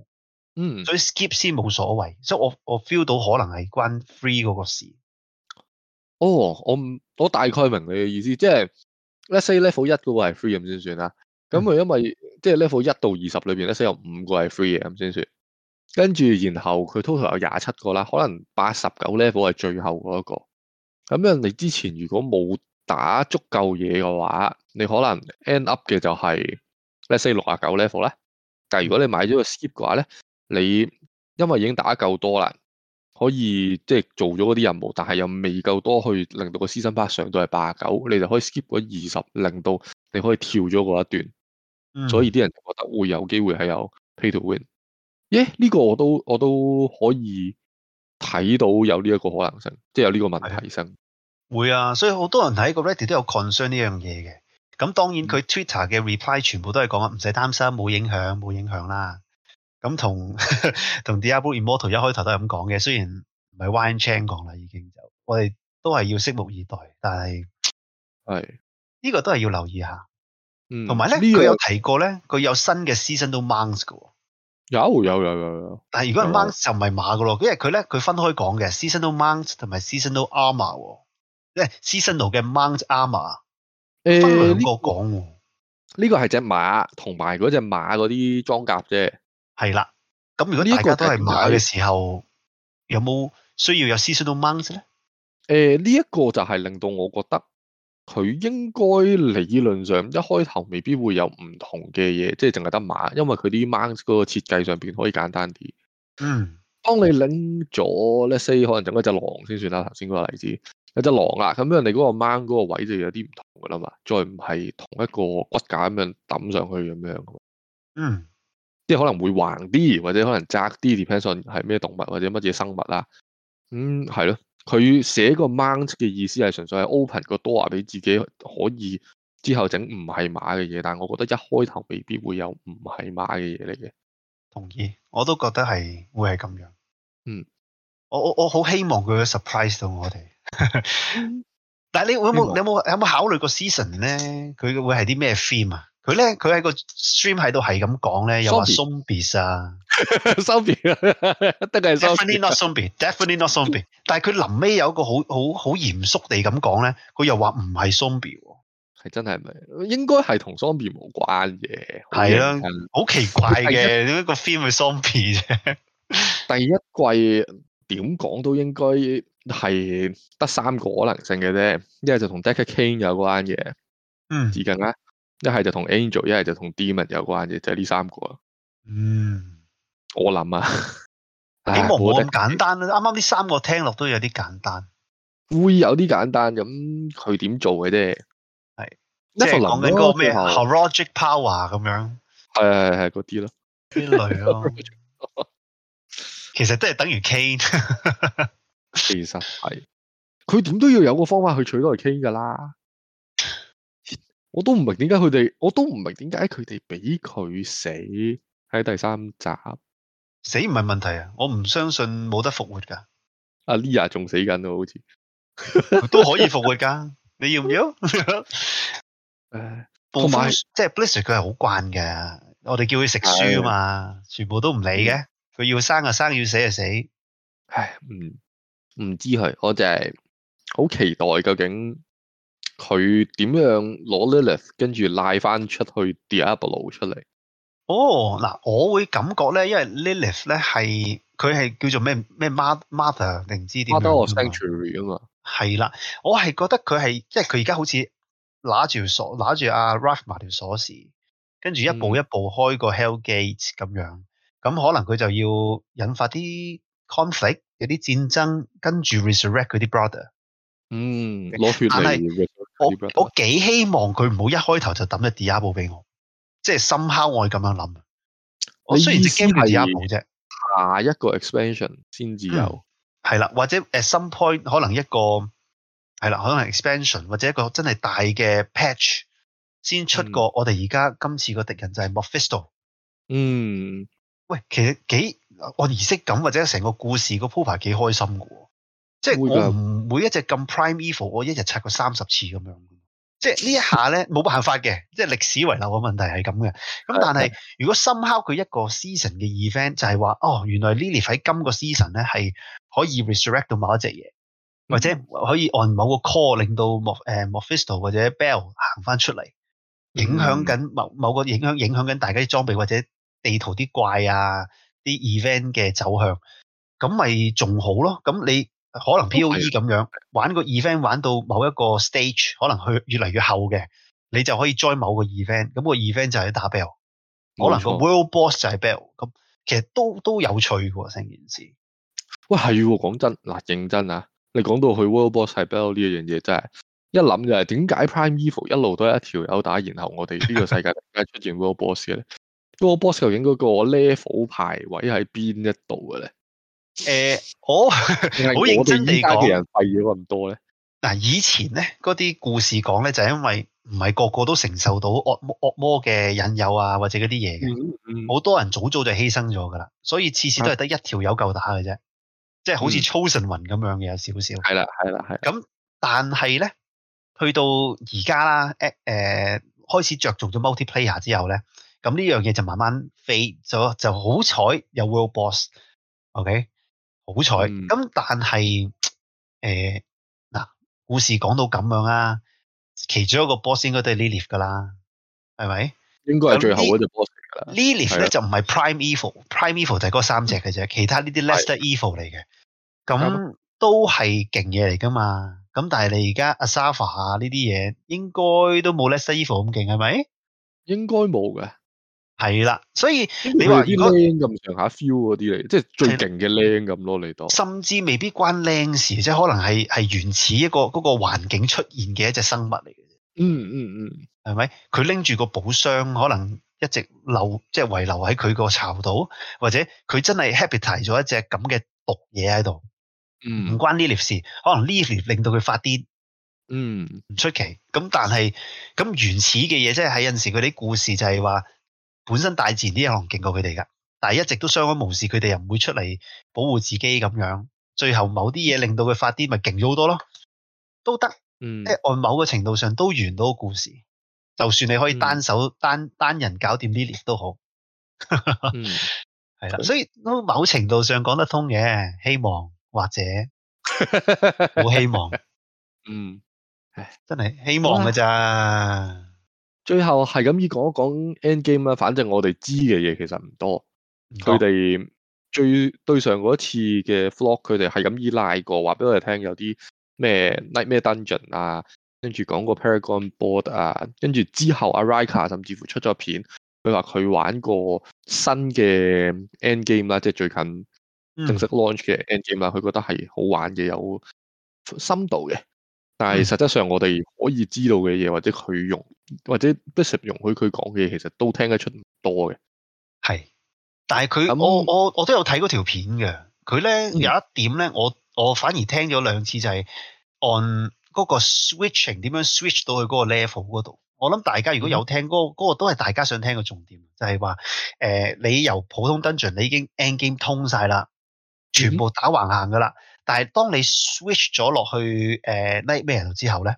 嗯，所以 skip 先冇所謂，所以我我 feel 到可能係關 free 嗰個事。哦、oh,，我唔，我大概明你嘅意思，即係，let’s say level 一個係 free 咁先算啦。咁啊，因為、mm. 即係 level 一到二十裏邊，let’s say 有五個係 free 嘅咁先算。跟住然後佢 total 有廿七個啦，可能八十九 level 係最後嗰、那、一個。咁樣你之前如果冇打足夠嘢嘅話，你可能 end up 嘅就係、是、let’s say 六十九 level 咧。但係如果你買咗個 skip 嘅話咧，你因為已經打夠多啦。可以即係做咗嗰啲任務，但係又未夠多去令到個 season pass 上到係八十九，你就可以 skip 咗二十，令到你可以跳咗嗰一段。嗯、所以啲人覺得會有機會係有 pay to win。咦，呢個我都我都可以睇到有呢一個可能性，即係有呢個問題提升。會啊，所以好多人喺個 Reddit 都有 concern 呢樣嘢嘅。咁當然佢 Twitter 嘅 reply 全部都係講唔使擔心，冇影響，冇影響啦。咁 [LAUGHS] 同同 Diablo Immortal 一開頭都係咁講嘅，雖然唔係 Wyatt Cheng 講啦，已經就我哋都係要拭目以待，但係係呢個都係要留意下，嗯，同埋咧佢有提過咧，佢有新嘅 Seasonal Mount 嘅，有有有有有，但係如果係 Mount 就唔係馬嘅咯，因為佢咧佢分開講嘅 Seasonal Mount 同埋 Seasonal Armor，即係 Seasonal 嘅 Mount Armor，分兩個講，呢、呃這個係、這個、隻馬同埋嗰隻馬嗰啲裝甲啫。係啦，咁如果呢一個都係馬嘅時候，這個，有冇需要有思想到 mount 咧？誒、呃，呢、這、一個就係令到我覺得佢應該理論上一開頭未必會有唔同嘅嘢，即係淨係得馬，因為佢啲 mount 嗰個設計上邊可以簡單啲。嗯，當你領咗、嗯、，let’s say 可能整嗰隻狼先算啦，頭先嗰個例子有隻狼啊，咁樣你嗰個 mount 嗰個位就有啲唔同噶啦嘛，再唔係同一個骨架咁樣抌上去咁樣噶嗯。即係可能會橫啲，或者可能窄啲，depends on 係咩動物或者乜嘢生物啦。嗯，係咯，佢寫個 mount 嘅意思係純粹係 open 個 door 俾自己可以之後整唔係馬嘅嘢，但係我覺得一開頭未必會有唔係馬嘅嘢嚟嘅。同意，我都覺得係會係咁樣。嗯，我我我好希望佢 surprise 到我哋。 [LAUGHS] 但係你，你有冇有冇有冇考慮過 season 咧？佢會係啲咩 theme 啊？佢咧，佢喺個 stream 喺度係咁講咧，又話 zombies 啊，zombie，但係 definitely not zombie，definitely not zombie。但係佢臨尾有一個好好好嚴肅地咁講咧，佢又話唔係 zombie，係真係咪？應該係同 zombie 冇關嘅，係啦，好奇怪嘅，點解個 film 係 zombie 啫？第一季點講都應該係得三個可能性嘅啫，一係就同 Decker King 有關嘅，嗯，最近咧。一係就同 Angel，一係就同 Demon 有關嘅，就係、是、呢三個。嗯，我諗啊， [LAUGHS] 希望冇咁簡單啦。啱啱呢三個聽落都有啲簡單，會有啲簡單。咁佢點做嘅啫？係即係講緊嗰個咩 Holographic Power 咁樣，係係係嗰啲咯，啲雷咯。是 [LAUGHS] 其實都係等於 Cane。 [LAUGHS] 其實係，佢點都要有個方法去取到嚟 Cane 噶啦。我都唔明點解佢哋，我都唔明點解佢哋俾佢死喺第三集。死唔係問題啊，我唔相信冇得復活噶。阿 Lia 仲死緊、啊、咯，好似 [LAUGHS] 都可以復活噶。 [LAUGHS] 你要唔不要？同 [LAUGHS] 埋即係 Blizzard，佢係好慣噶。我哋叫佢食書啊嘛是的，全部都唔理嘅。佢、嗯、要生就生，要死就死。唉，唔、嗯、唔知佢，我就係好期待究竟。佢點樣攞 Lilith 跟住拉翻出去 develop 出嚟？哦，嗱，我會感覺咧，因為 Lilith 咧，係佢係叫做咩咩 mother 定唔知點 mother of century 啊嘛。係啦，我係覺得佢係即係佢而家好似拿住鎖，拿住阿 Rathma 條鎖匙，跟住一步一步開個 Hell Gate 咁樣，咁、嗯、可能佢就要引發啲 conflict，有啲戰爭，跟住 resurrect 嗰啲 brother。嗯，攞血嚟。我我幾希望佢唔好一開頭就抌咗 Diablo 俾我，即係深敲我係咁樣諗。我雖然驚佢 Diablo 啫，下、啊、一個 expansion 先至有。係、嗯、啦，或者 at some point 可能一個係啦，可能 expansion 或者一個真係大嘅 patch 先出過。我哋而家今次個敵人就係 Mephisto。嗯，喂，其實幾我儀式咁或者成個故事個鋪排幾開心噶。即係我唔每一隻咁 Prime Evil，我一日刷過三十次咁樣。即係呢一下咧，冇辦法嘅。即係歷史遺留嘅問題係咁嘅。咁但係如果深敲佢一個 season 嘅 event，就係話哦，原來 Lilith 喺今個 season 咧係可以 resurrect 到某一隻嘢，或者可以按某個 call 令到莫誒 Mephisto 或者 Baal 行翻出嚟，影響緊某某個影響影響緊大家啲裝備或者地圖啲怪啊啲 event 嘅走向，咁咪仲好咯。咁你？可能 PoE 咁樣玩個 event 玩到某一個 stage，可能佢越嚟越厚嘅，你就可以 join 某個 event，咁個 event 就係打 Bell。可能個 World Boss 就係 Bell，咁其實都都有趣嘅成件事。喂，係，講真，嗱、啊、認真啊，你講到去 World Boss 係 Bell 呢樣嘢，真係一諗就係點解 Prime Evil 一路都係一條友打，然後我哋呢個世界點解出現 World Boss 咧？World [LAUGHS] Boss 究竟嗰個 level 排位喺邊一度嘅咧？誒，我好 [LAUGHS] 認真地講，人廢咗咁多咧。嗱，以前咧嗰啲故事講咧，就係、因為唔係個個都承受到惡惡魔嘅引誘啊，或者嗰啲嘢嘅，好、嗯嗯、多人早早就犧牲咗噶啦。所以次次都係得一條友夠打嘅啫、嗯，即係好似、嗯、chosen one 咁樣嘅有少少。係啦，係啦，係。咁但係咧，去到而家啦，誒，誒，開始着重咗 multiplayer 之後咧，咁呢樣嘢就慢慢飛咗，就好彩有 World Boss，ok、okay? 好彩，咁、嗯、但係誒嗱，故事講到咁樣啊，其中一個 boss 應該都係 Lilith 噶啦，係咪？應該係最後嗰隻 boss 嚟噶啦。Lilith 咧就唔係 Prime Evil，Prime Evil 就係嗰三隻嘅啫，其他呢啲 Lesser Evil 嚟嘅，咁都係勁嘢嚟噶嘛。咁但係你而家阿 Safa 啊呢啲嘢，應該都冇 Lesser Evil 咁勁係咪？應該冇嘅。係啦，所以你話啲靚咁上下 feel 嗰啲嚟，即係最勁嘅靚咁咯嚟到。甚至未必關靚事，即係可能係係原始一個嗰、嗰個環境出現嘅一隻生物嚟嘅。嗯嗯嗯，係咪？佢拎住個寶箱，可能一直留，即係遺留喺佢個巢度，或者佢真係 habitat 咗一隻咁嘅毒嘢喺度。嗯，唔關呢列事，可能呢列令到佢發癲。嗯，唔出奇。咁但係咁原始嘅嘢，即係喺有陣時佢啲故事就係話。本身大自然啲嘢可能勁過佢哋噶，但一直都相安無事，佢哋又唔會出嚟保護自己咁樣。最後某啲嘢令到佢發癲，咪勁咗好多咯，都得。嗯，即按某個程度上都完到個故事，就算你可以單手、嗯、單單人搞掂呢啲都好。 [LAUGHS] 嗯，係啦，所以都某程度上講得通嘅，希望或者冇 [LAUGHS] 希望。 [LAUGHS] 嗯，真係希望㗎咋～最後係咁依講一講 end game 啦，反正我哋知嘅嘢其實唔多。佢哋最對上嗰一次嘅 vlog，佢哋係咁依拉過，話俾我哋聽有啲咩 nightmare dungeon 啊，跟住講個 paragon board 啊，跟住之後阿 rika 甚至乎出咗片，佢話佢玩過新嘅 end game 啦，即係最近正式 launch 嘅 end game 啦、嗯，佢覺得係好玩嘅，有深度嘅。但係實質上，我哋可以知道嘅嘢，或者佢容，或者不食容許佢講嘅嘢，其實都聽得出多嘅。係，但係佢、嗯，我我我都有睇嗰條片嘅。佢咧、嗯、有一點咧，我我反而聽咗兩次就係按嗰個 switching 點樣 switch 到去嗰個 level 嗰度。我諗大家如果有聽嗰、嗯、個嗰個，都係大家想聽嘅重點，就係話誒，你由普通 Dungeon，你已經 endgame 通晒啦，全部打橫行噶啦。嗯但係當你 switch 咗落去誒 Nightmare 度之後咧，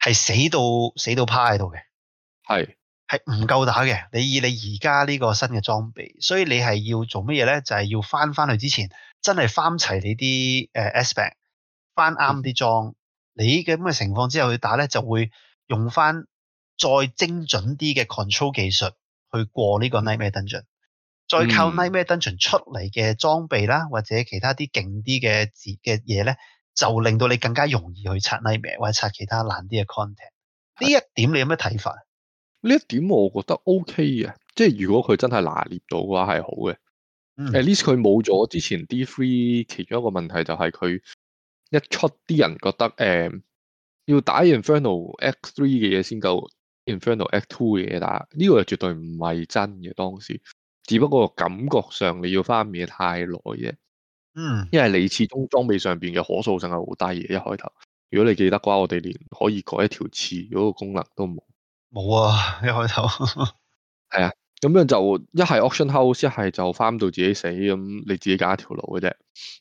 係死到死到趴喺度嘅，係係唔夠打嘅。你以你而家呢個新嘅裝備，所以你係要做乜嘢咧？就係要翻翻去之前，真係翻齊你啲誒 aspect，翻啱啲裝。你咁嘅情況之後去打咧，就會用翻再精準啲嘅 control 技術去過呢個 Nightmare Dungeon。再靠《Nightmare Dungeon》出嚟嘅裝備啦、嗯，或者其他啲勁啲嘅字嘅嘢咧，就令到你更加容易去刷 Nightmare 或者刷其他難啲嘅 content。呢一點你有咩睇法？呢一點我覺得 OK 嘅，即係如果佢真係拿捏到嘅話係好嘅、嗯。At least 佢冇咗之前 D3 其中一個問題，就係佢一出啲人覺得誒、嗯、要打《Inferno Act 3》嘅嘢先夠《Inferno Act 2》嘅嘢打，呢、這個係絕對唔係真嘅當時。只不過感覺上你要翻面太耐啫，嗯，因為你始終裝備上邊嘅可塑性係好低嘅，一開頭。如果你記得嘅話，我哋連可以改一條刺嗰個功能都冇，冇啊！一開頭係啊，咁樣就一係 auction house，一係就翻到自己死咁，你自己揀一條路嘅啫。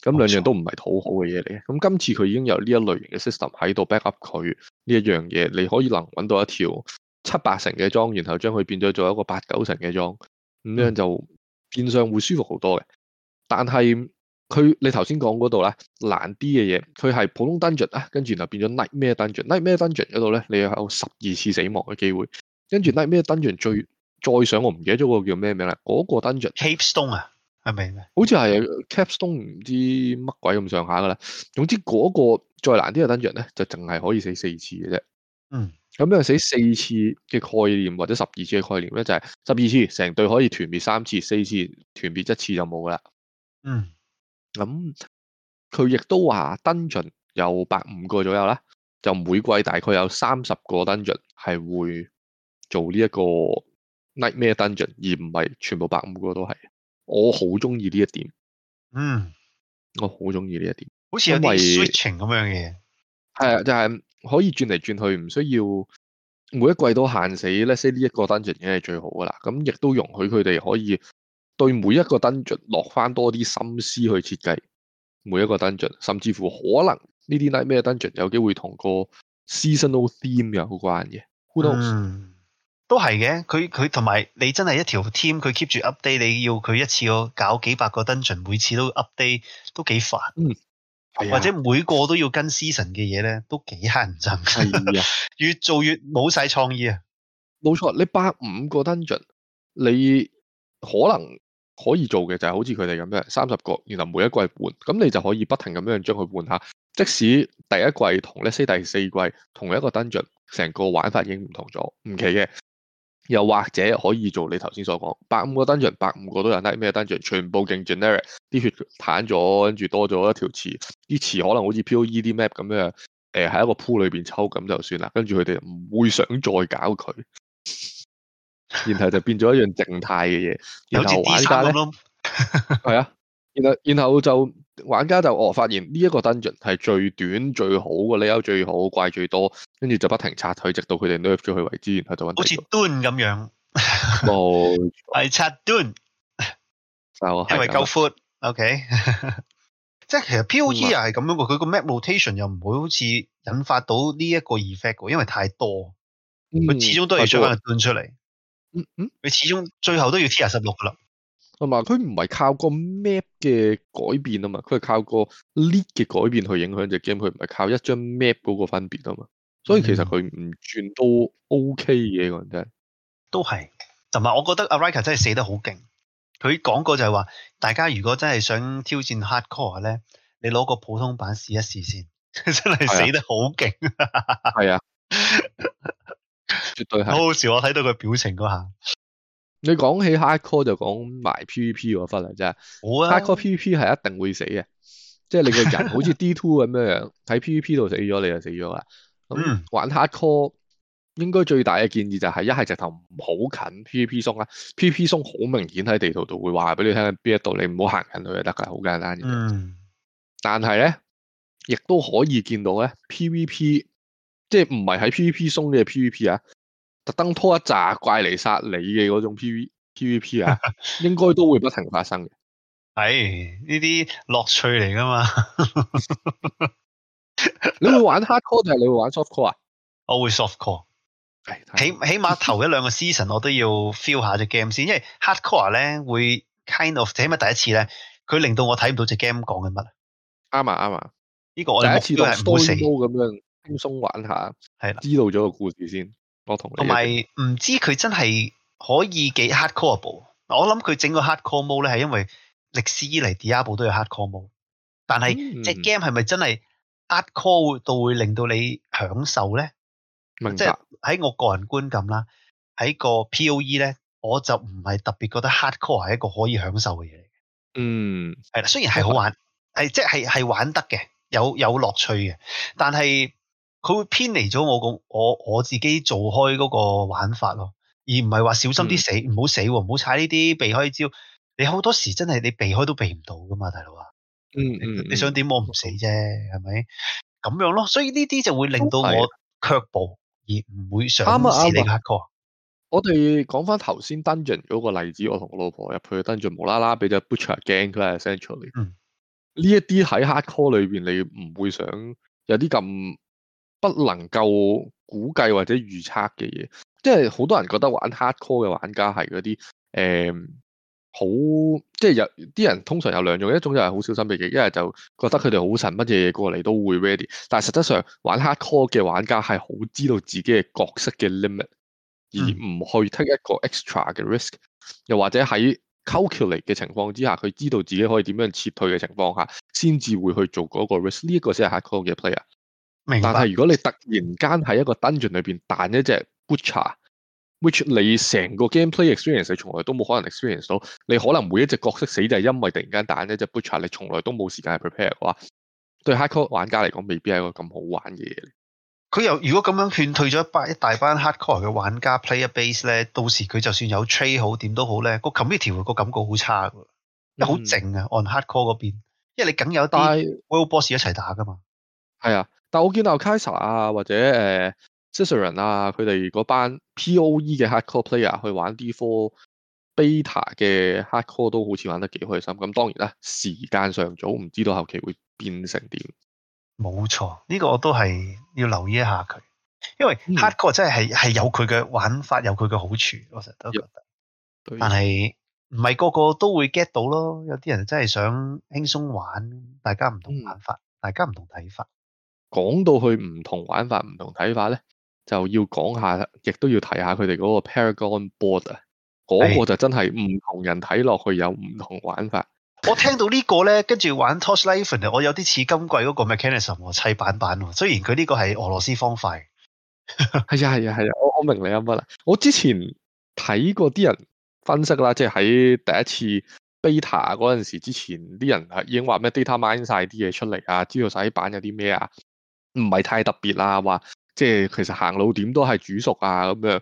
咁兩樣都唔係好好嘅嘢嚟嘅。咁今次佢已經有呢一類型嘅 system 喺度 back up 佢呢一樣嘢，你可以能揾到一條七八成嘅裝，然後將佢變咗做一個八九成嘅裝。咁、嗯、樣就變相會舒服好多嘅，但係佢你頭先講嗰度咧難啲嘅嘢，佢係普通 dungeon 啊，跟住然後變咗 night 咩 dungeon，night 咩 dungeon 嗰度咧你有十二次死亡嘅機會，跟住 night 咩 dungeon 最再上我唔記得咗個叫咩名啦，嗰、那個 dungeon capstone 啊，係咪好似係 capstone 唔知乜鬼咁上下噶啦，總之嗰個再難啲嘅 dungeon 咧就淨係可以死四次嘅啫。嗯，咁樣死四次嘅概念或者十二次嘅概念咧，就係、是、十二次成隊可以團滅三次，四次團滅一次就冇噶啦。嗯，咁佢亦都話，dungeon 有百五個左右啦，就每季大概有三十個 dungeon 係會做呢一個 nightmare dungeon，而唔係全部百五個都係。我好中意呢一點。嗯，我好中意呢一點。好似因啲 switching 咁樣嘅嘢、啊。就係、是。可以轉嚟轉去，唔需要每一季都限死。Let's say 呢一個 dungeon 已經係最好噶啦，咁亦都容許佢哋可以對每一個 dungeon 落返多啲心思去設計每一個 dungeon，甚至乎可能呢啲咩咩 dungeon 有機會同個 seasonal theme 有關嘅。嗯，都係嘅。佢佢同埋你真係一條 team 佢 keep 住 update。你要佢一次要搞幾百個 dungeon，每次都 update 都幾煩。嗯或者每個都要跟 season 嘅嘢咧，都幾吓人憎。係啊， [LAUGHS] 越做越冇晒創意啊！冇錯，你百五個 dungeon，你可能可以做嘅就係、是、好似佢哋咁樣，三十個，然後每一季係換，咁你就可以不停咁樣將佢換下。即使第一季同呢四第四季同一個 dungeon，成個玩法已經唔同咗，唔奇嘅。嗯又或者可以做你頭先所講，百五個 Dungeon，百五個都有得咩 Dungeon，全部勁 generic，啲血攤咗，跟住多咗一條池，啲池可能好似 P.O.E 啲 map 咁樣，喺一個鋪裏面抽咁就算啦，跟住佢哋唔會想再搞佢， [LAUGHS] 然後就變咗一樣靜態嘅嘢，然後玩家咧，係 [LAUGHS] 啊。然後然後就玩家就哦發現呢一個 dungeon 係最短最好嘅，你有 [NOISE] 最好，最好怪最多，跟住就不停拆佢，直到佢哋都入咗去為止，然後就好似端咁樣，係 [LAUGHS] 、哎、拆端就因為夠闊 [LAUGHS] ，OK， [LAUGHS] [LAUGHS] 即係其實 POE 又係咁樣嘅，佢個 map rotation 又唔會好似引發到呢一個 effect，因為太多，佢始終都係想翻個端出嚟，嗯嗯，佢始終最後都要 T 二十六噶啦。同埋佢唔係靠個 map 嘅改變啊嘛，佢係靠個 lead 嘅改變去影響隻 game，佢唔係靠一張 map 嗰個分別啊嘛。所以其實佢唔轉都 OK 嘅，mm -hmm. 個人真係。都係，同埋我覺得阿 Riker 真係死得好勁。佢講過就係話，大家如果真係想挑戰 hardcore 咧，你攞個普通版試一試先，真係死得好勁。係啊， [LAUGHS] 是啊 [LAUGHS] 絕對係。好好笑，我睇到佢表情嗰下。你講起 hardcore 就講埋 PVP 喎，翻嚟真係。hardcore PVP 係一定會死嘅，啊、即係你個人好似 D two 咁樣樣，喺 [LAUGHS] PVP 度死咗你就死咗啦。嗯，玩 hardcore 應該最大嘅建議就係、是、一係直頭唔好近 PVP 松啦 [LAUGHS] ，PVP 松好明顯喺地圖度會話俾你聽，邊、嗯、一度你唔好行近去就得噶，好簡單嘅。嗯、但係咧，亦都可以見到咧，PVP 即係唔係喺 PVP 松嘅 PVP 啊。特登拖一紮怪嚟殺你嘅嗰種 PVP 啊， [LAUGHS] 應該都會不停發生嘅。係呢啲樂趣嚟噶嘛？ [LAUGHS] 你會玩 hard core 定係你會玩 soft core 啊？我會 soft core、哎。起起碼頭一兩個 season [LAUGHS] 我都要 feel 下隻 game 先，因為 hard core 咧會 kind of 起碼第一次咧，佢令到我睇唔到隻 game 講緊乜。啱啊啱啊，呢、啊這個我第一次都係冇成咁樣輕鬆玩下，知道咗個故事先。同埋唔知佢真係可以幾 hardcore 部，我諗佢整個 hardcore mode 咧係因為歷史以嚟 Diablo 都有 hardcore mode。但係即係 game 係咪真係 hardcore 到會令到你享受咧？即喺、就是，我個人觀感啦，喺個 POE 咧，我就唔係特別覺得 hardcore 係一個可以享受嘅嘢嚟嘅。嗯，係啦，雖然係好玩，即係係玩得嘅，有有樂趣嘅，但係。佢會偏離咗我講我我自己做開嗰個玩法咯，而唔係話小心啲死，唔、嗯、好死，唔好踩呢啲避開招。你好多時真係你避開都避唔到噶嘛，大佬啊！嗯，嗯，你，你想點？我唔死啫，係、嗯、咪？咁樣咯，所以呢啲就會令到我卻步而唔會想。啱啊，阿文，我哋講翻頭先 Dungeon 嗰個例子，我同我老婆入去 Dungeon，無啦啦俾隻 butcher 驚佢 essentially 呢一啲喺 Hardcore 裏邊，你唔會想有啲咁。不能夠估計或者預測嘅嘢，即係好多人覺得玩 hard core 嘅玩家係嗰啲誒好，即、嗯、係、就係、有啲人通常有兩種，一種就係好小心嘅嘢，一係就覺得佢哋好神，乜嘢嘢過嚟都會 ready。但係實質上玩 hard core 嘅玩家係好知道自己嘅角色嘅 limit，而唔去 take 一個 extra 嘅 risk，又或者喺 calculate 嘅情況之下，佢知道自己可以點樣撤退嘅情況下，先至會去做嗰個 risk。呢一個先係 hard core 嘅 player。但係如果你突然間喺一個 dungeon 裏邊彈一隻 butcher，which、嗯、你成個 gameplay experience 你從來都冇可能 experience 到，你可能每一隻角色死就係因為突然間彈一隻 butcher，你從來都冇時間係 prepare 嘅話，對 hardcore 玩家嚟講未必係一個咁好玩嘅嘢。佢又如果咁樣勸退咗一班一大班 hardcore 嘅玩家 [LAUGHS] player base 咧，到時佢就算有 trade 好點都好咧，個 committee 個感覺好差噶，因為好靜啊 on hardcore 嗰邊，因為你梗有啲 world boss 一齊打噶嘛。係啊。但我見到 Kaiser 啊，或者 c i c e r o n 啊，佢哋嗰班 P.O.E 嘅 hardcore player 去玩 D4 beta 嘅 hardcore 都好似玩得幾開心。咁當然啦，時間尚早，唔知道後期會變成點。冇錯，呢、呢個我都係要留意一下佢，因為 hardcore 真係係、嗯、有佢嘅玩法，有佢嘅好處。我成日都覺得，嗯、但係唔係個個都會 get 到咯。有啲人真係想輕鬆玩，大家唔同玩法，嗯、大家唔同睇法。講到去唔同玩法唔同睇法咧，就要講下，亦都要提下佢哋嗰個 Paragon Board 啊，嗰個就真係唔同人睇落去有唔同玩法。我聽到這個呢個咧，跟住玩 Torchlight 咧，我有啲似今季嗰個 Mechanism 砌版版，雖然佢呢個係俄羅斯方塊。係啊係啊係啊，我我明噏你乜啦？我之前睇過啲人分析啦，即係喺第一次 Beta 嗰陣時之前，啲人啊已經話咩 data mine 晒啲嘢出嚟啊，知道晒啲版有啲咩啊。唔係太特別啦，話即係其實行路點都係煮熟啊咁樣。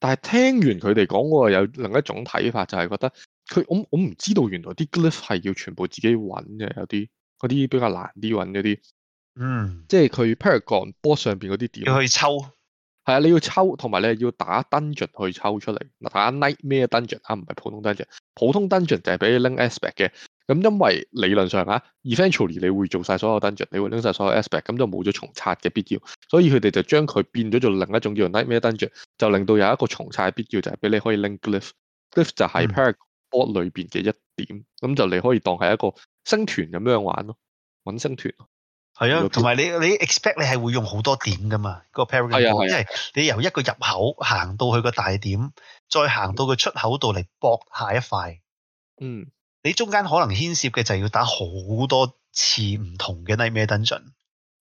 但係聽完佢哋講，我有另一種睇法，就係覺得佢我我唔知道原來啲 glyph 係要全部自己揾嘅，有啲嗰啲比較難啲揾嗰啲。嗯，即係佢 Paragon 波上邊嗰啲點，要去抽係啊？你要抽，同埋你要打 dungeon 去抽出嚟。嗱，打 night 咩 dungeon 啊？唔係普通 dungeon，普通 dungeon 就係俾你拎 aspect 嘅。咁因為理論上啊，eventually 你會做曬所有 dungeon，你會拎曬所有 aspect，咁就冇咗重刷嘅必要，所以佢哋就將佢變咗做另一種叫 nightmare 咩 dungeon，就令到有一個重刷嘅必要，就係俾你可以拎 glyph，glyph、嗯、就喺 paragon board 裏邊嘅一點，咁就你可以當係一個星團咁樣玩咯，揾星團。係啊，同埋你你 expect 你係會用好多點噶嘛、個 paragon board，、啊啊、因為你由一個入口行到去個大點，再行到個出口度嚟搏下一塊。嗯。你中間可能牽涉嘅就係要打好多次唔同嘅 Nightmare Dungeon，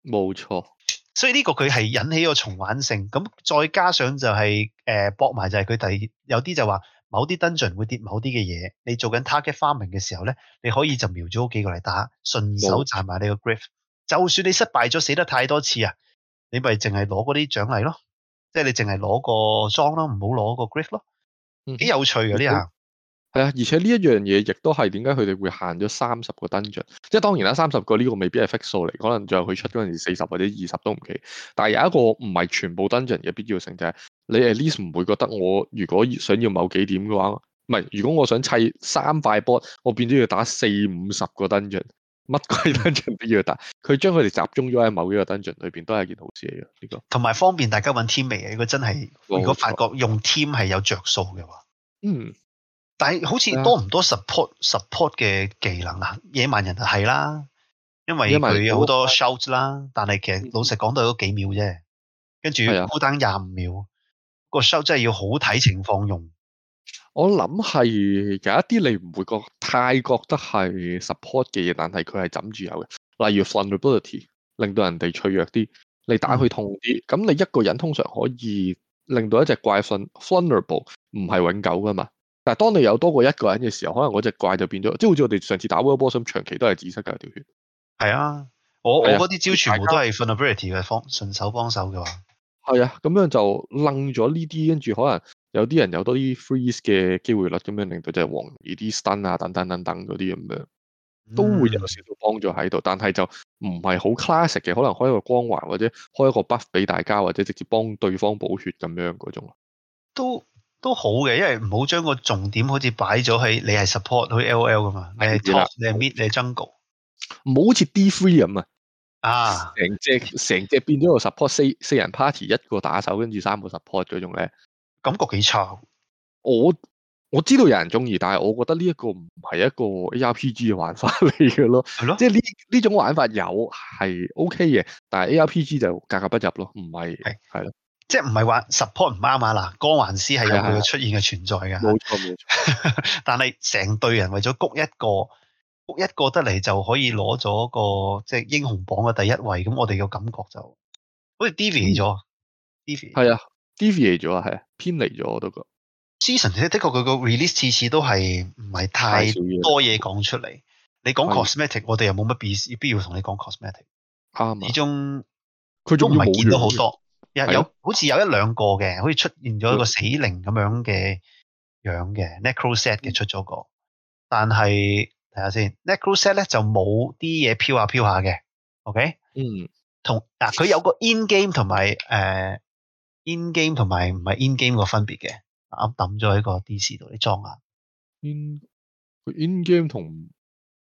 冇錯。所以呢個佢係引起個重玩性。咁再加上就係誒搏埋就係佢第二有啲就話某啲 Dungeon 會跌某啲嘅嘢。你做緊 target farming 嘅時候咧，你可以就瞄咗幾個嚟打，順手賺埋你個 grip，就算你失敗咗，死得太多次啊，你咪淨係攞嗰啲獎勵咯，即係你淨係攞個裝咯，唔好攞個 grip 囉。咯。幾有趣㗎呢下！嗯而且呢一樣嘢亦都係點解佢哋會限咗三十個 dungeon。即係當然啦，三十個呢個未必係 fix 數嚟，可能最後佢出嗰陣時四十或者二十都唔奇。但係有一個唔係全部 dungeon 嘅必要性就係，是，你 at least 唔會覺得我如果想要某幾點嘅話，唔係如果我想砌三塊波，我變咗要打四五十個 dungeon，乜鬼 dungeon 都要打。佢將佢哋集中咗喺某一個 dungeon 裏邊，都係件好事嚟嘅呢個。同埋方便大家揾 team 嚟嘅，如果真係如果發覺用 team 係有着數嘅話，嗯。但係好似多唔多 support、yeah. support 嘅技能啊？野蠻人係啦，因為佢有好多 shout 啦，但係其實老實講都係嗰幾秒啫。跟住孤單廿五秒，yeah. 個 shout 真係要好睇情況用。我諗係有一啲你唔會覺太覺得係 support 嘅嘢，但係佢係枕住有嘅，例如 vulnerability 令到人哋脆弱啲，你打佢痛啲，咁、mm -hmm. 你一個人通常可以令到一隻怪獸 vulnerable 唔係永久噶嘛。但係當你有多過一個人嘅時候，可能嗰隻怪就變咗，即係好似我哋上次打 World Boss 咁，長期都係紫色嘅條血。係啊，我我嗰啲招全部都係 vulnerability 嘅方、啊、順手幫手嘅話，係啊，咁樣就掕咗呢啲，跟住可能有啲人有多啲 freeze 嘅機會率，咁樣令到即係黃啲 stun 啊，等等等等嗰啲咁樣，都會有少少幫助喺度，但係就唔係好 classic 嘅，可能開一個光環或者開一個 buff 俾大家，或者直接幫對方補血咁樣嗰種。都。.都好嘅，因為唔好將個重點好似擺咗喺你係 support，好似 L.O.L. 噶嘛，你係 top，你係 mid，你係 jungle，唔好好似 D. Three 咁啊！啊，成隻成隻變咗個 support，四四人 party 一個打手，跟住三個 support 嗰種咧，感覺幾差的。我我知道有人中意，但係我覺得呢一個唔係一個 A.R.P.G. 嘅玩法嚟嘅咯，係咯，即係呢呢種玩法有係 O.K. 嘅，但係 A.R.P.G. 就格格不入咯，唔係係咯。即係唔係話 support 唔啱啊嗱，光環師係有佢嘅出現嘅存在㗎。冇錯冇錯。 [LAUGHS] 但係成隊人為咗谷一個谷一個得嚟，就可以攞咗個即係英雄榜嘅第一位，咁我哋嘅感覺就好似 deviate 咗，係啊 deviate 咗啊，係啊偏離咗我都覺得。season 的確的確佢個 release 次次都係唔係太多嘢講出嚟。你講 cosmetic，我哋又冇乜必要同你講 cosmetic。啱啊，始終佢仲唔係見到好多。有好似有一兩個嘅，好似出現咗一個死靈咁樣嘅樣嘅、嗯、，Necroset 嘅出咗個，但係睇下先，Necroset 咧就冇啲嘢飄下飄下嘅，OK，嗯，同嗱佢有個 in game 同埋誒 in game 同埋唔係 in game 個分別嘅，啱抌咗喺個 D.C. 度嚟裝下。嗯，佢 in game 同。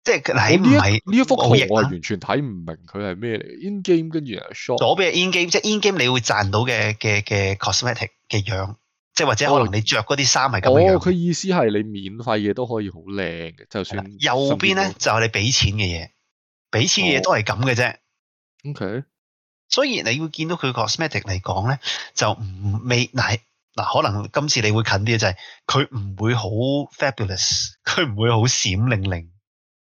即係嗱，你唔係呢一幅圖，我係完全睇唔明佢係咩嚟。in game 跟住啊，左邊係 in game，即係 in game 你會賺到嘅嘅嘅 cosmetic 嘅樣，即係或者可能你着嗰啲衫係咁樣，樣。佢、哦哦、意思係你免費嘢都可以好靚嘅，就算、哦。右邊咧就係你俾錢嘅嘢，俾錢嘅嘢都係咁嘅啫。O K，所以你會見到佢 cosmetic 嚟講咧，就唔未嗱嗱，可能今次你會近啲就係佢唔會好 fabulous，佢唔會好閃靈靈。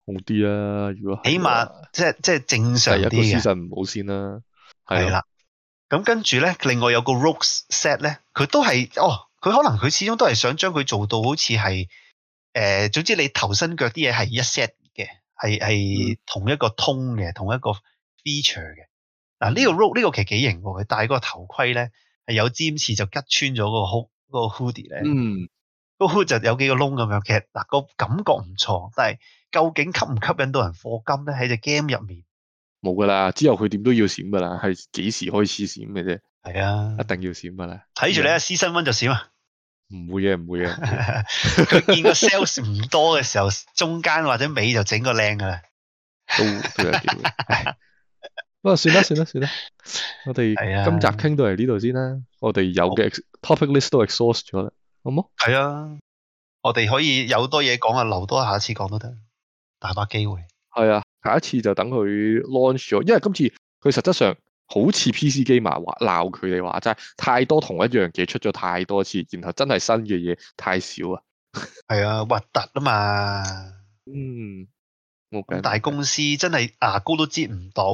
好啲啊！如果起碼即係即係正常啲嘅。第唔好先啦、啊。係啦，咁、嗯、跟住咧，另外有個 Rogue set 咧，佢都係哦，佢可能佢始終都係想將佢做到好似係誒，總之你頭身腳啲嘢係一 set 嘅，係係同一個 tone 嘅、嗯，同一個 feature 嘅。嗱、啊、呢、呢個 Rogue 呢個其實幾型嘅，佢戴嗰個頭盔咧係有尖刺就拮穿咗個 hood 個 hoodie 咧。嗯，個 hood 就有幾個窿咁樣，其實嗱、啊個感覺唔錯，但係。究竟吸唔吸引到人課金咧？喺隻 game 入面冇噶啦，之後佢點都要閃噶啦，係幾時開始閃嘅啫？係啊，一定要閃噶啦！睇住你咧，私生瘟就閃啊！唔會嘅，唔會嘅。佢 [LAUGHS] 見個 sales 唔多嘅時候， [LAUGHS] 中間或者尾就整個靚㗎喇。都都有機會？不過算啦，算啦，算啦、啊。我哋今集傾到嚟呢度先啦。我哋有嘅 topic list 都 exhaust 咗啦。好冇？係啊，我哋可以有多嘢講啊，留多下一次講都得。大把機會，係啊，下一次就等佢 launch 咗，因為今次佢實質上好似 PC 機嘛話鬧佢哋話，真係太多同一樣嘢出咗太多次，然後真係新嘅嘢太少啊。係啊，核突啊嘛，嗯，好大公司真係牙膏都擠唔到，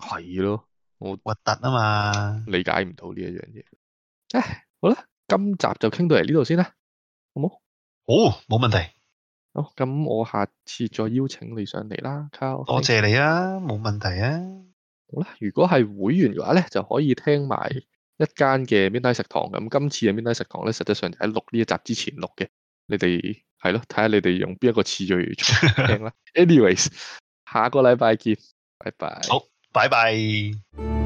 係咯，我核突啊嘛，理解唔到呢一樣嘢。唉，好啦，今集就傾到嚟呢度先啦，好冇？好，冇問題。好、哦，咁我下次再邀請你上嚟啦。Carl 我謝，謝你啊，冇問題啊。好啦，如果係會員嘅話咧，就可以聽埋一間嘅 Midnight 食堂。咁、嗯、今次嘅 Midnight 食堂咧，實際上就喺錄呢一集之前錄嘅。你哋係咯，睇下你哋用邊一個詞最中聽啦。 [LAUGHS] Anyways，下個禮拜見，拜拜。好，拜拜。